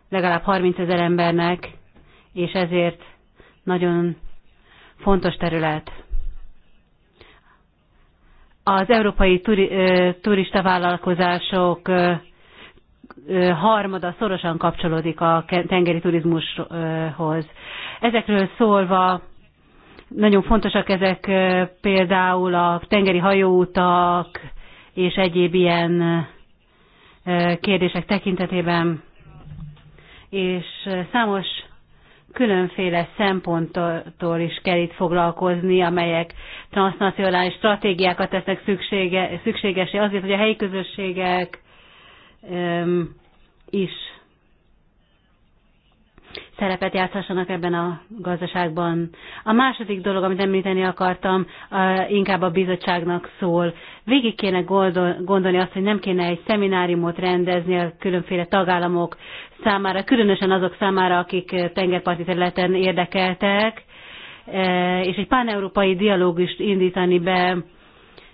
legalább 30 ezer embernek, és ezért nagyon fontos terület. Az európai turi, e, turista vállalkozások e, harmada szorosan kapcsolódik a tengeri turizmushoz. Ezekről szólva nagyon fontosak ezek például a tengeri hajóutak és egyéb ilyen kérdések tekintetében, és számos különféle szemponttól is kell itt foglalkozni, amelyek transnacionális stratégiákat tesznek szüksége, szükségesé azért, hogy a helyi közösségek öm, is szerepet játszhassanak ebben a gazdaságban. A második dolog, amit említeni akartam, inkább a bizottságnak szól. Végig kéne gondolni azt, hogy nem kéne egy szemináriumot rendezni a különféle tagállamok számára, különösen azok számára, akik tengerparti területen érdekeltek, e, és egy pán-európai dialógust indítani be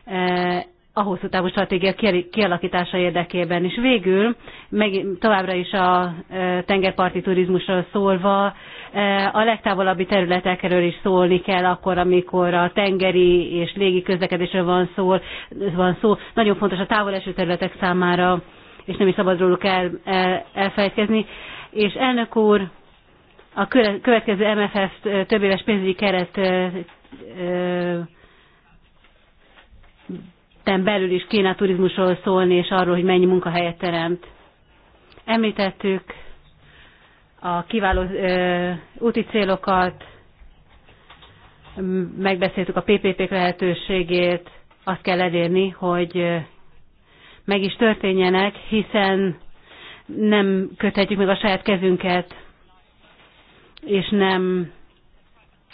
e, a hosszú távú stratégia kialakítása érdekében. És végül, meg, továbbra is a e, tengerparti turizmusról szólva, e, a legtávolabbi területekről is szólni kell akkor, amikor a tengeri és légi közlekedésről van szó. Van szó. Nagyon fontos a eső területek számára, és nem is szabad róluk el, el, elfelejtkezni. És elnök úr, a következő MFF e, több éves pénzügyi keret területen belül is kéne a turizmusról szólni, és arról, hogy mennyi munkahelyet teremt. Említettük a kiváló ö, úti célokat, megbeszéltük a ppp lehetőségét, azt kell elérni, hogy meg is történjenek, hiszen nem köthetjük meg a saját kezünket, és nem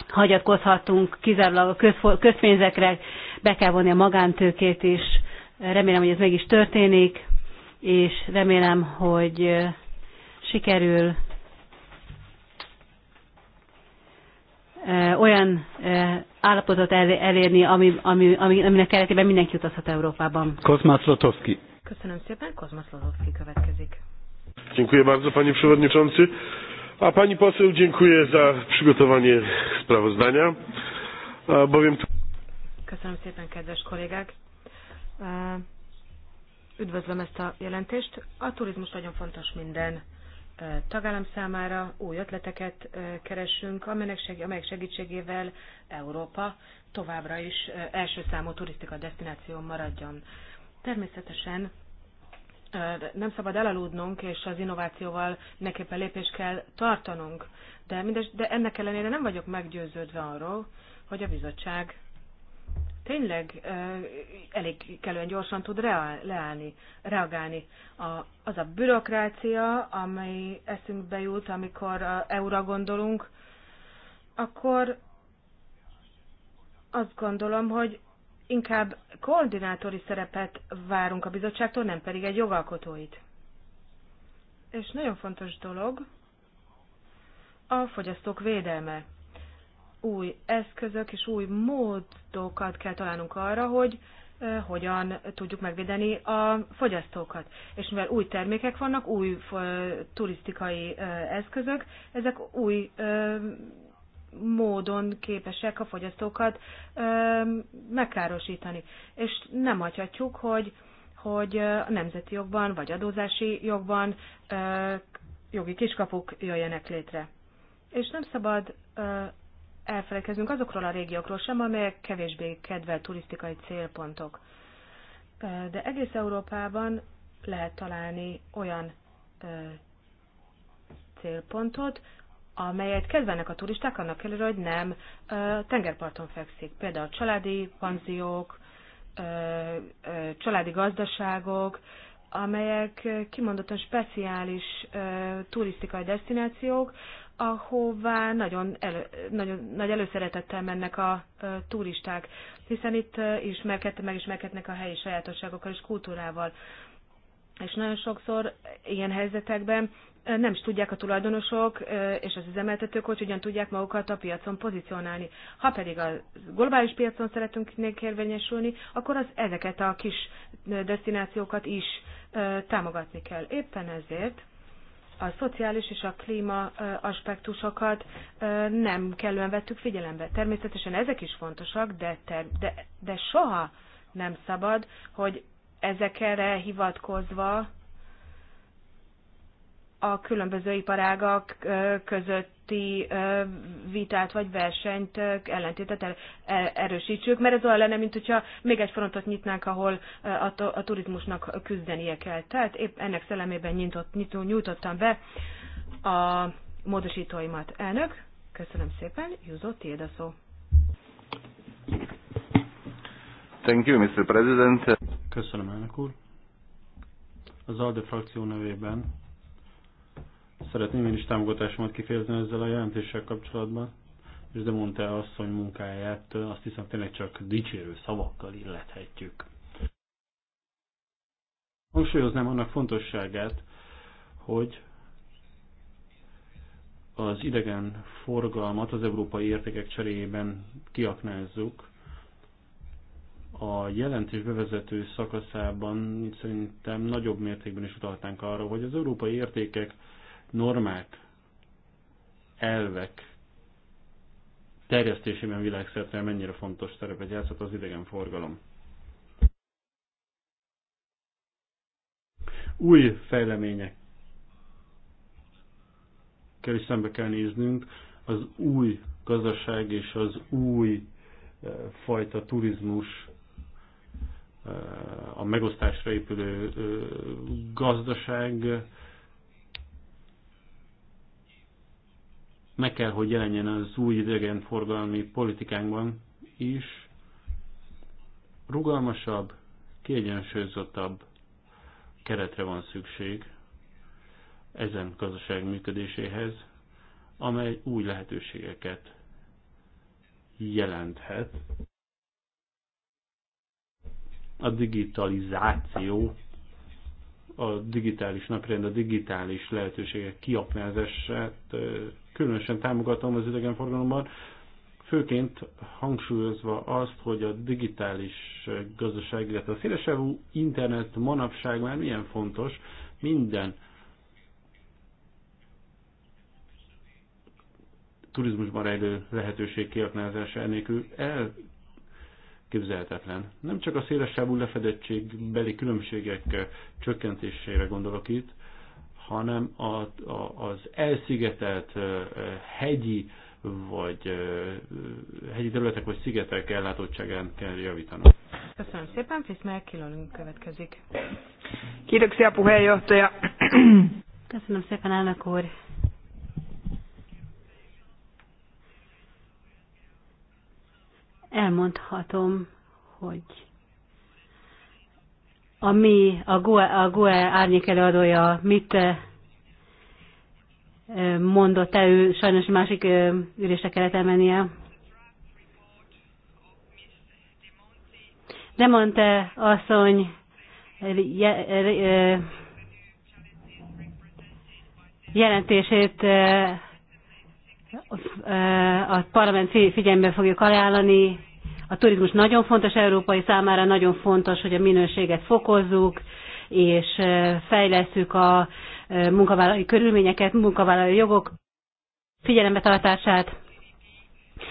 hagyatkozhatunk kizárólag a közpénzekre, be kell vonni a magántőkét is. Remélem, hogy ez meg is történik, és remélem, hogy sikerül olyan állapotot elérni, ami, ami, ami, aminek keretében mindenki utazhat Európában. Kozmász Lotowski. Köszönöm szépen, Kozmász Lotowski következik. Dziękuję bardzo, panie przewodniczący. A pani poseł dziękuję za przygotowanie sprawozdania, bowiem... Köszönöm szépen, kedves kollégák! Üdvözlöm ezt a jelentést. A turizmus nagyon fontos minden tagállam számára, új ötleteket keresünk, amelyek segítségével Európa továbbra is első számú turisztika destináció maradjon. Természetesen nem szabad elaludnunk, és az innovációval neképpen lépést kell tartanunk. De, mindes, de ennek ellenére nem vagyok meggyőződve arról, hogy a bizottság tényleg elég kellően gyorsan tud leállni, reagálni. A, az a bürokrácia, amely eszünkbe jut, amikor a EU-ra gondolunk, akkor azt gondolom, hogy inkább koordinátori szerepet várunk a bizottságtól, nem pedig egy jogalkotóit. És nagyon fontos dolog a fogyasztók védelme új eszközök és új módokat kell találnunk arra, hogy hogyan tudjuk megvédeni a fogyasztókat. És mivel új termékek vannak, új turisztikai eszközök, ezek új módon képesek a fogyasztókat megkárosítani. És nem hagyhatjuk, hogy, hogy a nemzeti jogban vagy adózási jogban jogi kiskapuk jöjjenek létre. És nem szabad elfelelkeznünk azokról a régiókról sem, amelyek kevésbé kedvelt turisztikai célpontok. De egész Európában lehet találni olyan célpontot, amelyet kedvelnek a turisták, annak ellenére, hogy nem tengerparton fekszik. Például családi panziók, családi gazdaságok, amelyek kimondottan speciális turisztikai destinációk, ahová nagyon, elő, nagyon nagy előszeretettel mennek a turisták, hiszen itt ismerked, megismerkednek a helyi sajátosságokkal és kultúrával. És nagyon sokszor ilyen helyzetekben nem is tudják a tulajdonosok és az üzemeltetők, hogy hogyan tudják magukat a piacon pozícionálni. Ha pedig a globális piacon szeretünk érvényesülni, akkor az ezeket a kis destinációkat is támogatni kell. Éppen ezért a szociális és a klíma aspektusokat nem kellően vettük figyelembe. Természetesen ezek is fontosak, de, ter, de, de soha nem szabad, hogy ezekre hivatkozva a különböző iparágak között közötti vitát vagy versenyt, ellentétet e, erősítsük, mert ez olyan lenne, mint hogyha még egy frontot nyitnánk, ahol a turizmusnak küzdenie kell. Tehát épp ennek szellemében nyitott, nyújtottam be a módosítóimat. Elnök, köszönöm szépen, Júzó, tiéd a szó. Thank you, Mr. President. Köszönöm, elnök úr. Az ALDE frakció nevében Szeretném én is támogatásomat kifejezni ezzel a jelentéssel kapcsolatban, és de mondta asszony munkáját, azt hiszem tényleg csak dicsérő szavakkal illethetjük. Hangsúlyoznám annak fontosságát, hogy az idegen forgalmat az európai értékek cseréjében kiaknázzuk. A jelentés bevezető szakaszában szerintem nagyobb mértékben is utaltánk arra, hogy az európai értékek normák, elvek terjesztésében világszerte mennyire fontos szerepet játszott az idegenforgalom. Új fejlemények kell is szembe kell néznünk, az új gazdaság és az új eh, fajta turizmus, eh, a megosztásra épülő eh, gazdaság meg kell, hogy jelenjen az új idegenforgalmi politikánkban is. Rugalmasabb, kiegyensúlyozottabb keretre van szükség ezen gazdaság működéséhez, amely új lehetőségeket jelenthet. A digitalizáció, a digitális napirend, a digitális lehetőségek kiaknázását különösen támogatom az idegenforgalomban, főként hangsúlyozva azt, hogy a digitális gazdaság, illetve a szélesávú internet manapság már milyen fontos, minden turizmusban rejlő lehetőség kiaknázása ennélkül elképzelhetetlen. Nem csak a szélesávú lefedettség beli különbségek csökkentésére gondolok itt, hanem a, a, az elszigetelt hegyi vagy hegyi területek vagy szigetek ellátottságán kell javítanak. Köszönöm szépen, Fiszmel Kilolunk következik. Kiitoksia puheenjohtaja. Köszönöm szépen, elnök úr. Elmondhatom, hogy a mi, a GUE, a GUE árnyék előadója mit eh, mondott el, ő sajnos másik eh, ülésre kellett elmennie. De mondta asszony eh, jelentését a parlament figyelmbe fogjuk ajánlani, a turizmus nagyon fontos európai számára, nagyon fontos, hogy a minőséget fokozzuk, és fejlesztjük a munkavállalói körülményeket, munkavállalói jogok figyelembe tartását,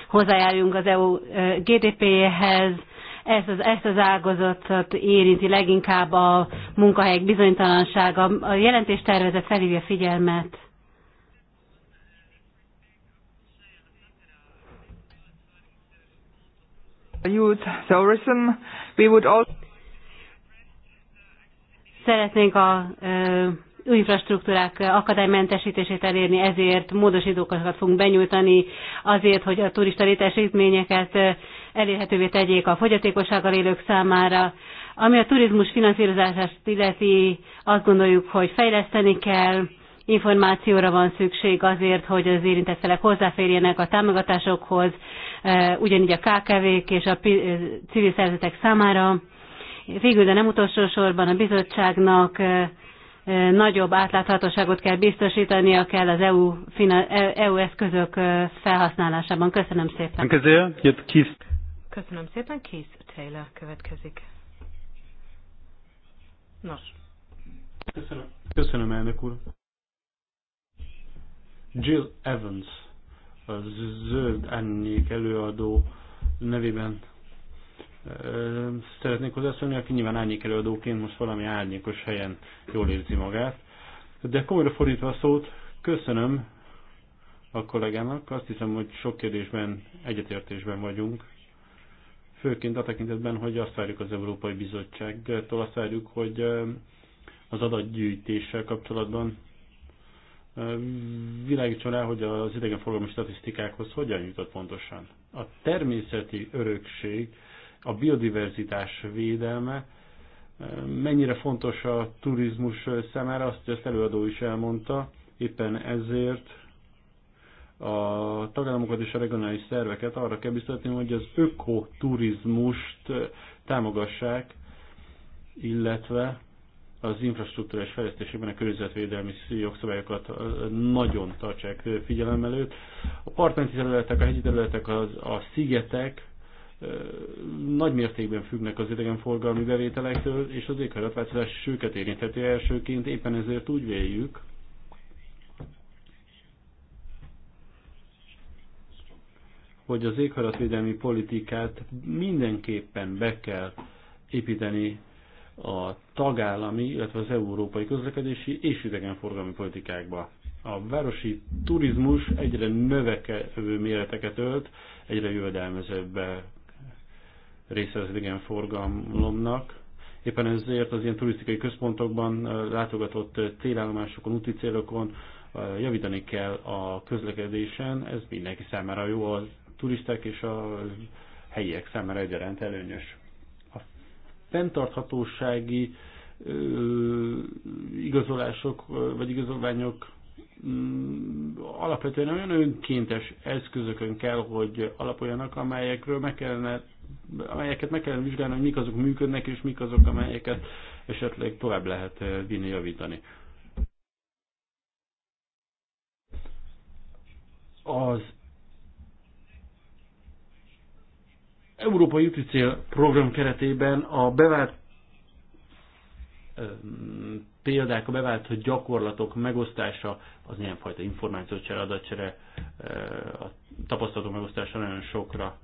hozzájárjunk az EU GDP-hez, ezt az, ezt az ágazatot érinti leginkább a munkahelyek bizonytalansága. A jelentéstervezet felhívja figyelmet Youth terrorism, we would also... Szeretnénk a uh, infrastruktúrák akadálymentesítését elérni, ezért módosítókat fogunk benyújtani, azért, hogy a turista létesítményeket elérhetővé tegyék a fogyatékossággal élők számára. Ami a turizmus finanszírozását illeti, azt gondoljuk, hogy fejleszteni kell, információra van szükség azért, hogy az érintett felek hozzáférjenek a támogatásokhoz, Eh, ugyanígy a KKV-k és a eh, civil szervezetek számára. Végül, de nem utolsó sorban a bizottságnak eh, nagyobb átláthatóságot kell biztosítania kell az EU, EU e eszközök felhasználásában. Köszönöm szépen. Köszönöm szépen. Keith Taylor következik. Nos. Köszönöm. Köszönöm, elnök úr. Jill Evans a zöld ennék előadó nevében szeretnék hozzászólni, aki nyilván árnyék előadóként most valami árnyékos helyen jól érzi magát. De komolyra fordítva a szót, köszönöm a kollégának, azt hiszem, hogy sok kérdésben egyetértésben vagyunk. Főként a tekintetben, hogy azt várjuk az Európai Bizottságtól, azt várjuk, hogy az adatgyűjtéssel kapcsolatban világítson el, hogy az idegenforgalmi statisztikákhoz hogyan jutott pontosan. A természeti örökség, a biodiverzitás védelme, mennyire fontos a turizmus számára, azt az előadó is elmondta, éppen ezért a tagállamokat és a regionális szerveket arra kell biztatni, hogy az ökoturizmust támogassák, illetve az infrastruktúrás fejlesztésében a környezetvédelmi jogszabályokat nagyon tartsák figyelem előtt. A partmenti területek, a hegyi területek, az, a szigetek nagy mértékben függnek az idegenforgalmi bevételektől, és az éghajlatváltozás is őket érintheti elsőként, éppen ezért úgy véljük, hogy az éghajlatvédelmi politikát mindenképpen be kell építeni a tagállami, illetve az európai közlekedési és idegenforgalmi politikákba. A városi turizmus egyre növekvő méreteket ölt, egyre jövedelmezőbb része az idegenforgalomnak. Éppen ezért az ilyen turisztikai központokban, látogatott célállomásokon, úti célokon javítani kell a közlekedésen. Ez mindenki számára jó, a turisták és a helyiek számára egyaránt előnyös fenntarthatósági igazolások vagy igazolványok mm, alapvetően olyan önkéntes eszközökön kell, hogy alapoljanak, amelyekről meg kellene, amelyeket meg kellene vizsgálni, hogy mik azok működnek, és mik azok, amelyeket esetleg tovább lehet vinni, javítani. Az Európai Úticél program keretében a bevált példák, a bevált gyakorlatok megosztása, az ilyenfajta csere, adatcsere, a tapasztalatok megosztása nagyon sokra,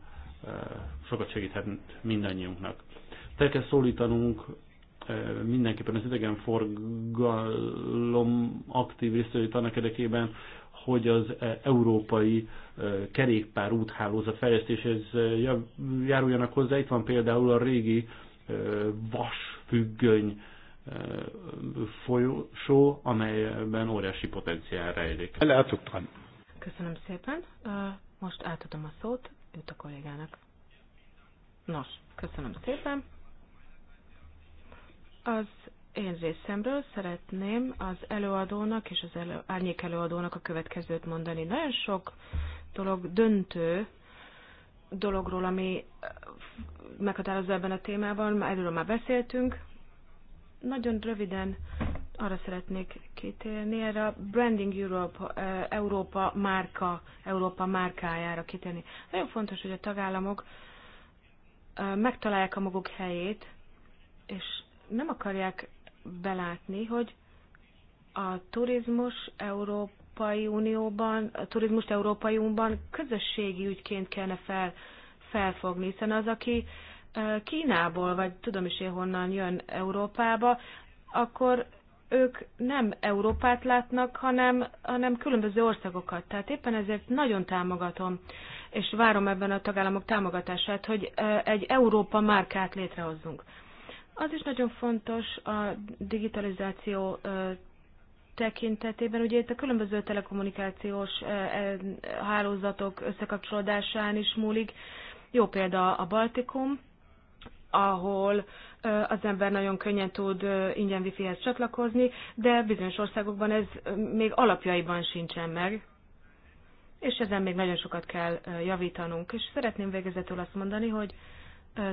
sokat segíthet mindannyiunknak. Fel kell szólítanunk mindenképpen az idegenforgalom aktív résztvevőit annak érdekében, hogy az eh, európai eh, kerékpár úthálózat fejlesztéshez eh, járuljanak hozzá. Itt van például a régi vasfüggöny folyosó, amelyben óriási potenciál rejlik. Elátszoktan. Köszönöm szépen. Most átadom a szót jut a kollégának. Nos, köszönöm szépen. Az én részemről szeretném az előadónak és az elő, árnyék előadónak a következőt mondani. Nagyon sok dolog döntő dologról, ami eh, meghatározza ebben a témában, erről már beszéltünk. Nagyon röviden arra szeretnék kitérni, erre a Branding Europe, eh, Európa márka, Európa márkájára kitérni. Nagyon fontos, hogy a tagállamok eh, megtalálják a maguk helyét, és nem akarják belátni, hogy a turizmus Európai Unióban, a turizmus Európai Unióban közösségi ügyként kellene fel, felfogni, hiszen az, aki Kínából, vagy tudom is én honnan jön Európába, akkor ők nem Európát látnak, hanem, hanem különböző országokat. Tehát éppen ezért nagyon támogatom, és várom ebben a tagállamok támogatását, hogy egy Európa márkát létrehozzunk. Az is nagyon fontos a digitalizáció tekintetében, ugye itt a különböző telekommunikációs e, hálózatok összekapcsolódásán is múlik. Jó példa a Baltikum, ahol az ember nagyon könnyen tud ingyen wifi-hez csatlakozni, de bizonyos országokban ez még alapjaiban sincsen meg, és ezen még nagyon sokat kell javítanunk. És szeretném végezetül azt mondani, hogy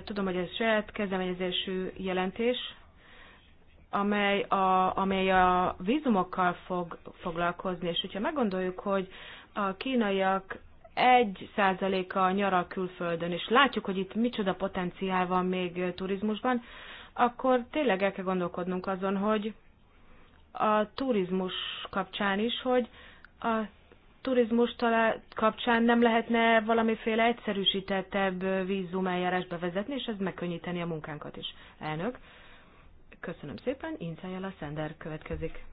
Tudom, hogy ez saját kezdeményezésű jelentés, amely a, amely a vízumokkal fog foglalkozni, és hogyha meggondoljuk, hogy a kínaiak egy százaléka nyaral külföldön, és látjuk, hogy itt micsoda potenciál van még turizmusban, akkor tényleg el kell gondolkodnunk azon, hogy a turizmus kapcsán is, hogy a turizmus kapcsán nem lehetne valamiféle egyszerűsítettebb vízum eljárás bevezetni, és ez megkönnyíteni a munkánkat is. Elnök, köszönöm szépen, Incájala Szender következik.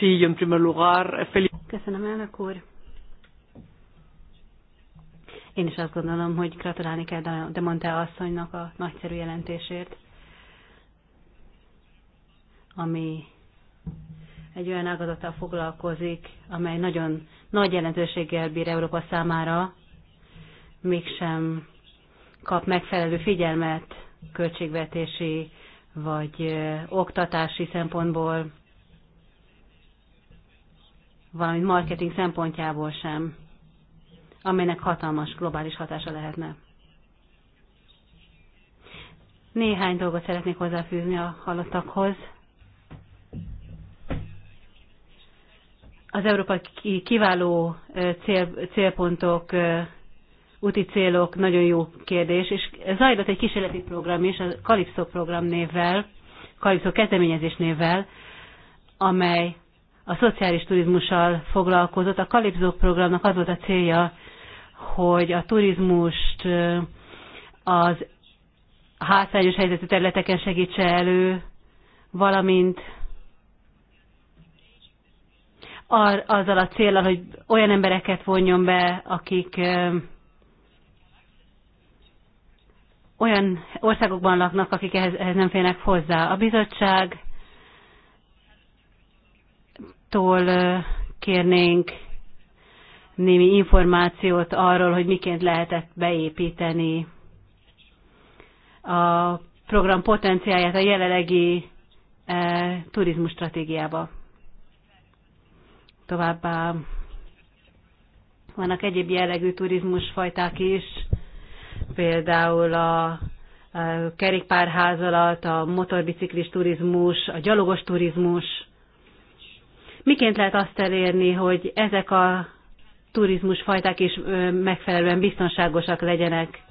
Eh, köszönöm, elnök úr. Én is azt gondolom, hogy gratulálni kell de Monte asszonynak a nagyszerű jelentésért, ami egy olyan ágazattal foglalkozik, amely nagyon nagy jelentőséggel bír Európa számára, mégsem kap megfelelő figyelmet költségvetési vagy oktatási szempontból, valamint marketing szempontjából sem, amelynek hatalmas globális hatása lehetne. Néhány dolgot szeretnék hozzáfűzni a hallottakhoz. az Európa kiváló cél, célpontok, úti célok nagyon jó kérdés, és zajlott egy kísérleti program is, a Kalipszó program névvel, Kalipszó kezdeményezés névvel, amely a szociális turizmussal foglalkozott. A Kalipszó programnak az volt a célja, hogy a turizmust az hátrányos helyzetű területeken segítse elő, valamint ar, azzal a célral, hogy olyan embereket vonjon be, akik olyan országokban laknak, akik ehhez, ehhez nem félnek hozzá. A bizottságtól kérnénk némi információt arról, hogy miként lehetett beépíteni a program potenciáját a jelenlegi e, turizmus stratégiába. Továbbá vannak egyéb jellegű turizmus fajták is, például a kerékpárházalat, a motorbiciklis turizmus, a gyalogos turizmus. Miként lehet azt elérni, hogy ezek a turizmus fajták is megfelelően biztonságosak legyenek?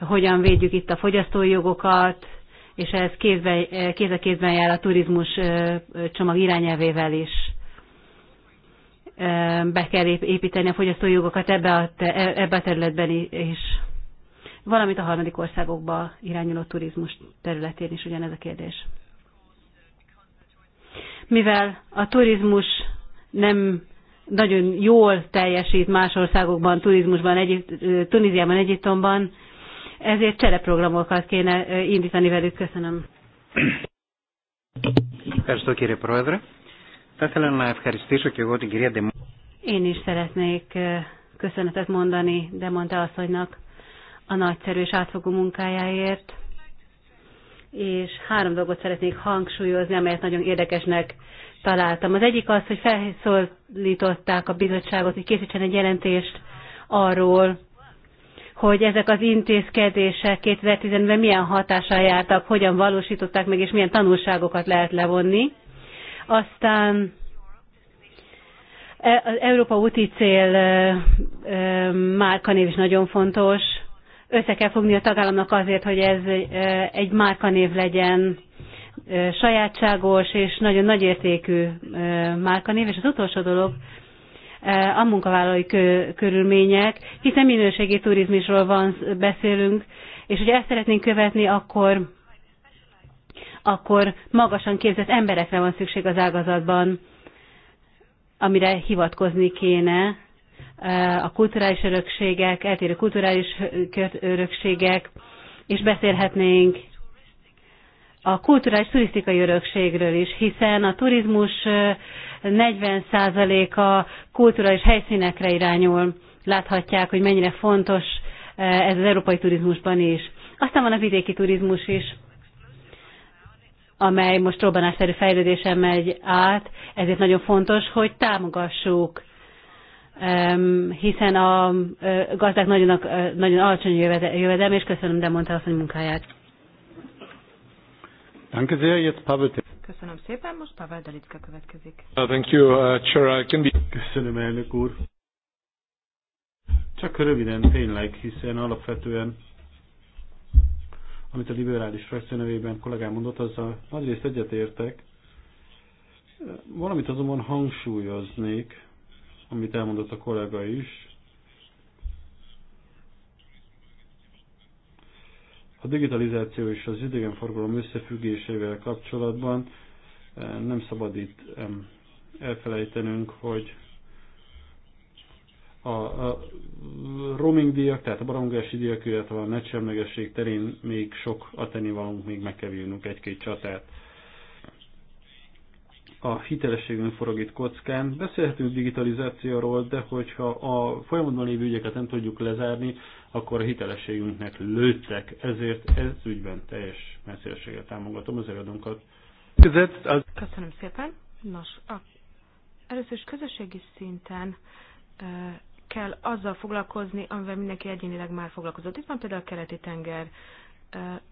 Hogyan védjük itt a fogyasztói jogokat, és ez kézben, kéz a kézben jár a turizmus csomag irányelvével is be kell építeni a fogyasztói jogokat ebbe a, e- ebbe a területben is, valamint a harmadik országokba irányuló turizmus területén is ugyanez a kérdés. Mivel a turizmus nem nagyon jól teljesít más országokban, turizmusban, egy, Tunéziában, Egyiptomban, ezért csereprogramokat kéne indítani velük. Köszönöm. Köszönöm. Θα ήθελα να ευχαριστήσω και εγώ την κυρία Én is szeretnék köszönetet mondani Demonte asszonynak a nagyszerű és átfogó munkájáért, és három dolgot szeretnék hangsúlyozni, amelyet nagyon érdekesnek találtam. Az egyik az, hogy felszólították a bizottságot, hogy készítsen egy jelentést arról, hogy ezek az intézkedések 2010-ben milyen hatással jártak, hogyan valósították meg, és milyen tanulságokat lehet levonni aztán e, az Európa úti cél e, e, márkanév is nagyon fontos. Össze kell fogni a tagállamnak azért, hogy ez egy márkanév legyen, sajátságos és nagyon nagyértékű márkanév. És az utolsó dolog, a munkavállalói körülmények, hiszen minőségi turizmusról van, beszélünk, és hogyha ezt szeretnénk követni, akkor akkor magasan képzett emberekre van szükség az ágazatban, amire hivatkozni kéne. A kulturális örökségek, eltérő kulturális örökségek, és beszélhetnénk a kulturális turisztikai örökségről is, hiszen a turizmus 40%-a kulturális helyszínekre irányul. Láthatják, hogy mennyire fontos ez az európai turizmusban is. Aztán van a vidéki turizmus is amely most robbanásszerű fejlődésen megy át, ezért nagyon fontos, hogy támogassuk, hiszen a gazdák nagyon, nagyon alacsony jövedelme, és köszönöm de mondta munkáját. hogy munkáját. Köszönöm szépen, most Pavel Delicka következik. Uh, thank you, uh, Köszönöm, elnök úr. Csak röviden tényleg, hiszen alapvetően amit a liberális frakció nevében kollégám mondott, azzal nagyrészt egyetértek. Valamit azonban hangsúlyoznék, amit elmondott a kollega is. A digitalizáció és az idegenforgalom összefüggésével kapcsolatban eh, nem szabad itt elfelejtenünk, hogy a roaming díjak, tehát a barangási díjak, illetve a netsemlegesség terén még sok a valunk, még meg kell vívnunk egy-két csatát. A hitelességünk forog itt kockán. Beszélhetünk digitalizációról, de hogyha a folyamatban lévő ügyeket nem tudjuk lezárni, akkor a hitelességünknek lőttek. Ezért ez ügyben teljes messzélséggel támogatom az előadónkat. Köszönöm szépen. Nos, a, először is közösségi szinten kell azzal foglalkozni, amivel mindenki egyénileg már foglalkozott. Itt van például a keleti tenger.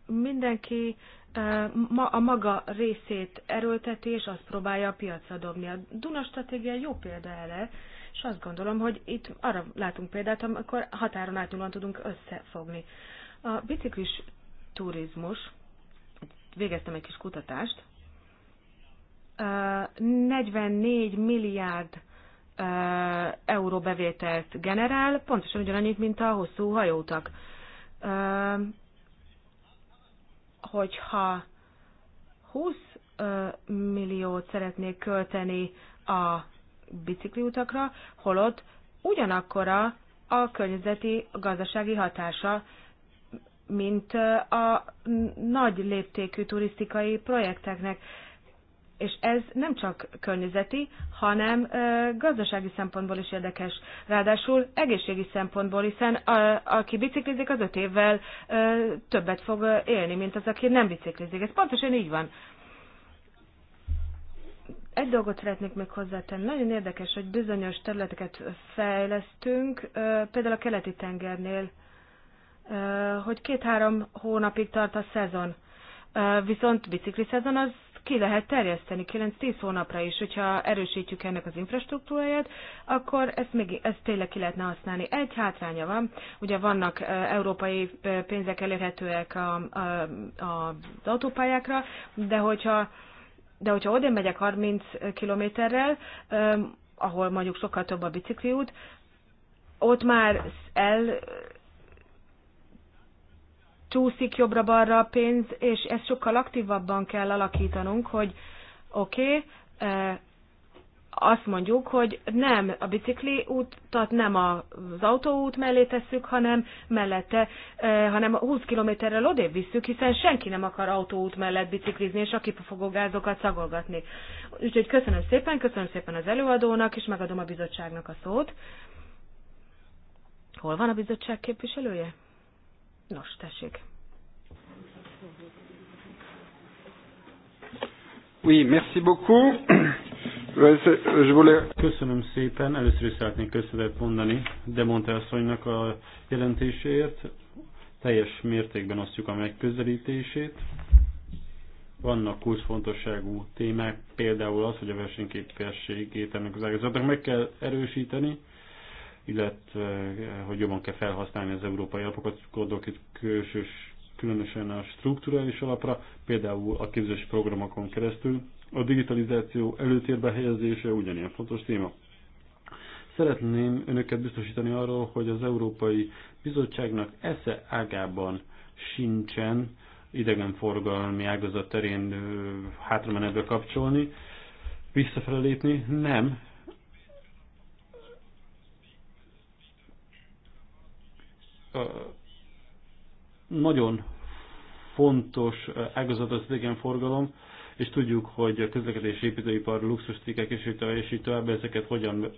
Mindenki a maga részét erőlteti, és azt próbálja a piacra dobni. A Duna stratégia jó példa erre, és azt gondolom, hogy itt arra látunk példát, amikor határon átnyúlóan tudunk összefogni. A biciklis turizmus, végeztem egy kis kutatást, 44 milliárd euróbevételt generál, pontosan ugyanannyit, mint a hosszú hajótak. Hogyha 20 milliót szeretnék költeni a bicikliutakra, holott ugyanakkora a környezeti a gazdasági hatása, mint a nagy léptékű turisztikai projekteknek. És ez nem csak környezeti, hanem ö, gazdasági szempontból is érdekes. Ráadásul egészségi szempontból, hiszen a, aki biciklizik, az öt évvel ö, többet fog élni, mint az, aki nem biciklizik. Ez pontosan így van. Egy dolgot szeretnék még hozzátenni. Nagyon érdekes, hogy bizonyos területeket fejlesztünk, például a keleti tengernél, hogy két-három hónapig tart a szezon. Viszont bicikli szezon az ki lehet terjeszteni 9-10 hónapra is, hogyha erősítjük ennek az infrastruktúráját, akkor ezt, még, ezt tényleg ki lehetne használni. Egy hátránya van, ugye vannak európai pénzek elérhetőek a, a, a, az autópályákra, de hogyha, de hogyha odén megyek 30 kilométerrel, ahol mondjuk sokkal több a bicikliút, ott már el csúszik jobbra-balra a pénz, és ezt sokkal aktívabban kell alakítanunk, hogy oké, okay, azt mondjuk, hogy nem a bicikli útat, nem az autóút mellé tesszük, hanem mellette, hanem 20 kilométerrel odébb visszük, hiszen senki nem akar autóút mellett biciklizni, és aki fogogázokat szagolgatni. Úgyhogy köszönöm szépen, köszönöm szépen az előadónak, és megadom a bizottságnak a szót. Hol van a bizottság képviselője? Nos, tessék. Oui, merci beaucoup. Köszönöm szépen. Először is szeretnék köszönetet mondani Demonte asszonynak a jelentéséért. Teljes mértékben osztjuk a megközelítését. Vannak kulcsfontosságú témák, például az, hogy a versenyképességét ennek az ágazatnak meg kell erősíteni, illetve eh, hogy jobban kell felhasználni az európai alapokat, gondolok itt külsős, különösen a strukturális alapra, például a képzési programokon keresztül. A digitalizáció előtérbe helyezése ugyanilyen fontos téma. Szeretném önöket biztosítani arról, hogy az Európai Bizottságnak esze ágában sincsen idegenforgalmi ágazat terén hátramenetbe kapcsolni, visszafelé lépni. Nem, nagyon fontos ágazat az idegenforgalom, és tudjuk, hogy a közlekedési építőipar, luxuscikkek és így tovább, és így tovább ezeket hogyan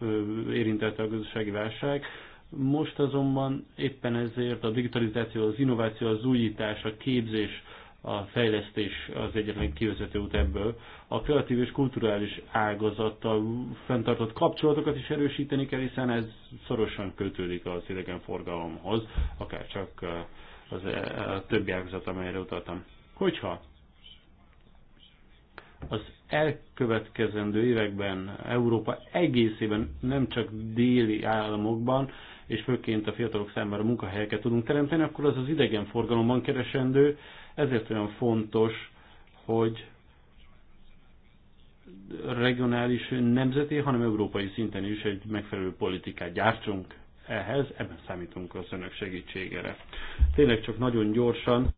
érintette a gazdasági válság. Most azonban éppen ezért a digitalizáció, az innováció, az újítás, a képzés, a fejlesztés az egyetlen kivezető út ebből. A kreatív és kulturális ágazattal fenntartott kapcsolatokat is erősíteni kell, hiszen ez szorosan kötődik az idegenforgalomhoz, akár csak eh, az eh, a többi ágazat, amelyre utaltam. Hogyha az elkövetkezendő években Európa egészében, nem csak déli államokban, és főként a fiatalok számára munkahelyeket tudunk teremteni, akkor az az idegenforgalomban keresendő, ezért olyan fontos, hogy regionális, nemzeti, hanem európai szinten is egy megfelelő politikát gyártsunk ehhez, ebben számítunk az önök segítségére. Tényleg csak nagyon gyorsan,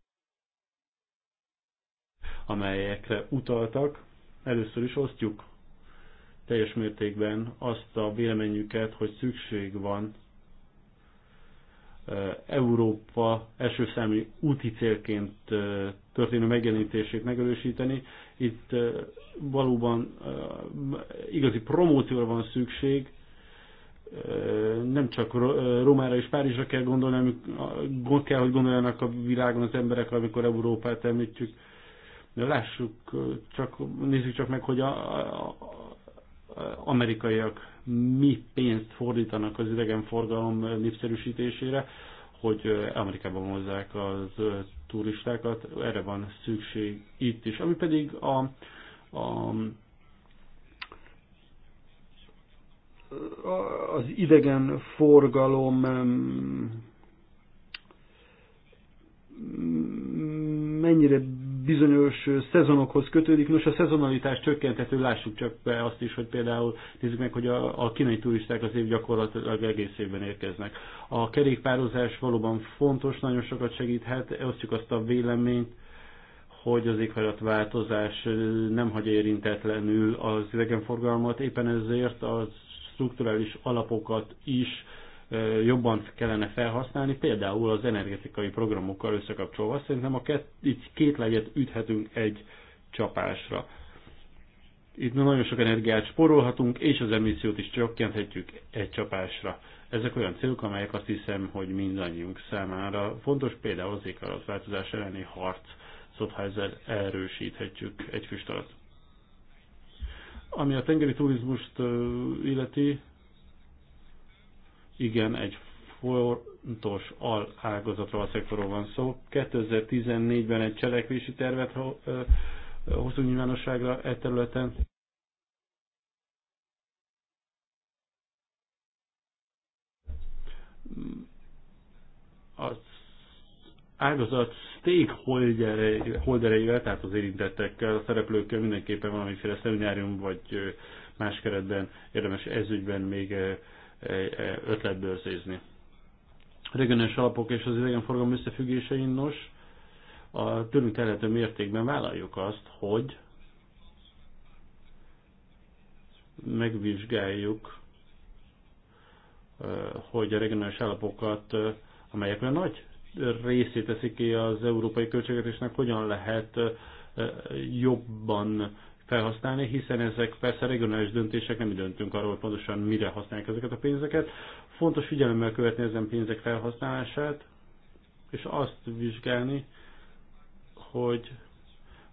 amelyekre utaltak, először is osztjuk teljes mértékben azt a véleményüket, hogy szükség van Európa első számú úti célként történő megjelenítését megerősíteni. Itt valóban igazi promócióra van szükség, nem csak Rómára és Párizsra kell gondolni, gond kell, hogy gondoljanak a világon az emberek, amikor Európát említjük. Lássuk, csak, nézzük csak meg, hogy a, a, amerikaiak mi pénzt fordítanak az idegenforgalom népszerűsítésére, hogy Amerikában hozzák az turistákat, erre van szükség itt is. Ami pedig a, a az idegen forgalom mennyire bizonyos szezonokhoz kötődik. Nos, a szezonalitás csökkentető, lássuk csak be azt is, hogy például nézzük meg, hogy a, a kínai turisták az év gyakorlatilag egész évben érkeznek. A kerékpározás valóban fontos, nagyon sokat segíthet, osztjuk azt a véleményt, hogy az éghajlatváltozás nem hagy érintetlenül az idegenforgalmat, éppen ezért a strukturális alapokat is jobban kellene felhasználni, például az energetikai programokkal összekapcsolva. Szerintem a két, így két legyet üthetünk egy csapásra. Itt nagyon sok energiát spórolhatunk, és az emissziót is csökkenthetjük egy csapásra. Ezek olyan célok, amelyek azt hiszem, hogy mindannyiunk számára fontos, például az változás elleni harc, szóval ha ezzel erősíthetjük egy füst alatt. Ami a tengeri turizmust illeti, igen, egy fontos alágazatról a szektorról van szó. 2014-ben egy cselekvési tervet hozunk nyilvánosságra e területen. Az ágazat stakeholdereivel, tehát az érintettekkel, a szereplőkkel mindenképpen valamiféle szemináriumban vagy más keretben érdemes ezügyben még ötletből szézni. regionális alapok és az idegenforgalom összefüggésein nos, a tőlünk terhető mértékben vállaljuk azt, hogy megvizsgáljuk, eh, hogy a regionális alapokat, eh, amelyek olyan nagy részét teszik ki az európai költségvetésnek, hogyan lehet eh, jobban felhasználni, hiszen ezek persze regionális döntések, nem döntünk arról pontosan mire használják ezeket a pénzeket. Fontos figyelemmel követni ezen pénzek felhasználását, és azt vizsgálni, hogy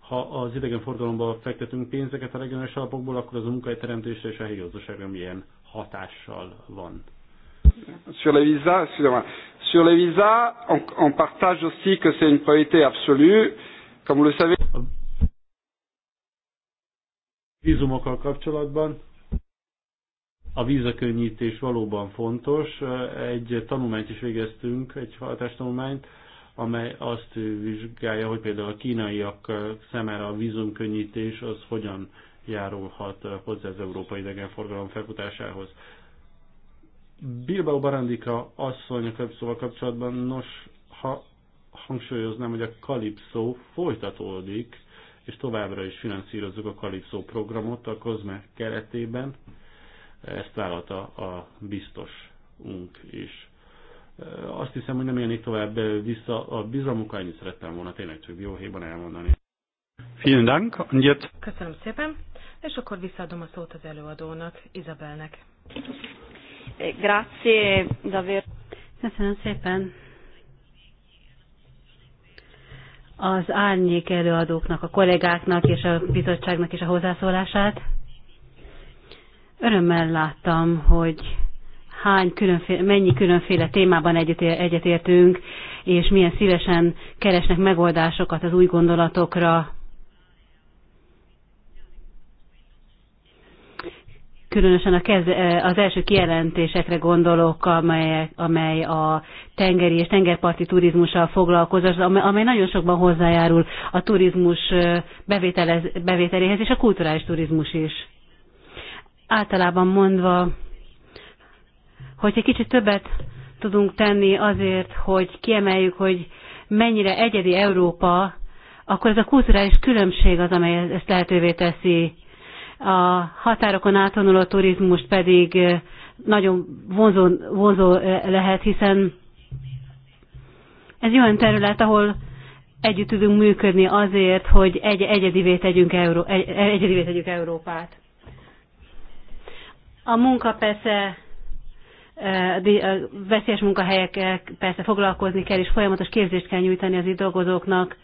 ha az idegenforgalomba fektetünk pénzeket a regionális alapokból, akkor az a munkahelyteremtésre és a helyi gazdaságra milyen hatással van. Sur les visas, excusez-moi. Sur les visas, on, on partage aussi que c'est une priorité absolue. Comme vous le savez, vízumokkal kapcsolatban a vízakönnyítés valóban fontos. Egy tanulmányt is végeztünk, egy hatástanulmányt, amely azt vizsgálja, hogy például a kínaiak szemére a vízumkönnyítés az hogyan járulhat hozzá az európai idegenforgalom felfutásához. Bilbao Barandika asszony a Kalipszóval kapcsolatban, nos, ha hangsúlyoznám, hogy a Kalipszó folytatódik, és továbbra is finanszírozzuk a Kalipszó programot a COSME keretében. Ezt vállalta a biztosunk is. Azt hiszem, hogy nem élnék tovább vissza a bizalmukkal, annyit szerettem volna tényleg csak dióhéjban elmondani. Köszönöm szépen, és akkor visszaadom a szót az előadónak, Izabelnek. Eh, grazie, davvero. Köszönöm szépen, az árnyék előadóknak, a kollégáknak és a bizottságnak is a hozzászólását. Örömmel láttam, hogy hány különféle, mennyi különféle témában együtt egyetértünk, és milyen szívesen keresnek megoldásokat az új gondolatokra, különösen a kez, eh, az első kijelentésekre gondolok, amely, amely a tengeri és tengerparti turizmussal foglalkozás, amely nagyon sokban hozzájárul a turizmus eh, bevételez, bevételéhez, és a kulturális turizmus is. Általában mondva, hogy egy kicsit többet tudunk tenni azért, hogy kiemeljük, hogy mennyire egyedi Európa, akkor ez a kulturális különbség az, amely ezt lehetővé teszi a határokon átvonuló turizmus pedig eh, nagyon vonzó, vonzó eh, lehet, hiszen ez olyan terület, ahol együtt tudunk működni azért, hogy egy, egyedivé, tegyünk Euró, egy, egyedivé tegyük Európát. A munka persze, eh, a veszélyes munkahelyekkel persze foglalkozni kell, és folyamatos képzést kell nyújtani az itt dolgozóknak,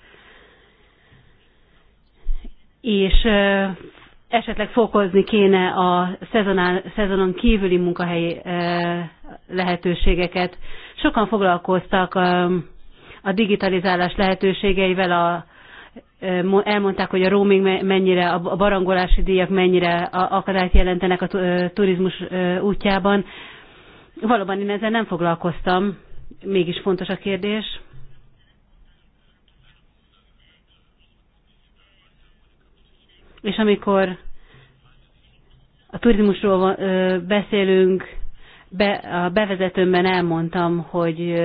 és esetleg fokozni kéne a szezonán, szezonon kívüli munkahelyi lehetőségeket. Sokan foglalkoztak a digitalizálás lehetőségeivel, a, elmondták, hogy a roaming mennyire, a barangolási díjak mennyire akadályt jelentenek a turizmus útjában. Valóban én ezzel nem foglalkoztam, mégis fontos a kérdés. És amikor a turizmusról beszélünk, be, a bevezetőmben elmondtam, hogy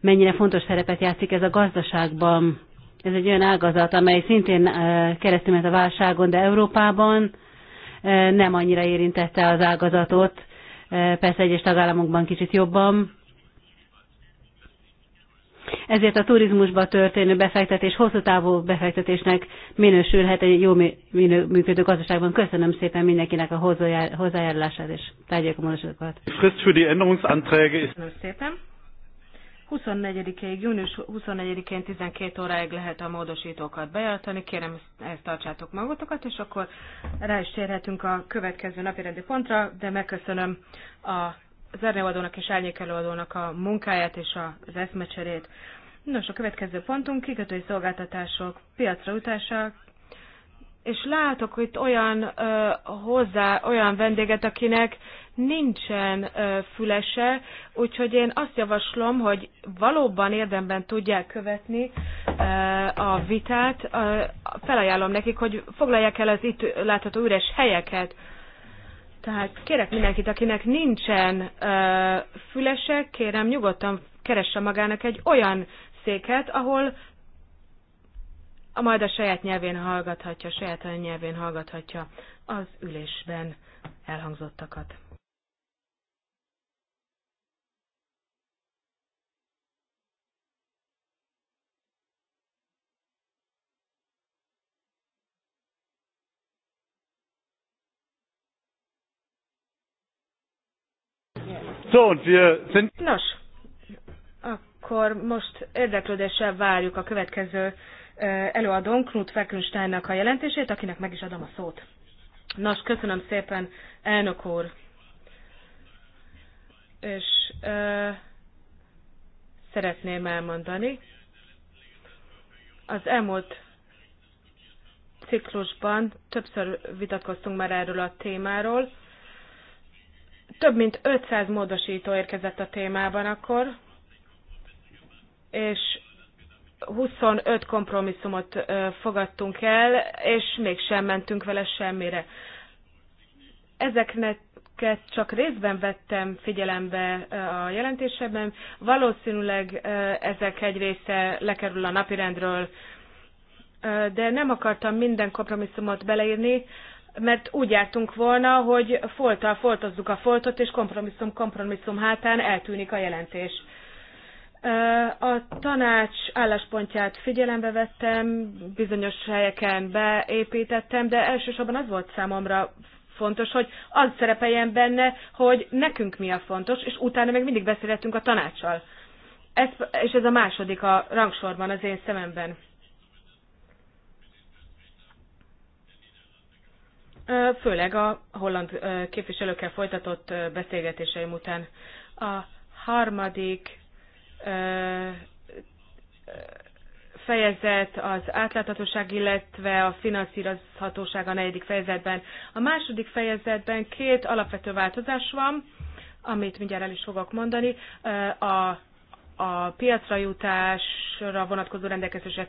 mennyire fontos szerepet játszik ez a gazdaságban. Ez egy olyan ágazat, amely szintén keresztül ment a válságon, de Európában nem annyira érintette az ágazatot, persze egyes tagállamokban kicsit jobban. Ezért a turizmusba történő befektetés hosszú távú befektetésnek minősülhet egy jó minő, működő gazdaságban. Köszönöm szépen mindenkinek a hozzájárulását és tárgyaljuk a módosítókat. Köszönöm szépen. 24-ig, június 24-én 12 óráig lehet a módosítókat bejelenteni. Kérem, ezt tartsátok magotokat, és akkor rá is térhetünk a következő napirendi pontra, de megköszönöm a az előadónak és árnyék előadónak a munkáját és az eszmecserét. Nos, a következő pontunk kikötői szolgáltatások piacra utása, és látok itt olyan ö, hozzá, olyan vendéget, akinek nincsen ö, fülese, úgyhogy én azt javaslom, hogy valóban érdemben tudják követni ö, a vitát. Ö, felajánlom nekik, hogy foglalják el az itt látható üres helyeket. Ö, tehát kérek mindenkit, akinek nincsen ö, fülesek, kérem nyugodtan keresse magának egy olyan széket, ahol a majd a saját nyelvén hallgathatja, saját nyelvén hallgathatja az ülésben elhangzottakat. So, und wir sind... Nos, akkor most érdeklődéssel várjuk a következő előadón Knut Feckensteinnak a jelentését, akinek meg is adom a szót. Nos, köszönöm szépen, elnök úr. És ö, szeretném elmondani, az elmúlt ciklusban többször vitatkoztunk már erről a témáról, több mint 500 módosító érkezett a témában akkor, és 25 kompromisszumot fogadtunk el, és mégsem mentünk vele semmire. Ezeknek csak részben vettem figyelembe a jelentésemben. Valószínűleg ezek egy része lekerül a napirendről, de nem akartam minden kompromisszumot beleírni, mert úgy jártunk volna, hogy folttal foltozzuk a foltot, és kompromisszum kompromisszum hátán eltűnik a jelentés. A tanács álláspontját figyelembe vettem, bizonyos helyeken beépítettem, de elsősorban az volt számomra fontos, hogy az szerepeljen benne, hogy nekünk mi a fontos, és utána még mindig beszélhetünk a tanácssal. Ez, és ez a második a rangsorban az én szememben. főleg a holland képviselőkkel folytatott beszélgetéseim után. A harmadik fejezet az átláthatóság, illetve a finanszírozhatóság a negyedik fejezetben. A második fejezetben két alapvető változás van, amit mindjárt el is fogok mondani. A a piacra jutásra vonatkozó rendelkezések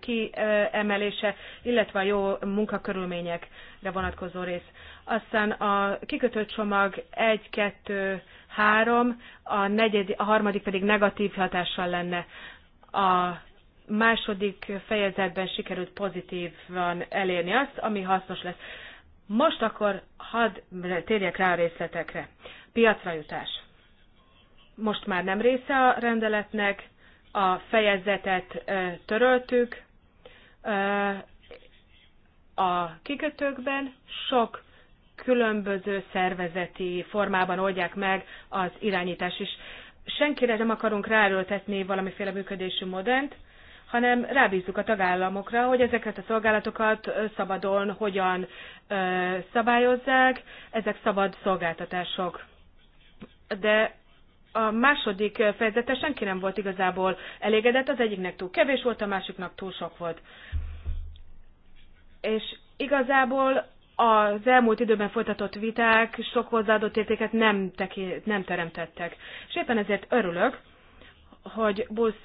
kiemelése, illetve a jó munkakörülményekre vonatkozó rész. Aztán a kikötő csomag 1, 2, 3, a, negyed, a harmadik pedig negatív hatással lenne. A második fejezetben sikerült pozitívan elérni azt, ami hasznos lesz. Most akkor hadd térjek rá a részletekre. Piacra jutás most már nem része a rendeletnek, a fejezetet töröltük. A kikötőkben sok különböző szervezeti formában oldják meg az irányítás is. Senkire nem akarunk ráerőltetni valamiféle működésű modent, hanem rábízzuk a tagállamokra, hogy ezeket a szolgálatokat szabadon hogyan szabályozzák, ezek szabad szolgáltatások. De a második fejezete senki nem volt igazából elégedett, az egyiknek túl kevés volt, a másiknak túl sok volt. És igazából az elmúlt időben folytatott viták sok hozzáadott értéket nem, teki, nem teremtettek. És éppen ezért örülök, hogy Busz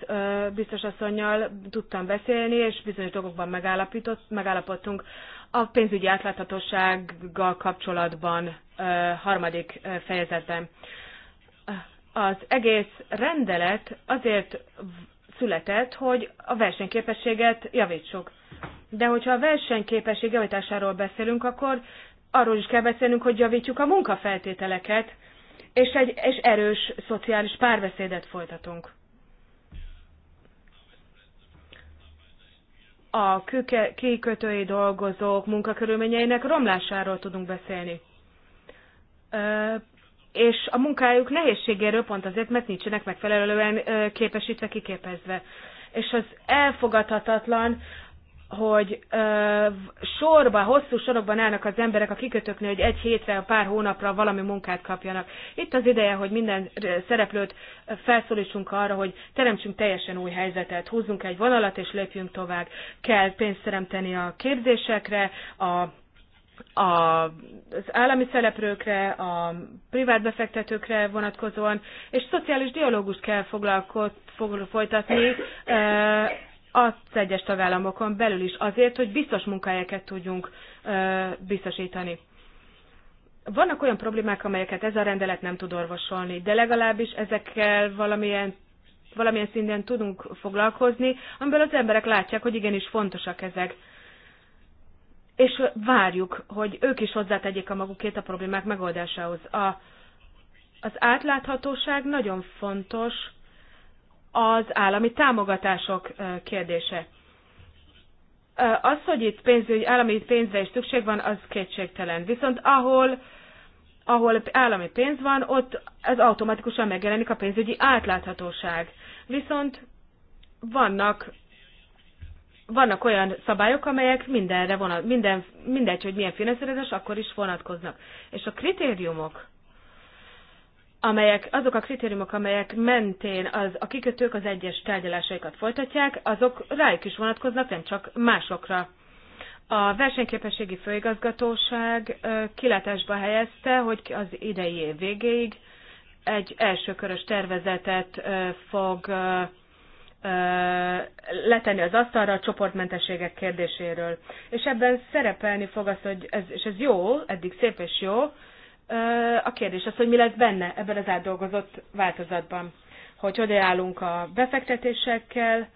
biztos asszonynal tudtam beszélni, és bizonyos dolgokban megállapított, megállapodtunk a pénzügyi átláthatósággal kapcsolatban harmadik fejezetben az egész rendelet azért született, hogy a versenyképességet javítsuk. De hogyha a versenyképesség javításáról beszélünk, akkor arról is kell beszélnünk, hogy javítjuk a munkafeltételeket, és egy és erős szociális párbeszédet folytatunk. A kikötői dolgozók munkakörülményeinek romlásáról tudunk beszélni és a munkájuk nehézségéről pont azért, mert nincsenek megfelelően képesítve, kiképezve. És az elfogadhatatlan, hogy ö, sorba, hosszú sorokban állnak az emberek a kikötöknél, hogy egy hétre, pár hónapra valami munkát kapjanak. Itt az ideje, hogy minden szereplőt felszólítsunk arra, hogy teremtsünk teljesen új helyzetet, húzzunk egy vonalat és lépjünk tovább. Kell pénzt teremteni a képzésekre, a az állami szereplőkre, a privát befektetőkre vonatkozóan, és szociális dialógust kell folytatni az egyes tagállamokon belül is azért, hogy biztos munkahelyeket tudjunk biztosítani. Vannak olyan problémák, amelyeket ez a rendelet nem tud orvosolni, de legalábbis ezekkel valamilyen valamilyen szinten tudunk foglalkozni, amiből az emberek látják, hogy igenis fontosak ezek és várjuk, hogy ők is hozzátegyék a magukét a problémák megoldásához. A, az átláthatóság nagyon fontos az állami támogatások kérdése. Az, hogy itt pénzügy, állami pénzre is szükség van, az kétségtelen. Viszont ahol, ahol állami pénz van, ott ez automatikusan megjelenik a pénzügyi átláthatóság. Viszont vannak vannak olyan szabályok, amelyek mindenre vonat, minden, mindegy, hogy milyen finanszírozás, akkor is vonatkoznak. És a kritériumok, amelyek, azok a kritériumok, amelyek mentén az, a kikötők az egyes tárgyalásaikat folytatják, azok rájuk is vonatkoznak, nem csak másokra. A versenyképességi főigazgatóság kilátásba helyezte, hogy az idei év végéig egy első körös tervezetet fog letenni az asztalra a csoportmentességek kérdéséről. És ebben szerepelni fog az, hogy ez, és ez jó, eddig szép és jó, a kérdés az, hogy mi lesz benne ebben az átdolgozott változatban. Hogy hogy állunk a befektetésekkel,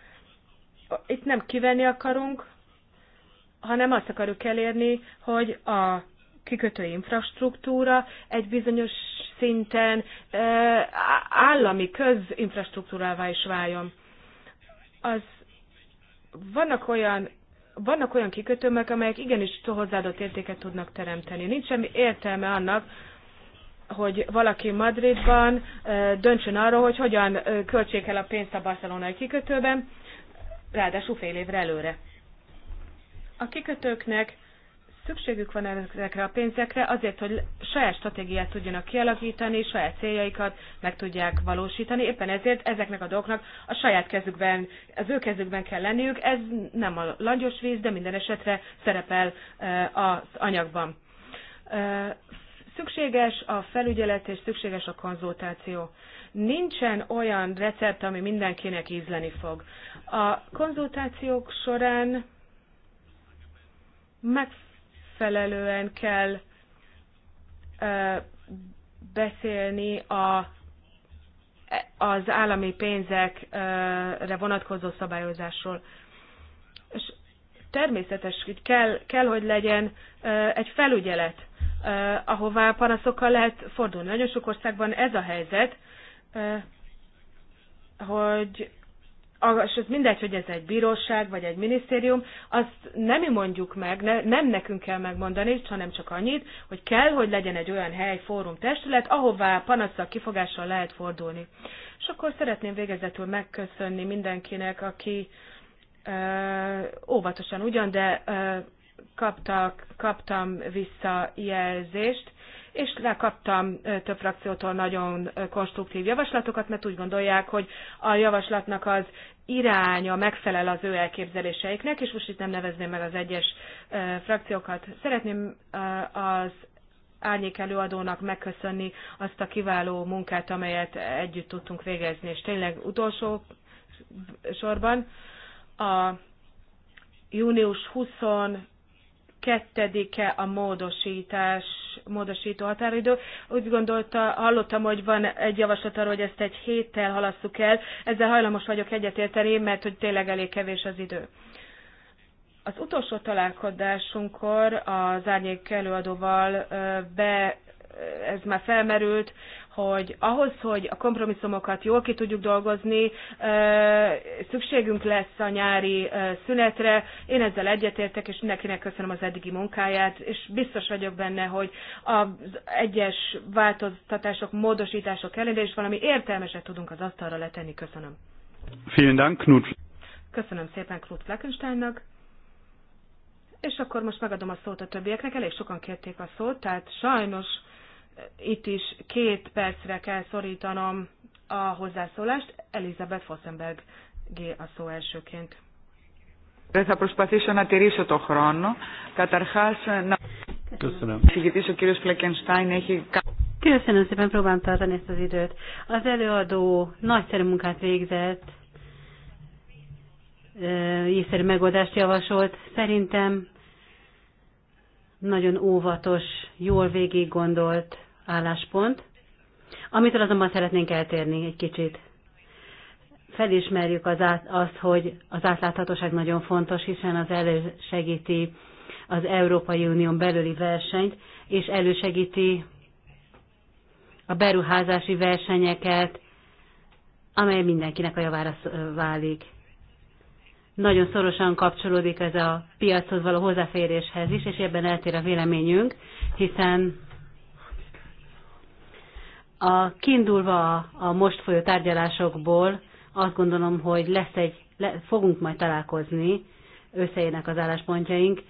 itt nem kivenni akarunk, hanem azt akarjuk elérni, hogy a kikötői infrastruktúra egy bizonyos szinten állami közinfrastruktúrává is váljon az vannak olyan vannak olyan kikötőmek, amelyek igenis hozzáadott értéket tudnak teremteni. Nincs semmi értelme annak, hogy valaki Madridban döntsön arról, hogy hogyan költsék el a pénzt a barcelonai kikötőben, ráadásul fél évre előre. A kikötőknek szükségük van ezekre a pénzekre azért, hogy saját stratégiát tudjanak kialakítani, saját céljaikat meg tudják valósítani. Éppen ezért ezeknek a dolgoknak a saját kezükben, az ő kezükben kell lenniük. Ez nem a langyos víz, de minden esetre szerepel eh, az anyagban. Eh, szükséges a felügyelet és szükséges a konzultáció. Nincsen olyan recept, ami mindenkinek ízleni fog. A konzultációk során meg megfelelően kell beszélni a, az állami pénzekre vonatkozó szabályozásról. És természetes, hogy kell, kell, hogy legyen egy felügyelet, ahová panaszokkal lehet fordulni. Nagyon sok országban ez a helyzet, hogy és ez mindegy, hogy ez egy bíróság vagy egy minisztérium, azt nem mi mondjuk meg, ne, nem nekünk kell megmondani, hanem csak annyit, hogy kell, hogy legyen egy olyan hely, fórum, testület, ahová panaszsal, kifogással lehet fordulni. És akkor szeretném végezetül megköszönni mindenkinek, aki ö, óvatosan ugyan, de ö, kaptak, kaptam vissza jelzést, és lekaptam több frakciótól nagyon konstruktív javaslatokat, mert úgy gondolják, hogy a javaslatnak az iránya megfelel az ő elképzeléseiknek, és most itt nem nevezném meg az egyes frakciókat. Szeretném az árnyék előadónak megköszönni azt a kiváló munkát, amelyet együtt tudtunk végezni, és tényleg utolsó sorban a június 20 kettedike a módosítás, módosító határidő. Úgy gondolta, hallottam, hogy van egy javaslat arra, hogy ezt egy héttel halasszuk el. Ezzel hajlamos vagyok egyetérteni, mert hogy tényleg elég kevés az idő. Az utolsó találkozásunkkor az árnyék előadóval be, ez már felmerült, hogy ahhoz, hogy a kompromisszumokat jól ki tudjuk dolgozni, szükségünk lesz a nyári szünetre. Én ezzel egyetértek, és mindenkinek köszönöm az eddigi munkáját, és biztos vagyok benne, hogy az egyes változtatások, módosítások ellenére is valami értelmeset tudunk az asztalra letenni. Köszönöm. Vielen Dank, Knut. Köszönöm szépen Knut Fleckensteinnak. És akkor most megadom a szót a többieknek. Elég sokan kérték a szót, tehát sajnos itt is két percre kell szorítanom a hozzászólást. Elizabeth Fossenberg G. a szó elsőként. Köszönöm. Köszönöm szépen, próbálom tartani ezt az időt. Az előadó nagyszerű munkát végzett, észszerű megoldást javasolt. Szerintem nagyon óvatos, jól végig gondolt álláspont, amitől azonban szeretnénk eltérni egy kicsit. Felismerjük az át, azt, hogy az átláthatóság nagyon fontos, hiszen az elősegíti az Európai Unión belüli versenyt, és elősegíti a beruházási versenyeket, amely mindenkinek a javára válik nagyon szorosan kapcsolódik ez a piachoz való hozzáféréshez is, és ebben eltér a véleményünk, hiszen a, kiindulva a, a most folyó tárgyalásokból azt gondolom, hogy lesz egy, le, fogunk majd találkozni, összejönnek az álláspontjaink.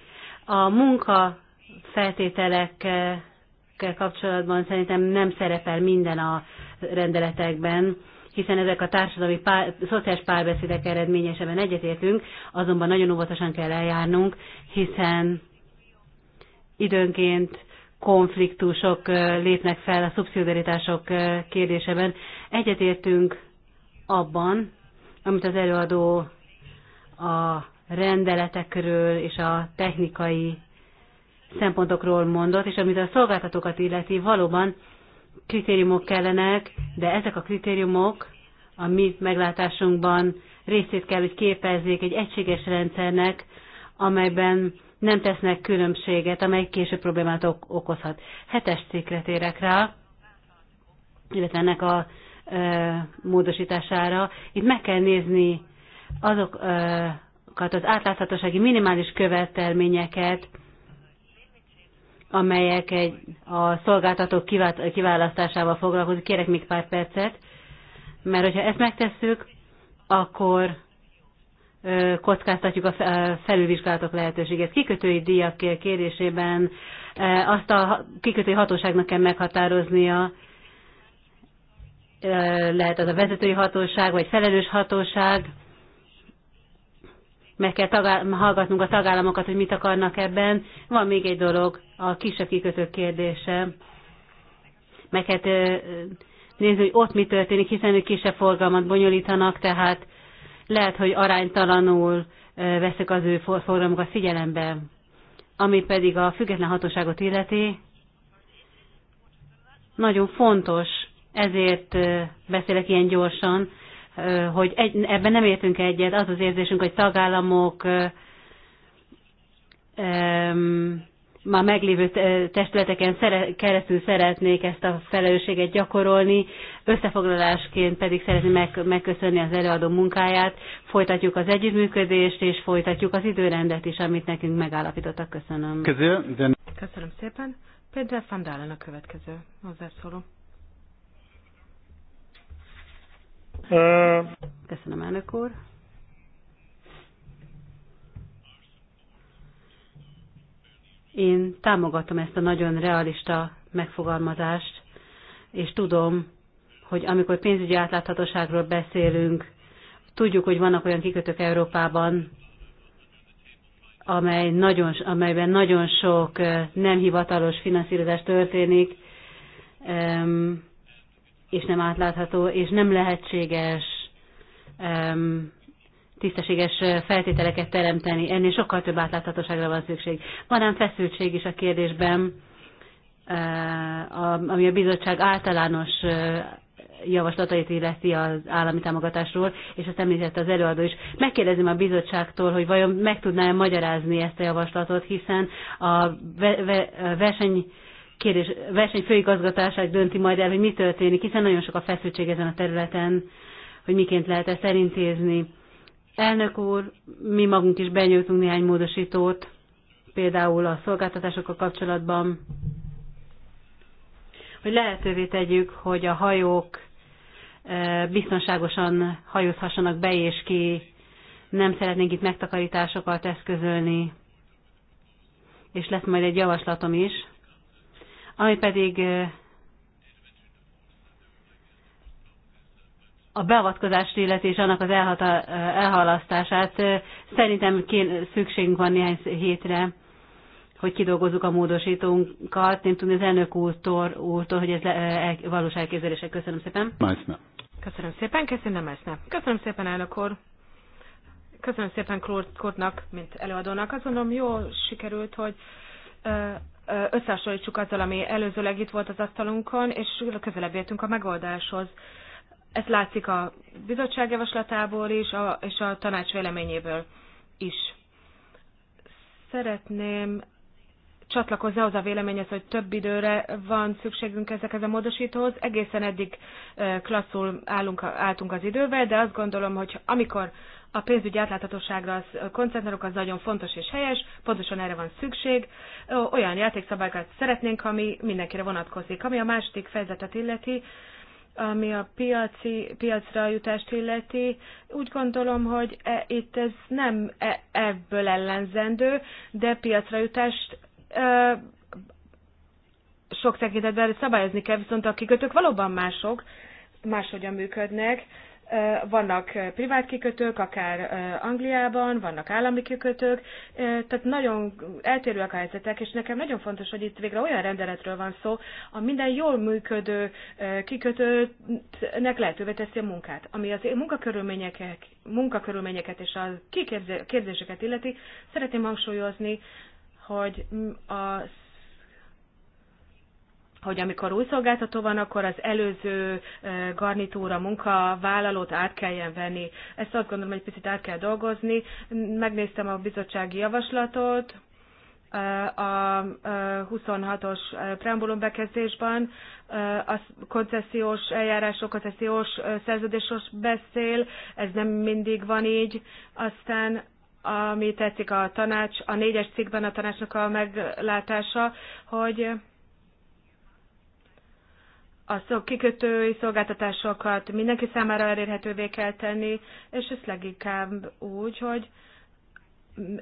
A munka feltételekkel kapcsolatban szerintem nem szerepel minden a rendeletekben, hiszen ezek a társadalmi pár, szociális párbeszédek eredményesebben egyetértünk, azonban nagyon óvatosan kell eljárnunk, hiszen időnként konfliktusok lépnek fel a szubszidiaritások kérdésében. Egyetértünk abban, amit az előadó a rendeletekről és a technikai szempontokról mondott, és amit a szolgáltatókat illeti, valóban kritériumok kellenek, de ezek a kritériumok a mi meglátásunkban részét kell, hogy képezzék egy egységes rendszernek, amelyben nem tesznek különbséget, amely később problémát okozhat. Hetes cikkre térek rá, illetve ennek a ö, módosítására. Itt meg kell nézni azokat az átláthatósági minimális követelményeket, amelyek egy, a szolgáltatók kiválasztásával foglalkozik. Kérek még pár percet, mert hogyha ezt megtesszük, akkor kockáztatjuk a felülvizsgálatok lehetőségét. Kikötői díjak kérésében azt a kikötői hatóságnak kell meghatároznia, lehet az a vezetői hatóság, vagy felelős hatóság, meg kell tagáll- hallgatnunk a tagállamokat, hogy mit akarnak ebben. Van még egy dolog, a kisebb kikötők kérdése. Meg kell hát, nézni, hogy ott mi történik, hiszen ők kisebb forgalmat bonyolítanak, tehát lehet, hogy aránytalanul veszek az ő forgalmukat figyelembe. Ami pedig a független hatóságot illeti, nagyon fontos, ezért beszélek ilyen gyorsan, hogy egy, ebben nem értünk egyet, az az érzésünk, hogy tagállamok um, már meglévő testületeken szere, keresztül szeretnék ezt a felelősséget gyakorolni, összefoglalásként pedig szeretném meg, megköszönni az előadó munkáját, folytatjuk az együttműködést, és folytatjuk az időrendet is, amit nekünk megállapítottak. Köszönöm. Köszönöm szépen. Péter Fandálen a következő hozzászóló. Köszönöm, elnök úr. Én támogatom ezt a nagyon realista megfogalmazást, és tudom, hogy amikor pénzügyi átláthatóságról beszélünk, tudjuk, hogy vannak olyan kikötők Európában, amely nagyon, amelyben nagyon sok nem hivatalos finanszírozás történik, és nem átlátható, és nem lehetséges um, tisztességes feltételeket teremteni. Ennél sokkal több átláthatóságra van szükség. Van ám feszültség is a kérdésben, eh, ami a bizottság általános eh, javaslatait illeti az állami támogatásról, és ezt említette az előadó is. Megkérdezem a bizottságtól, hogy vajon meg tudná-e magyarázni ezt a javaslatot, hiszen a verseny kérdés versenyfőigazgatását dönti majd el, hogy mi történik, hiszen nagyon sok a feszültség ezen a területen, hogy miként lehet ezt elintézni. Elnök úr, mi magunk is benyújtunk néhány módosítót, például a szolgáltatásokkal kapcsolatban, hogy lehetővé tegyük, hogy a hajók e, biztonságosan hajózhassanak be és ki, nem szeretnénk itt megtakarításokat eszközölni, és lesz majd egy javaslatom is, ami pedig a beavatkozást illeti és annak az elhalasztását. Szerintem szükségünk van néhány hétre, hogy kidolgozzuk a módosítónkat. Én tudni az elnök úrtól, úrtól hogy ez le, valós elképzelések. Köszönöm szépen. Meissner. Köszönöm szépen, köszönöm Meissner. Köszönöm szépen, elnök úr. Köszönöm szépen Kortnak, mint előadónak. Azt gondolom, jól sikerült, hogy összehasonlítsuk azzal, ami előzőleg itt volt az asztalunkon, és közelebb értünk a megoldáshoz. Ez látszik a bizottság javaslatából is, a, és a tanács véleményéből is. Szeretném csatlakozni az a véleményhez, hogy több időre van szükségünk ezekhez a módosítóhoz. Egészen eddig klasszul állunk, álltunk az idővel, de azt gondolom, hogy amikor a pénzügyi átláthatóságra az koncentrálok, az nagyon fontos és helyes, pontosan erre van szükség. Olyan játékszabályokat szeretnénk, ami mindenkire vonatkozik. Ami a második fejezetet illeti, ami a piaci, piacra jutást illeti, úgy gondolom, hogy e, itt ez nem e, ebből ellenzendő, de piacra jutást e, sok tekintetben szabályozni kell, viszont a kikötők valóban mások, máshogyan működnek, vannak privát kikötők, akár Angliában, vannak állami kikötők, tehát nagyon eltérőek a helyzetek, és nekem nagyon fontos, hogy itt végre olyan rendeletről van szó, a minden jól működő kikötőnek lehetővé teszi a munkát. Ami az munkakörülményeket, munkakörülményeket és a kiképzéseket illeti, szeretném hangsúlyozni, hogy a hogy amikor új szolgáltató van, akkor az előző garnitúra munkavállalót át kelljen venni. Ezt azt gondolom, hogy egy picit át kell dolgozni. Megnéztem a bizottsági javaslatot, a 26-os preambulum bekezdésben a koncesziós eljárások, koncesziós szerződésos beszél, ez nem mindig van így. Aztán ami tetszik a tanács, a négyes cikkben a tanácsnak a meglátása, hogy a kikötői szolgáltatásokat mindenki számára elérhetővé kell tenni, és ezt leginkább úgy, hogy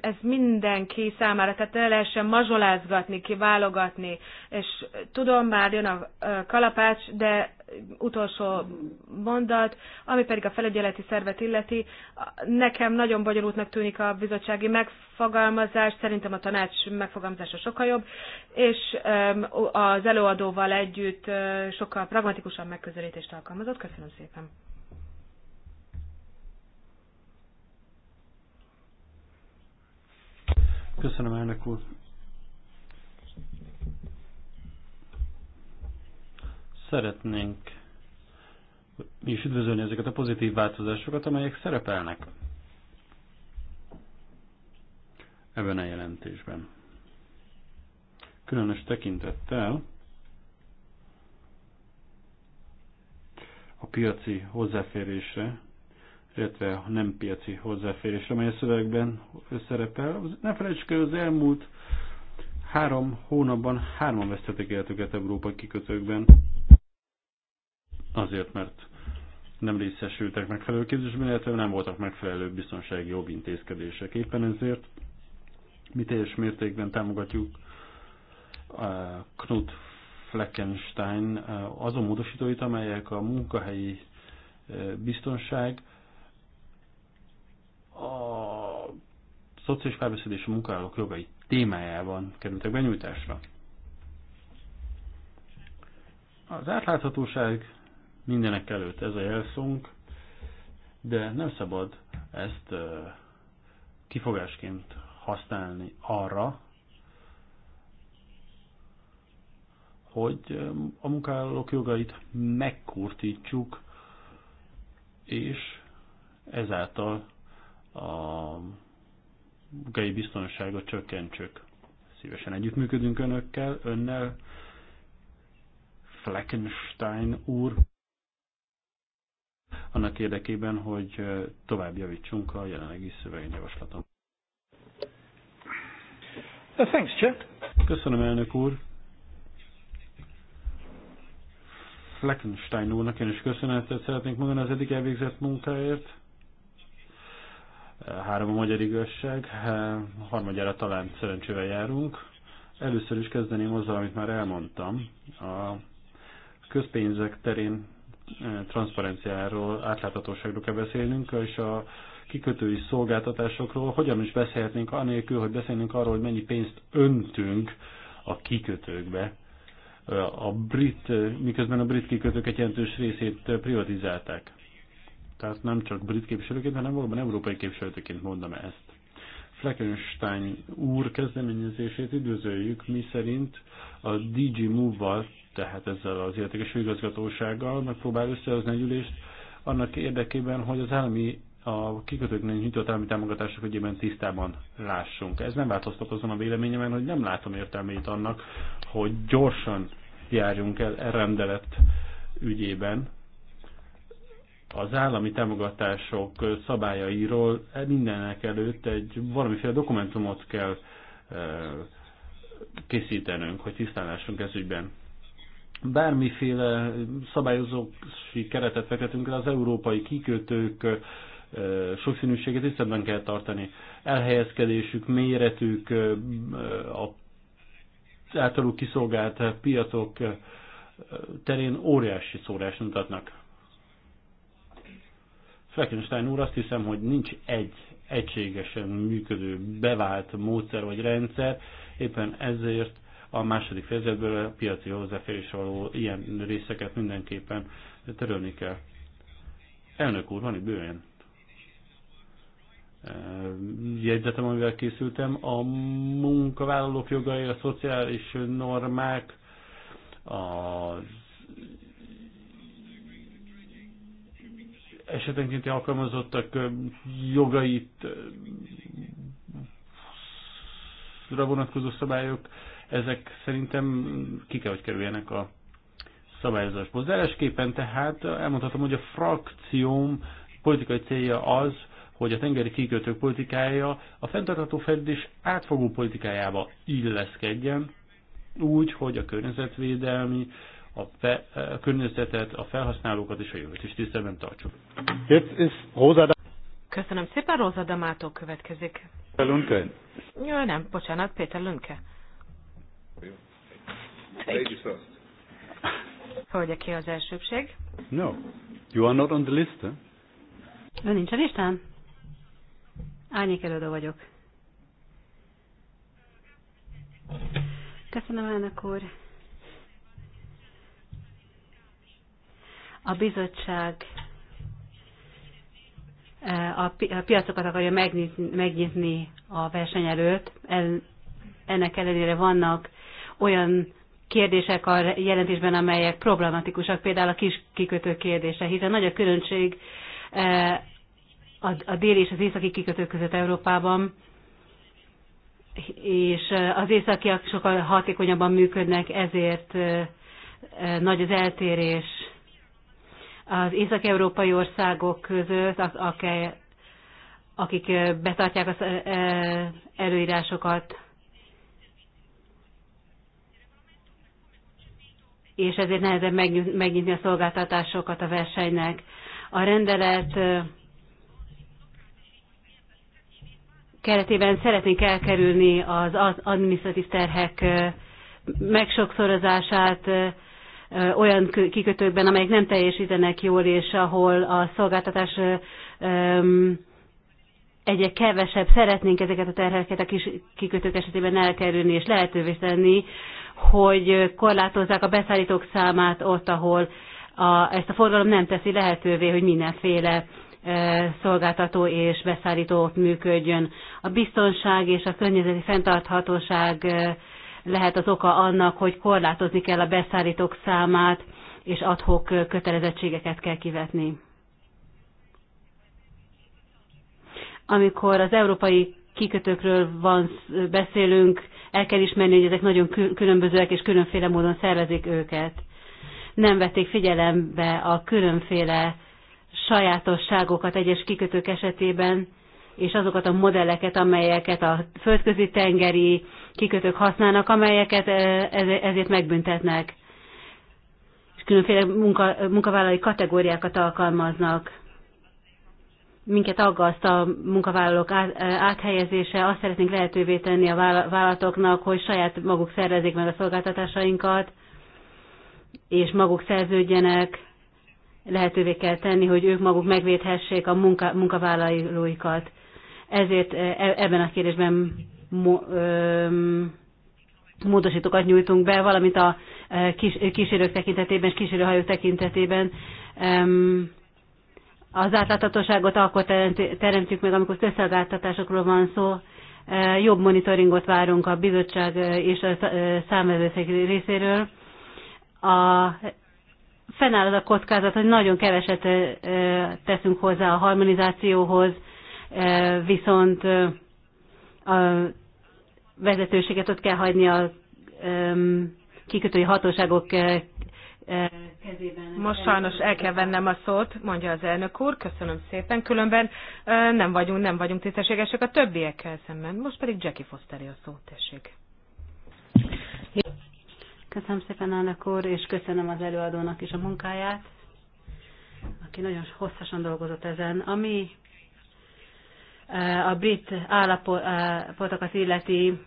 ez mindenki számára, tehát ne lehessen mazsolázgatni, kiválogatni, és tudom, már jön a kalapács, de utolsó mondat, ami pedig a felügyeleti szervet illeti, nekem nagyon bonyolultnak tűnik a bizottsági megfogalmazás, szerintem a tanács megfogalmazása sokkal jobb, és az előadóval együtt sokkal pragmatikusan megközelítést alkalmazott. Köszönöm szépen! Köszönöm, elnök úr. Szeretnénk mi is üdvözölni ezeket a pozitív változásokat, amelyek szerepelnek ebben a jelentésben. Különös tekintettel a piaci hozzáférésre illetve a nem piaci hozzáférés, amely a szövegben szerepel. Ne felejtsük el, az elmúlt három hónapban hárman vesztették életüket Európa kikötőkben, azért, mert nem részesültek megfelelő képzésben, illetve nem voltak megfelelő biztonsági jobb intézkedések. Éppen ezért mi teljes mértékben támogatjuk Knut Fleckenstein eh, azon módosítóit, amelyek a munkahelyi eh, biztonság, a szociális párbeszéd és a munkavállalók jogai témájában kerültek benyújtásra. Az átláthatóság mindenek előtt ez a jelszónk, de nem szabad ezt kifogásként használni arra, hogy a munkavállalók jogait megkurtítsuk, és ezáltal a gai biztonságot csökkentsük. Szívesen együttműködünk önökkel, önnel, Fleckenstein úr, annak érdekében, hogy tovább javítsunk a jelenlegi szövegjavaslaton. Uh, thanks, Chet. Köszönöm, elnök úr. Fleckenstein úrnak én is köszönetet szeretnénk mondani az eddig elvégzett munkáért három a magyar igazság, harmadjára talán szerencsével járunk. Először is kezdeném azzal, amit már elmondtam. A közpénzek terén eh, transzparenciáról, átláthatóságról kell beszélnünk, és a kikötői szolgáltatásokról hogyan is beszélhetnénk, anélkül, hogy beszélnénk arról, hogy mennyi pénzt öntünk a kikötőkbe. Eh, a brit, eh, miközben a brit kikötőket jelentős részét privatizálták. Tehát nem csak brit képviselőként, hanem valóban európai képviselőként mondom ezt. Fleckenstein úr kezdeményezését üdvözöljük, mi szerint a DG Move-val, tehát ezzel az értékes igazgatósággal megpróbál összehozni egy ülést, annak érdekében, hogy az állami a kikötőknél nyitott állami támogatások ügyében tisztában lássunk. Ez nem változtat azon a véleményemen, hogy nem látom értelmét annak, hogy gyorsan járjunk el e rendelet ügyében, az állami támogatások szabályairól mindenek előtt egy valamiféle dokumentumot kell eh, készítenünk, hogy tisztánlásunk ez ügyben. Bármiféle szabályozósi keretet fektetünk le, az európai kikötők eh, sokszínűséget szemben kell tartani. Elhelyezkedésük, méretük, eh, a általuk kiszolgált piacok terén óriási szórás mutatnak Frankenstein úr, azt hiszem, hogy nincs egy egységesen működő, bevált módszer vagy rendszer, éppen ezért a második fejezetből a piaci hozzáférésre való ilyen részeket mindenképpen törölni kell. Elnök úr, van itt bőven jegyzetem, amivel készültem, a munkavállalók jogai, a szociális normák, az esetenkénti alkalmazottak jogait vonatkozó szabályok, ezek szerintem ki kell, hogy kerüljenek a szabályozásból. Zárásképpen tehát elmondhatom, hogy a frakcióm politikai célja az, hogy a tengeri kikötők politikája a fenntartható fejlődés átfogó politikájába illeszkedjen, úgy, hogy a környezetvédelmi, a, fe, a környezetet, a felhasználókat és a jövőt is tiszteletben tartsuk. Köszönöm szépen, Róza Damátó következik. Lundgren. Ja, nem, bocsánat, Péter Lönke. Hogy ki az elsőbség? No, you are not on the list, eh? Ön nincs a listán? Ányék előadó vagyok. Köszönöm, elnök úr. A bizottság e, a piacokat akarja megnyitni, megnyitni a verseny előtt. Ennek ellenére vannak olyan kérdések a jelentésben, amelyek problematikusak, például a kis kikötő kérdése, hiszen nagy a különbség e, a déli és az északi kikötők között Európában, és az északiak sokkal hatékonyabban működnek, ezért e, nagy az eltérés az észak-európai országok között, akik betartják az előírásokat, és ezért nehezebb megnyitni a szolgáltatásokat a versenynek. A rendelet keretében szeretnénk elkerülni az adminisztratív terhek megsokszorozását, olyan kikötőkben, amelyek nem teljesítenek jól, és ahol a szolgáltatás egyre kevesebb, szeretnénk ezeket a terheket a kis kikötők esetében elkerülni, és lehetővé tenni, hogy korlátozzák a beszállítók számát ott, ahol a, ezt a forgalom nem teszi lehetővé, hogy mindenféle e, szolgáltató és beszállító ott működjön. A biztonság és a környezeti fenntarthatóság e, lehet az oka annak, hogy korlátozni kell a beszállítók számát, és adhok kötelezettségeket kell kivetni. Amikor az európai kikötőkről van, beszélünk, el kell ismerni, hogy ezek nagyon különbözőek, és különféle módon szervezik őket. Nem vették figyelembe a különféle sajátosságokat egyes kikötők esetében, és azokat a modelleket, amelyeket a földközi tengeri kikötők használnak, amelyeket e, ezért megbüntetnek, és különféle munka, munkavállalói kategóriákat alkalmaznak. Minket aggaszt a munkavállalók e, áthelyezése, azt szeretnénk lehetővé tenni a vállalatoknak, hogy saját maguk szervezik meg a szolgáltatásainkat, és maguk szerződjenek, lehetővé kell tenni, hogy ők maguk megvédhessék a munka, munkavállalóikat. Ezért e, ebben a kérdésben módosítókat nyújtunk be, valamint a e, kísérők tekintetében és kísérőhajók tekintetében az átláthatóságot akkor teremtjük meg, amikor közszolgáltatásokról van szó, e, jobb monitoringot várunk a bizottság e, és a számvevőszék részéről. A, fennáll az a kockázat, hogy nagyon keveset teszünk hozzá a harmonizációhoz, viszont a vezetőséget ott kell hagyni a kikötői hatóságok kezében. Most sajnos el kell vennem a szót, mondja az elnök úr, köszönöm szépen, különben nem vagyunk, nem vagyunk tisztességesek a többiekkel szemben. Most pedig Jackie Fosteri a szót, tessék. Köszönöm szépen, elnök úr, és köszönöm az előadónak is a munkáját, aki nagyon hosszasan dolgozott ezen. Ami a brit állapotokat illeti,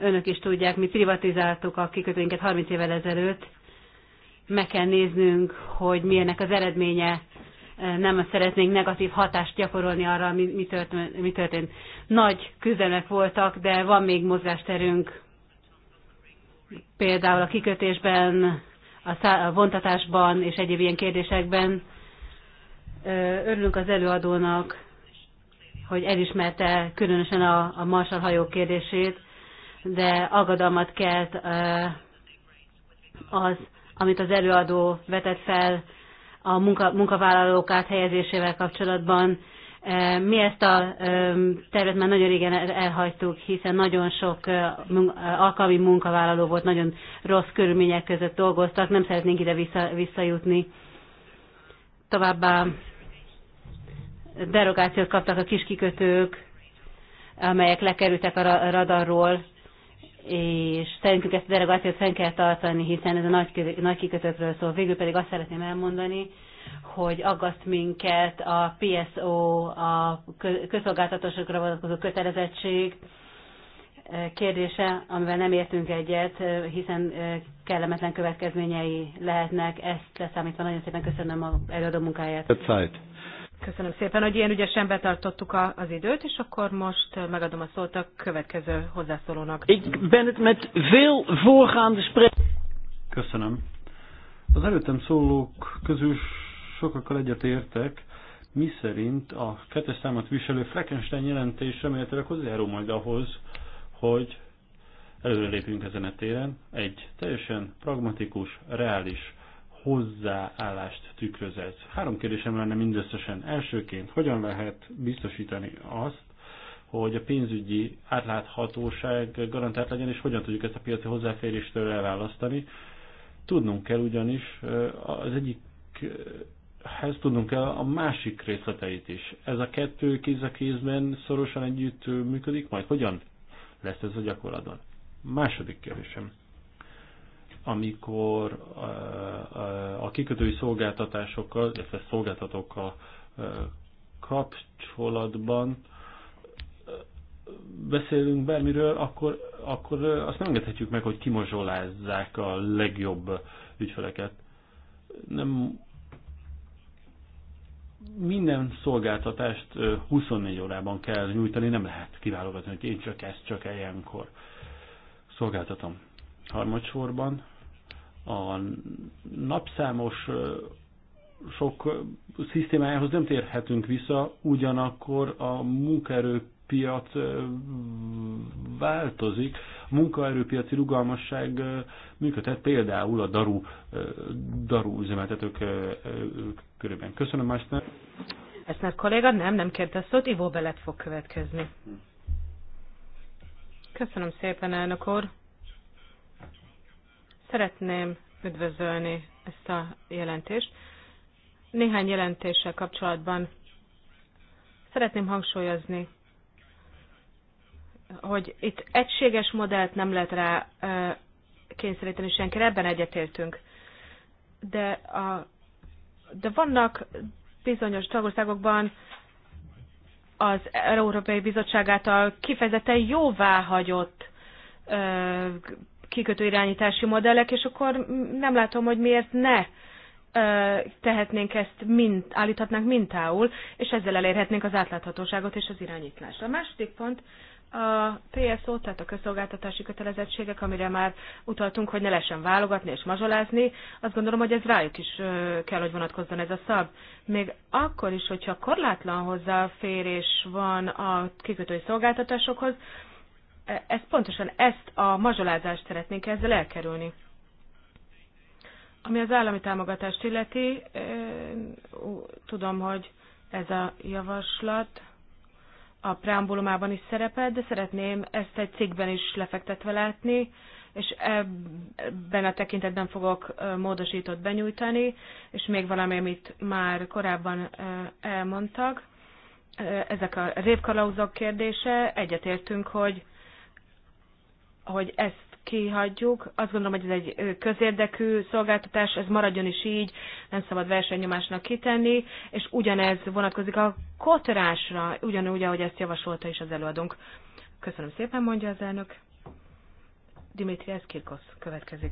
önök is tudják, mi privatizáltuk a kikötőinket 30 évvel ezelőtt. Meg kell néznünk, hogy milyenek az eredménye. Nem szeretnénk negatív hatást gyakorolni arra, mi, történt, Nagy küzdelmek voltak, de van még mozgásterünk. Például a kikötésben, a vontatásban és egyéb ilyen kérdésekben. Örülünk az előadónak, hogy elismerte különösen a, a kérdését, de aggodalmat kelt az, amit az előadó vetett fel a munka, munkavállalók áthelyezésével kapcsolatban. Mi ezt a tervet már nagyon régen elhagytuk, hiszen nagyon sok alkalmi munkavállaló volt, nagyon rossz körülmények között dolgoztak, nem szeretnénk ide vissza, visszajutni. Továbbá derogációt kaptak a kiskikötők, amelyek lekerültek a radarról, és szerintünk ezt a delegációt fenn kell tartani, hiszen ez a nagy, nagy kikötőkről szól. Végül pedig azt szeretném elmondani, hogy aggaszt minket a PSO, a közszolgáltatásokra vonatkozó kötelezettség eh, kérdése, amivel nem értünk egyet, eh, hiszen eh, kellemetlen következményei lehetnek. Ezt leszámítva nagyon szépen köszönöm a előadó munkáját. Köszönöm szépen, hogy ilyen ügyesen betartottuk a, az időt, és akkor most megadom a szót a következő hozzászólónak. Köszönöm. Az előttem szólók közül sokakkal egyetértek, mi szerint a kettes számot viselő Fleckenstein jelentés remélhetőleg hozzájárul majd ahhoz, hogy előrelépjünk ezen a téren. Egy teljesen pragmatikus, reális hozzáállást ez? Három kérdésem lenne mindösszesen. Elsőként, hogyan lehet biztosítani azt, hogy a pénzügyi átláthatóság garantált legyen, és hogyan tudjuk ezt a piaci hozzáféréstől elválasztani. Tudnunk kell ugyanis az egyikhez tudnunk kell a másik részleteit is. Ez a kettő kéz a kézben szorosan együtt működik, majd hogyan lesz ez a gyakorlatban? Második kérdésem amikor a kikötői szolgáltatásokkal, illetve szolgáltatókkal kapcsolatban beszélünk bármiről, akkor, akkor azt nem engedhetjük meg, hogy kimozsolázzák a legjobb ügyfeleket. Nem minden szolgáltatást 24 órában kell nyújtani, nem lehet kiválogatni, hogy én csak ezt, csak ilyenkor szolgáltatom. Harmadsorban a napszámos sok szisztémájához nem térhetünk vissza, ugyanakkor a munkaerőpiac változik, a munkaerőpiaci rugalmasság működhet például a daru, daru üzemeltetők körében. Köszönöm, ezt Meissner kolléga, nem, nem kérte szót, Ivó Belet fog következni. Köszönöm szépen, elnök úr. Szeretném üdvözölni ezt a jelentést. Néhány jelentéssel kapcsolatban szeretném hangsúlyozni, hogy itt egységes modellt nem lehet rá kényszeríteni senkire, ebben egyetértünk. De, a, de vannak bizonyos tagországokban az Európai Bizottság által kifejezetten jóváhagyott kikötőirányítási irányítási modellek, és akkor nem látom, hogy miért ne tehetnénk ezt, mint, állíthatnánk mintául, és ezzel elérhetnénk az átláthatóságot és az irányítást. A második pont a PSO, tehát a közszolgáltatási kötelezettségek, amire már utaltunk, hogy ne lesen válogatni és mazsolázni, azt gondolom, hogy ez rájuk is kell, hogy vonatkozzon ez a szab. Még akkor is, hogyha korlátlan hozzáférés van a kikötői szolgáltatásokhoz, ezt pontosan ezt a mazsolázást szeretnénk ezzel elkerülni. Ami az állami támogatást illeti, tudom, hogy ez a javaslat a preambulumában is szerepel, de szeretném ezt egy cikkben is lefektetve látni, és ebben a tekintetben fogok módosítót benyújtani, és még valami, amit már korábban elmondtak. Ezek a révkalauzok kérdése, egyetértünk, hogy hogy ezt kihagyjuk. Azt gondolom, hogy ez egy közérdekű szolgáltatás, ez maradjon is így, nem szabad versenynyomásnak kitenni, és ugyanez vonatkozik a kotrásra, ugyanúgy, ahogy ezt javasolta is az előadónk. Köszönöm szépen, mondja az elnök. Dimitri Eszkirkosz következik.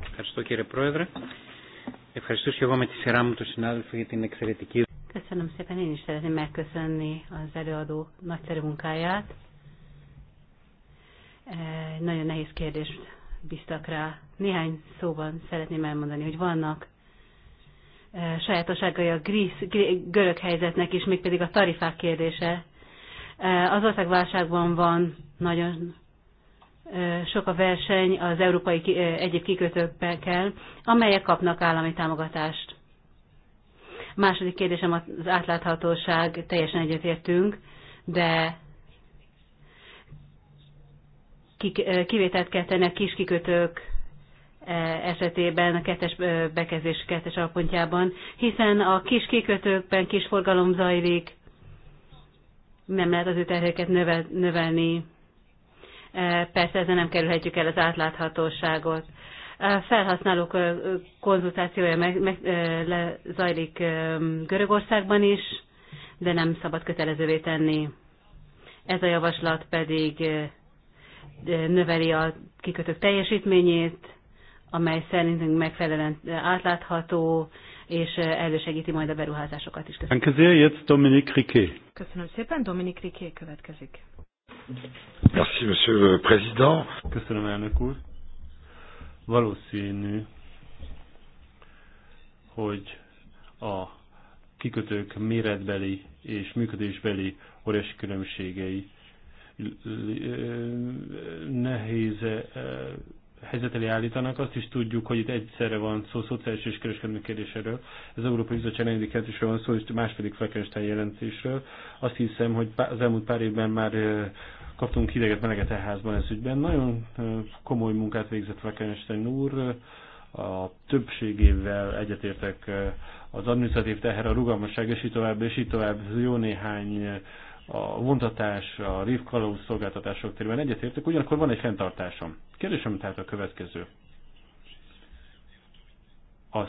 Köszönöm szépen, én is szeretném megköszönni az előadó nagyszerű munkáját. Nagyon nehéz kérdést bíztak rá. Néhány szóban szeretném elmondani, hogy vannak sajátosságai a gríz, görög helyzetnek is, mégpedig a tarifák kérdése. Az ország válságban van nagyon sok a verseny az európai egyéb kikötőkkel, amelyek kapnak állami támogatást. A második kérdésem az átláthatóság, teljesen egyetértünk, de kivételt kell tenni a kiskikötők e, esetében, a kettes e, bekezdés kettes alpontjában, hiszen a kis kikötőkben kis forgalom zajlik, nem lehet az ő terheket növelni. E, persze ezzel nem kerülhetjük el az átláthatóságot. A felhasználók konzultációja meg, meg, le, zajlik Görögországban is, de nem szabad kötelezővé tenni. Ez a javaslat pedig növeli a kikötők teljesítményét, amely szerintünk megfelelően átlátható, és elősegíti majd a beruházásokat is. Köszönöm. Köszönöm, Dominik Riké. Köszönöm szépen, Dominik Riké, következik. Merci, monsieur le président. Köszönöm, elnök úr. Valószínű, hogy a kikötők méretbeli és működésbeli óriási különbségeit nehéz eh, helyzet elé állítanak. Azt is tudjuk, hogy itt egyszerre van szó szociális és kereskedelmi kérdéséről. Az Európai Bizottság negyedik jelentésről van szó, és más pedig Fleckenstein jelentésről. Azt hiszem, hogy az elmúlt pár évben már eh, kaptunk hideget meleget a e házban ez ügyben. Nagyon eh, komoly munkát végzett Fekenstein úr. A többségével egyetértek az administratív teher, a rugalmasság, és így tovább, és így tovább. Jó néhány a vontatás, a rivkalóz szolgáltatások terében egyetértek, ugyanakkor van egy fenntartásom. Kérdésem tehát a következő. A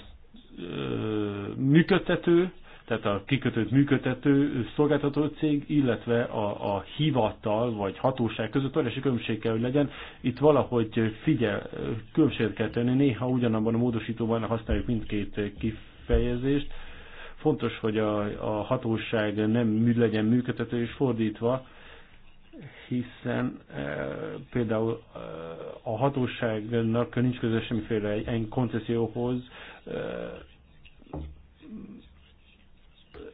ö, működtető, tehát a kikötőt működtető szolgáltató cég, illetve a, a hivatal vagy hatóság között óriási különbség kell, hogy legyen. Itt valahogy figyel, különbséget kell tenni, néha ugyanabban a módosítóban használjuk mindkét kifejezést, fontos, hogy a, a hatóság nem legyen működtető, és fordítva, hiszen e, például e, a hatóságnak nincs köze semmiféle egy koncesszióhoz. E,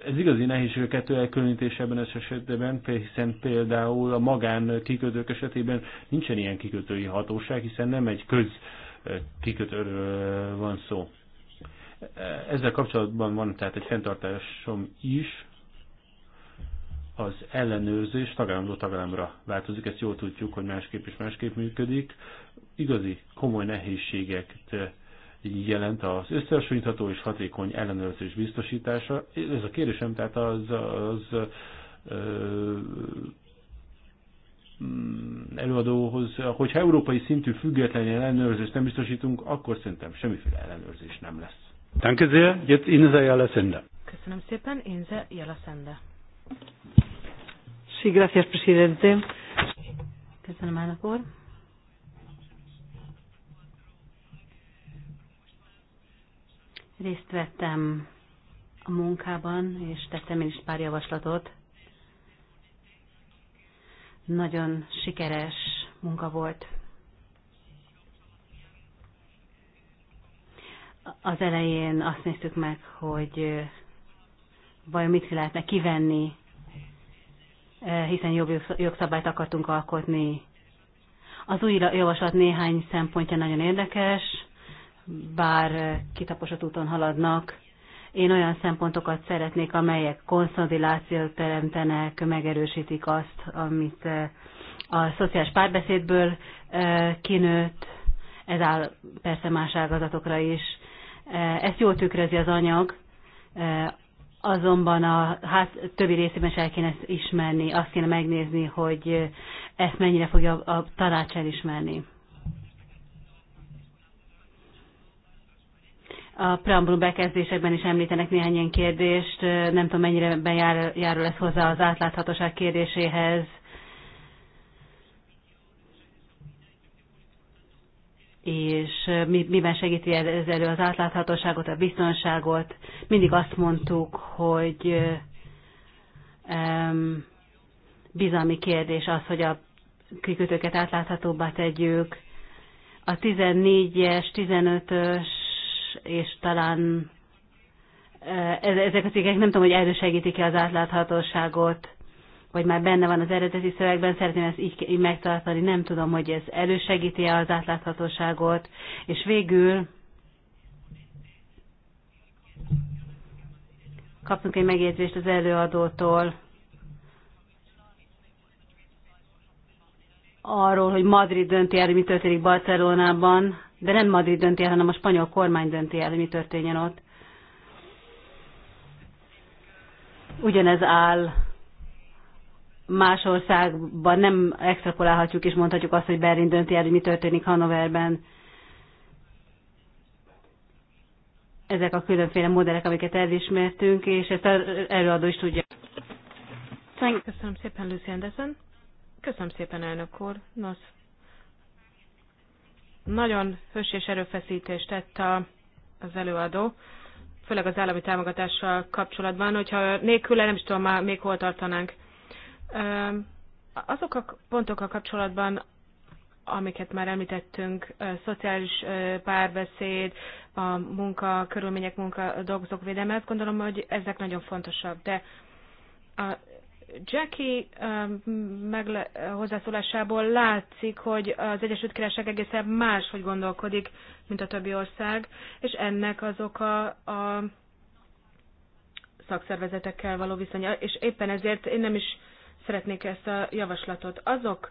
ez igazi nehézség a kettő elkülönítés ebben az esetben, hiszen például a magán kikötők esetében nincsen ilyen kikötői hatóság, hiszen nem egy köz e, kikötőről van szó. Ezzel kapcsolatban van tehát egy fenntartásom is, az ellenőrzés tagállamról tagállamra változik, ezt jól tudjuk, hogy másképp és másképp működik. Igazi komoly nehézségeket jelent az összehasonlítható és hatékony ellenőrzés biztosítása. Ez a kérdésem, tehát az, az ö, előadóhoz, hogyha európai szintű független ellenőrzést nem biztosítunk, akkor szerintem semmiféle ellenőrzés nem lesz. Danke sehr. Jetzt Inza Yalasenda. Köszönöm szépen, Inza Yalasenda. Sí, gracias, presidente. Köszönöm, elnök úr. Részt vettem a munkában, és tettem én is pár javaslatot. Nagyon sikeres munka volt. az elején azt néztük meg, hogy vajon mit lehetne kivenni, hiszen jobb jogszabályt akartunk alkotni. Az új javaslat néhány szempontja nagyon érdekes, bár kitaposott úton haladnak. Én olyan szempontokat szeretnék, amelyek konszolidációt teremtenek, megerősítik azt, amit a szociális párbeszédből kinőtt, ez áll persze más ágazatokra is, Eh, ezt jól tükrözi az anyag, eh, azonban a hát többi részében is el kéne ezt ismerni, azt kéne megnézni, hogy ezt mennyire fogja a tanács elismerni. A preambulum bekezdésekben is említenek néhány ilyen kérdést, eh, nem tudom mennyire bejárul ez hozzá az átláthatóság kérdéséhez, és miben segíti ez elő az átláthatóságot, a biztonságot. Mindig azt mondtuk, hogy um, bizalmi kérdés az, hogy a kikötőket átláthatóbbá tegyük. A 14-es, 15-ös, és talán ezek a cikkek nem tudom, hogy elősegítik-e az átláthatóságot vagy már benne van az eredeti szövegben, szeretném ezt így, így megtartani, nem tudom, hogy ez elősegíti -e az átláthatóságot, és végül kaptunk egy megjegyzést az előadótól arról, hogy Madrid dönti el, hogy mi történik Barcelonában, de nem Madrid dönti el, hanem a spanyol kormány dönti el, hogy mi történjen ott. Ugyanez áll más országban nem extrapolálhatjuk és mondhatjuk azt, hogy Berlin dönti el, hogy mi történik Hanoverben Ezek a különféle modellek, amiket elismertünk, és ezt az előadó is tudja. Köszönöm szépen, Lucy Anderson. Köszönöm szépen, elnök úr. Nos, nagyon hős és erőfeszítést tett a, az előadó, főleg az állami támogatással kapcsolatban, hogyha nélküle nem is tudom már még hol tartanánk. Azok a pontokkal kapcsolatban, amiket már említettünk, szociális párbeszéd, a munka, körülmények, munka, dolgozók védelme, azt gondolom, hogy ezek nagyon fontosak, de a Jackie megle- hozzászólásából látszik, hogy az Egyesült Királyság egészen hogy gondolkodik, mint a többi ország, és ennek azok a, a szakszervezetekkel való viszonya, és éppen ezért én nem is szeretnék ezt a javaslatot. Azok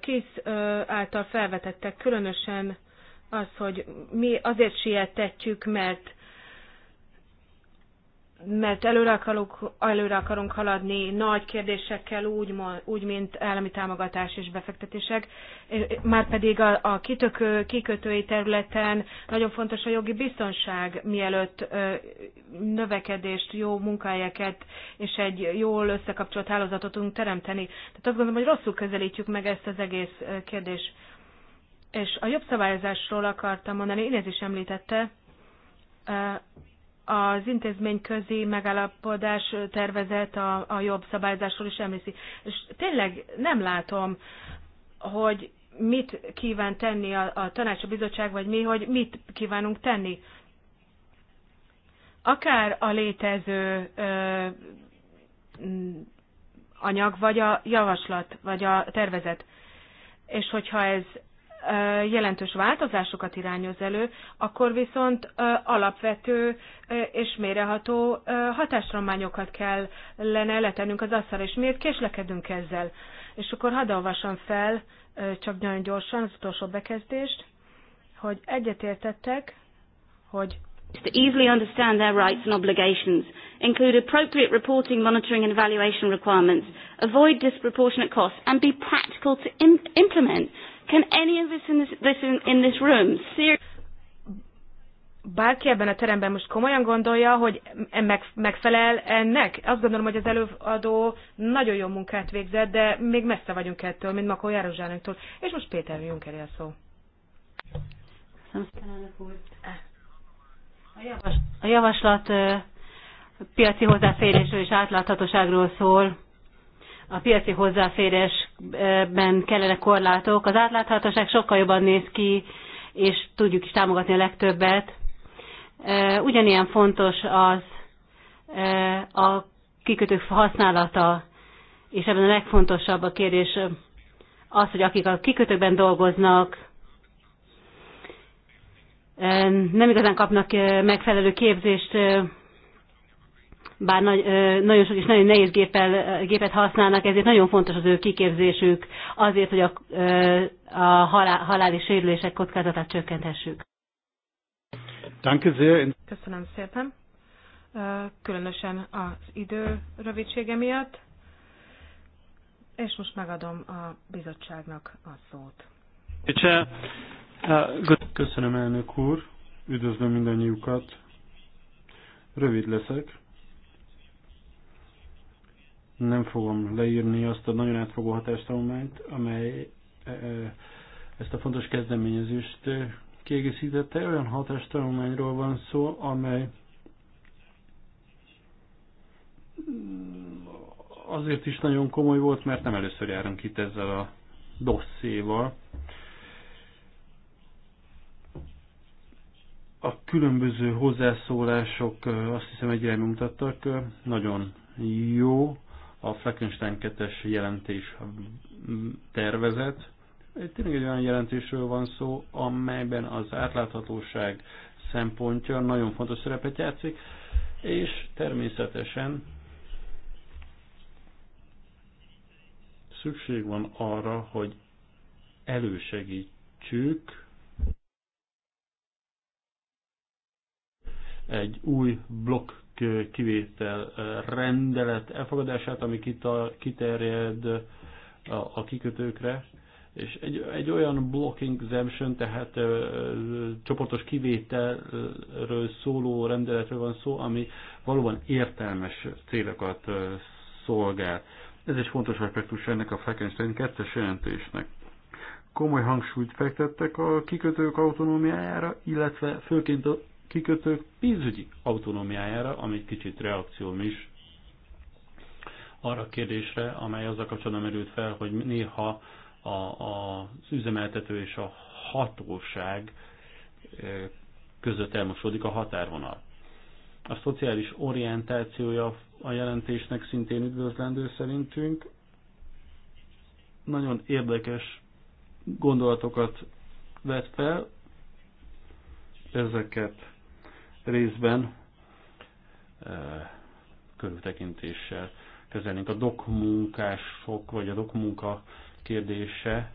kész által felvetettek, különösen az, hogy mi azért sietetjük, mert mert előre akarunk, előre akarunk haladni nagy kérdésekkel, úgy, úgy mint állami támogatás és befektetések, már pedig a, a kitökő, kikötői területen nagyon fontos a jogi biztonság, mielőtt ö, növekedést, jó munkahelyeket és egy jól összekapcsolt hálózatot tudunk teremteni. Tehát azt gondolom, hogy rosszul közelítjük meg ezt az egész kérdést. És a jobb szabályozásról akartam mondani, Inez is említette, az intézmény közé megállapodás tervezet a, a jobb szabályzásról is említi. És tényleg nem látom, hogy mit kíván tenni a, a tanácsa bizottság, vagy mi, hogy mit kívánunk tenni. Akár a létező ö, anyag, vagy a javaslat, vagy a tervezet. És hogyha ez jelentős változásokat irányoz elő, akkor viszont alapvető és méreható hatástrományokat kellene letennünk az asztalra, és miért késlekedünk ezzel? És akkor hadd olvasom fel, csak nagyon gyorsan az utolsó bekezdést, hogy egyetértettek, hogy to easily understand their rights and obligations, include appropriate reporting, monitoring and evaluation requirements, avoid disproportionate costs, and be practical to im implement Can any of us in this, this in, in this room seriously? bárki ebben a teremben most komolyan gondolja, hogy e meg, megfelel ennek? Azt gondolom, hogy az előadó nagyon jó munkát végzett, de még messze vagyunk ettől, mint Makó Jározsánunktól. És most Péter Juncker a szó. A, javas, a javaslat piaci hozzáférésről és átláthatóságról szól a piaci hozzáférésben kellene korlátok. Az átláthatóság sokkal jobban néz ki, és tudjuk is támogatni a legtöbbet. Ugyanilyen fontos az a kikötők használata, és ebben a legfontosabb a kérdés az, hogy akik a kikötőkben dolgoznak, nem igazán kapnak megfelelő képzést bár nagy, nagyon sok és nagyon nehéz géppel, gépet használnak, ezért nagyon fontos az ő kiképzésük azért, hogy a, a halál, haláli sérülések kockázatát csökkenthessük. Köszönöm szépen, különösen az idő rövidsége miatt, és most megadom a bizottságnak a szót. Uh, Köszönöm, elnök úr, üdvözlöm mindannyiukat. Rövid leszek nem fogom leírni azt a nagyon átfogó hatástanulmányt, amely e, e, ezt a fontos kezdeményezést kiegészítette. Olyan hatástanulmányról van szó, amely azért is nagyon komoly volt, mert nem először járunk itt ezzel a dosszéval. A különböző hozzászólások azt hiszem egyre mutattak, nagyon jó a Frankenstein 2 jelentés tervezet. Tényleg egy olyan jelentésről van szó, amelyben az átláthatóság szempontja nagyon fontos szerepet játszik, és természetesen szükség van arra, hogy elősegítsük egy új blokk kivétel eh, rendelet elfogadását, ami kiterjed eh, a kikötőkre, és egy, egy olyan blocking exemption, tehát ö, eh, ö, csoportos kivételről szóló rendeletről van szó, ami valóban értelmes célokat ö, szolgál. Ez egy fontos aspektus ennek a Frankenstein 2 jelentésnek. Komoly hangsúlyt fektettek a kikötők autonómiájára, illetve főként a kikötők pénzügyi autonómiájára, ami egy kicsit reakcióm is arra a kérdésre, amely azzal kapcsolatban merült fel, hogy néha a, a, az üzemeltető és a hatóság között elmosódik a határvonal. A szociális orientációja a jelentésnek szintén üdvözlendő szerintünk. Nagyon érdekes gondolatokat vett fel, ezeket részben eh, körültekintéssel kezelnénk. A dokmunkások, vagy a dokmunka kérdése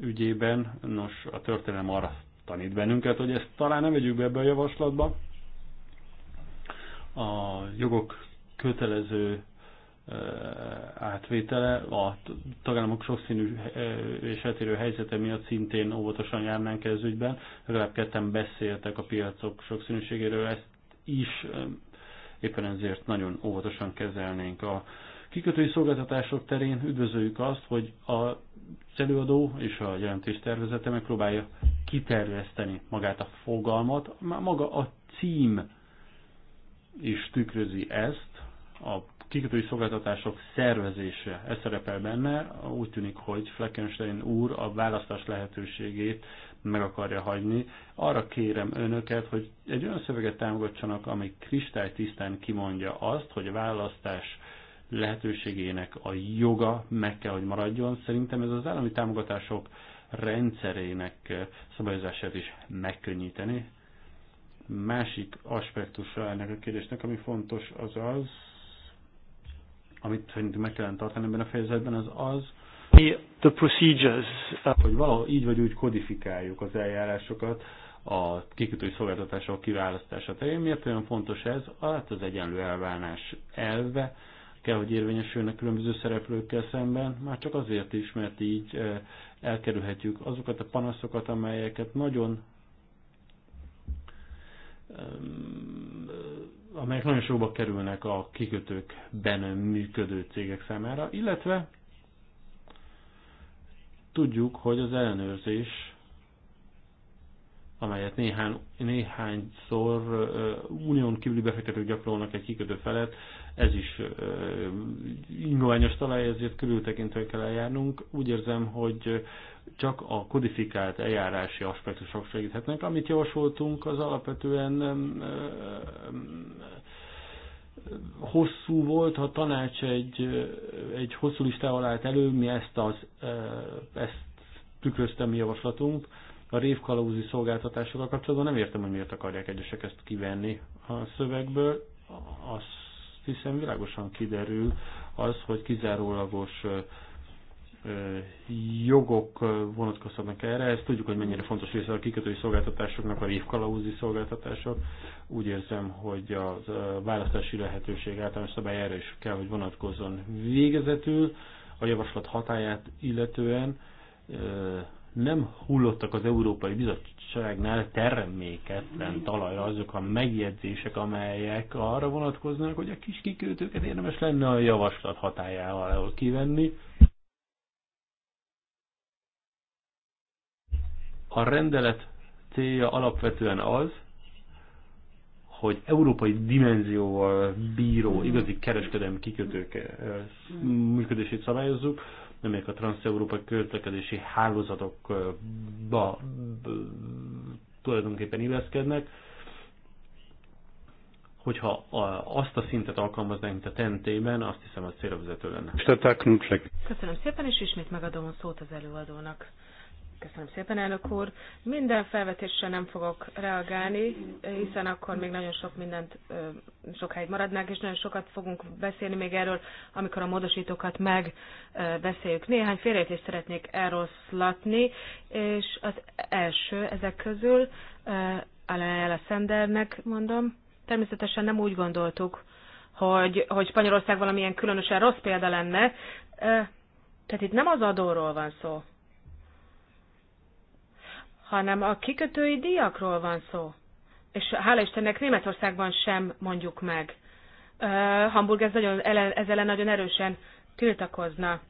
ügyében, nos, a történelem arra tanít bennünket, hogy ezt talán nem vegyük be ebbe a javaslatba. A jogok kötelező Eh, átvétele. A tagállamok sokszínű eh, és eltérő helyzete miatt szintén óvatosan járnánk ez ügyben. Legalább ketten beszéltek a piacok sokszínűségéről, ezt is eh, éppen ezért nagyon óvatosan kezelnénk. A kikötői szolgáltatások terén üdvözöljük azt, hogy a előadó és a jelentés tervezete megpróbálja kiterjeszteni magát a fogalmat. Már maga a cím is tükrözi ezt, a kikötői szolgáltatások szervezése, ez szerepel benne, úgy tűnik, hogy Fleckenstein úr a választás lehetőségét meg akarja hagyni. Arra kérem önöket, hogy egy olyan szöveget támogatsanak, ami kristálytisztán kimondja azt, hogy a választás lehetőségének a joga meg kell, hogy maradjon. Szerintem ez az állami támogatások rendszerének eh, szabályozását is megkönnyíteni. Másik aspektusa ennek a kérdésnek, ami fontos, az az, amit szerintem meg kellene tartani ebben a fejezetben, az az, the procedures. Uh, hogy valahol így vagy úgy kodifikáljuk az eljárásokat a kikötői szolgáltatások kiválasztása terén. Miért olyan fontos ez? Ah, hát az egyenlő elvánás elve kell, hogy érvényesülnek különböző szereplőkkel szemben, már csak azért is, mert így eh, elkerülhetjük azokat a panaszokat, amelyeket nagyon amelyek nagyon sokba kerülnek a kikötőkben működő cégek számára, illetve tudjuk, hogy az ellenőrzés, amelyet néhány, néhányszor uh, unión kívüli befektetők gyakorolnak egy kikötő felett, ez is uh, ingoványos talaj, ezért körültekintően kell eljárnunk. Úgy érzem, hogy csak a kodifikált eljárási aspektusok segíthetnek. Amit javasoltunk, az alapvetően hosszú volt, ha tanács egy, egy hosszú listával állt elő, mi ezt, az, e, ezt tükrözte mi javaslatunk. A révkalózi szolgáltatásokkal kapcsolatban nem értem, hogy miért akarják egyesek ezt kivenni a szövegből. Azt hiszem világosan kiderül az, hogy kizárólagos jogok vonatkozhatnak erre. Ezt tudjuk, hogy mennyire fontos része a kikötői szolgáltatásoknak, a révkalauzi szolgáltatások. Úgy érzem, hogy a választási lehetőség általános szabály erre is kell, hogy vonatkozzon végezetül. A javaslat hatáját illetően nem hullottak az Európai Bizottságnál terméketlen talajra azok a megjegyzések, amelyek arra vonatkoznak, hogy a kis kikötőket érdemes lenne a javaslat hatájával kivenni. A rendelet célja alapvetően az, hogy európai dimenzióval bíró hmm. igazi kereskedelmi kikötők eh, hmm. működését szabályozzuk, amelyek a transzeurópai közlekedési hálózatokba eh, tulajdonképpen illeszkednek. Hogyha azt a szintet alkalmaznánk, mint a tentében, azt hiszem, az célvezető lenne. Köszönöm szépen, és ismét megadom a szót az előadónak. Köszönöm szépen, elnök úr. Minden felvetésre nem fogok reagálni, hiszen akkor még nagyon sok mindent, sok helyt maradnánk, és nagyon sokat fogunk beszélni még erről, amikor a módosítókat megbeszéljük. Néhány félrejtést szeretnék eloszlatni, és az első ezek közül, Alejela Szendernek mondom, természetesen nem úgy gondoltuk, hogy, hogy Spanyolország valamilyen különösen rossz példa lenne. Tehát itt nem az adóról van szó, hanem a kikötői díjakról van szó. És hála Istennek Németországban sem mondjuk meg. Uh, Hamburg ez nagyon, ez ellen nagyon erősen tiltakozna.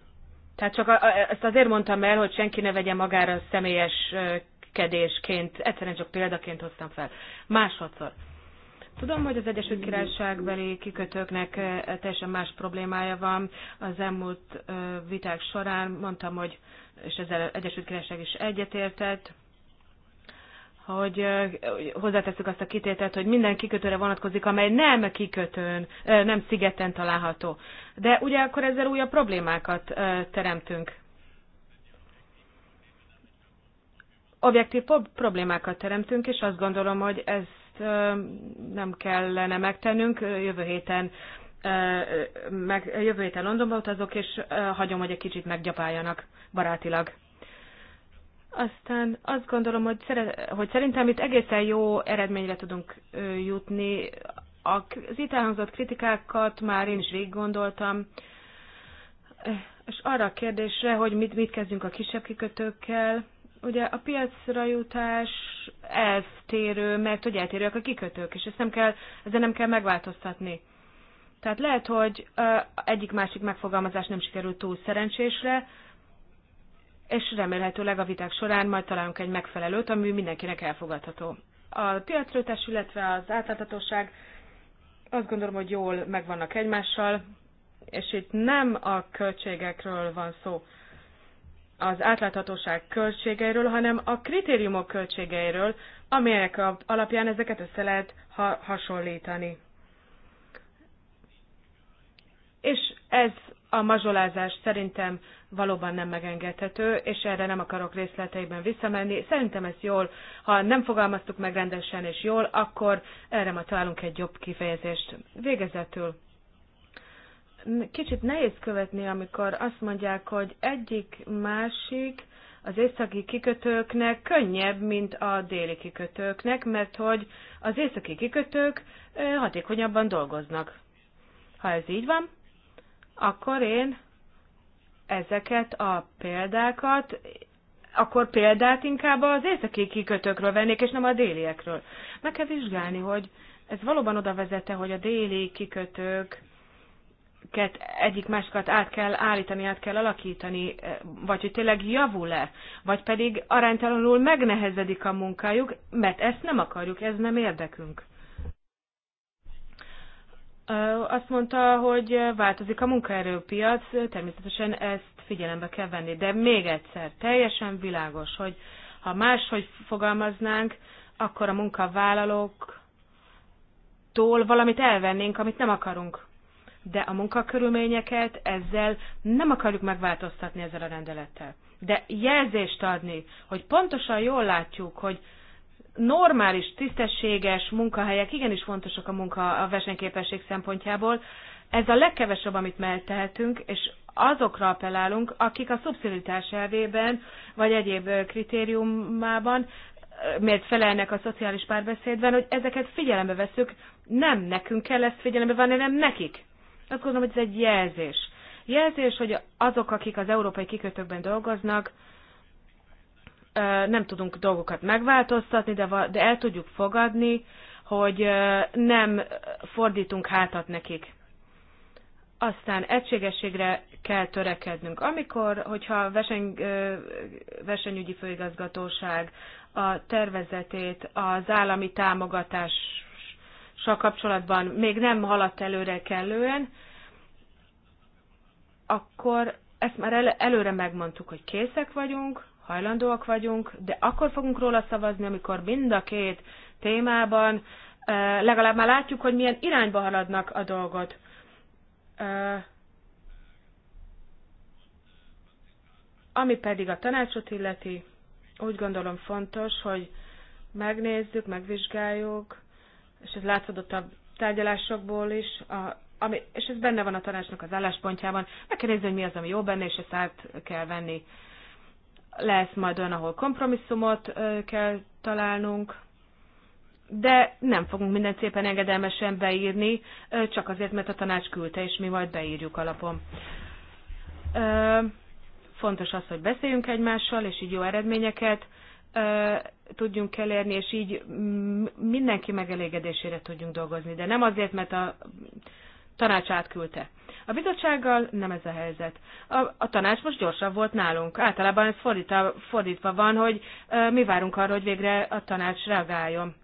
Tehát csak a, a, ezt azért mondtam el, hogy senki ne vegye magára személyes kedésként, egyszerűen csak példaként hoztam fel. Másodszor. Tudom, hogy az Egyesült Királyságbeli kikötőknek teljesen más problémája van. Az elmúlt viták során mondtam, hogy, és ezzel Egyesült Királyság is egyetértett, hogy hozzáteszük azt a kitételt, hogy minden kikötőre vonatkozik, amely nem kikötőn, nem szigeten található. De ugye akkor ezzel újabb problémákat teremtünk. Objektív problémákat teremtünk, és azt gondolom, hogy ezt nem kellene megtennünk. Jövő héten, meg, jövő héten Londonba utazok, és hagyom, hogy egy kicsit meggyapáljanak barátilag. Aztán azt gondolom, hogy, szere, hogy szerintem itt egészen jó eredményre tudunk jutni. Az itt elhangzott kritikákat már én is végig gondoltam, és arra a kérdésre, hogy mit, mit kezdünk a kisebb kikötőkkel, ugye a piacra jutás eltérő, mert hogy eltérőek a kikötők, és ezt nem kell, ezzel nem kell megváltoztatni. Tehát lehet, hogy egyik-másik megfogalmazás nem sikerült túl szerencsésre, és remélhetőleg a viták során majd találunk egy megfelelőt, ami mindenkinek elfogadható. A piacrőtes, illetve az átláthatóság azt gondolom, hogy jól megvannak egymással, és itt nem a költségekről van szó, az átláthatóság költségeiről, hanem a kritériumok költségeiről, amelyek alapján ezeket össze lehet ha- hasonlítani. És ez a mazsolázás szerintem valóban nem megengedhető, és erre nem akarok részleteiben visszamenni. Szerintem ez jól, ha nem fogalmaztuk meg rendesen és jól, akkor erre ma találunk egy jobb kifejezést. Végezetül. Kicsit nehéz követni, amikor azt mondják, hogy egyik másik az északi kikötőknek könnyebb, mint a déli kikötőknek, mert hogy az északi kikötők hatékonyabban dolgoznak. Ha ez így van, akkor én ezeket a példákat, akkor példát inkább az északi kikötőkről vennék, és nem a déliekről. Meg kell vizsgálni, hogy ez valóban oda vezette, hogy a déli kikötők egyik másikat át kell állítani, át kell alakítani, vagy hogy tényleg javul-e, vagy pedig aránytalanul megnehezedik a munkájuk, mert ezt nem akarjuk, ez nem érdekünk azt mondta, hogy változik a munkaerőpiac, természetesen ezt figyelembe kell venni. De még egyszer, teljesen világos, hogy ha máshogy fogalmaznánk, akkor a munkavállalóktól valamit elvennénk, amit nem akarunk. De a munkakörülményeket ezzel nem akarjuk megváltoztatni ezzel a rendelettel. De jelzést adni, hogy pontosan jól látjuk, hogy normális, tisztességes munkahelyek igenis fontosak a munka a versenyképesség szempontjából. Ez a legkevesebb, amit megtehetünk, és azokra appellálunk, akik a szubszidítás elvében, vagy egyéb kritériumában miért felelnek a szociális párbeszédben, hogy ezeket figyelembe veszük, nem nekünk kell ezt figyelembe venni, hanem nekik. Azt gondolom, hogy ez egy jelzés. Jelzés, hogy azok, akik az európai kikötőkben dolgoznak, nem tudunk dolgokat megváltoztatni, de, de el tudjuk fogadni, hogy nem fordítunk hátat nekik. Aztán egységességre kell törekednünk. Amikor, hogyha verseny, versenyügyi főigazgatóság a tervezetét az állami támogatással kapcsolatban még nem haladt előre kellően, akkor ezt már előre megmondtuk, hogy készek vagyunk, hajlandóak vagyunk, de akkor fogunk róla szavazni, amikor mind a két témában legalább már látjuk, hogy milyen irányba haladnak a dolgot. Ami pedig a tanácsot illeti, úgy gondolom fontos, hogy megnézzük, megvizsgáljuk, és ez látszódott a tárgyalásokból is, a, ami, és ez benne van a tanácsnak az álláspontjában, meg kell nézni, hogy mi az, ami jó benne, és ezt át kell venni lesz majd olyan, ahol kompromisszumot kell találnunk, de nem fogunk minden szépen engedelmesen beírni, csak azért, mert a tanács küldte, és mi majd beírjuk alapon. Fontos az, hogy beszéljünk egymással, és így jó eredményeket tudjunk elérni, és így mindenki megelégedésére tudjunk dolgozni. De nem azért, mert a tanács átküldte. A bizottsággal nem ez a helyzet. A, a tanács most gyorsabb volt nálunk. Általában ez fordítva, fordítva van, hogy e, mi várunk arra, hogy végre a tanács reagáljon.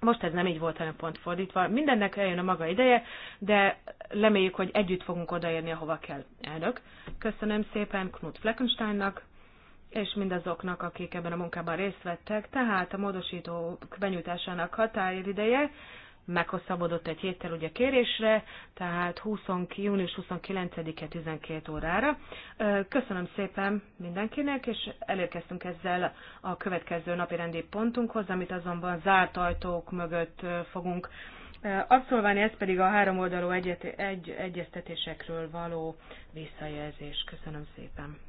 Most ez nem így volt, hanem pont fordítva. Mindennek eljön a maga ideje, de reméljük, hogy együtt fogunk odaérni, ahova kell. Elnök, köszönöm szépen Knut Fleckensteinnak és mindazoknak, akik ebben a munkában részt vettek. Tehát a módosítók benyújtásának határideje meghosszabbodott egy héttel ugye kérésre, tehát 20, június 29-e 12 órára. Köszönöm szépen mindenkinek, és elérkeztünk ezzel a következő napi rendi pontunkhoz, amit azonban zárt ajtók mögött fogunk abszolválni, ez pedig a oldalú egyet, egy, egyeztetésekről való visszajelzés. Köszönöm szépen.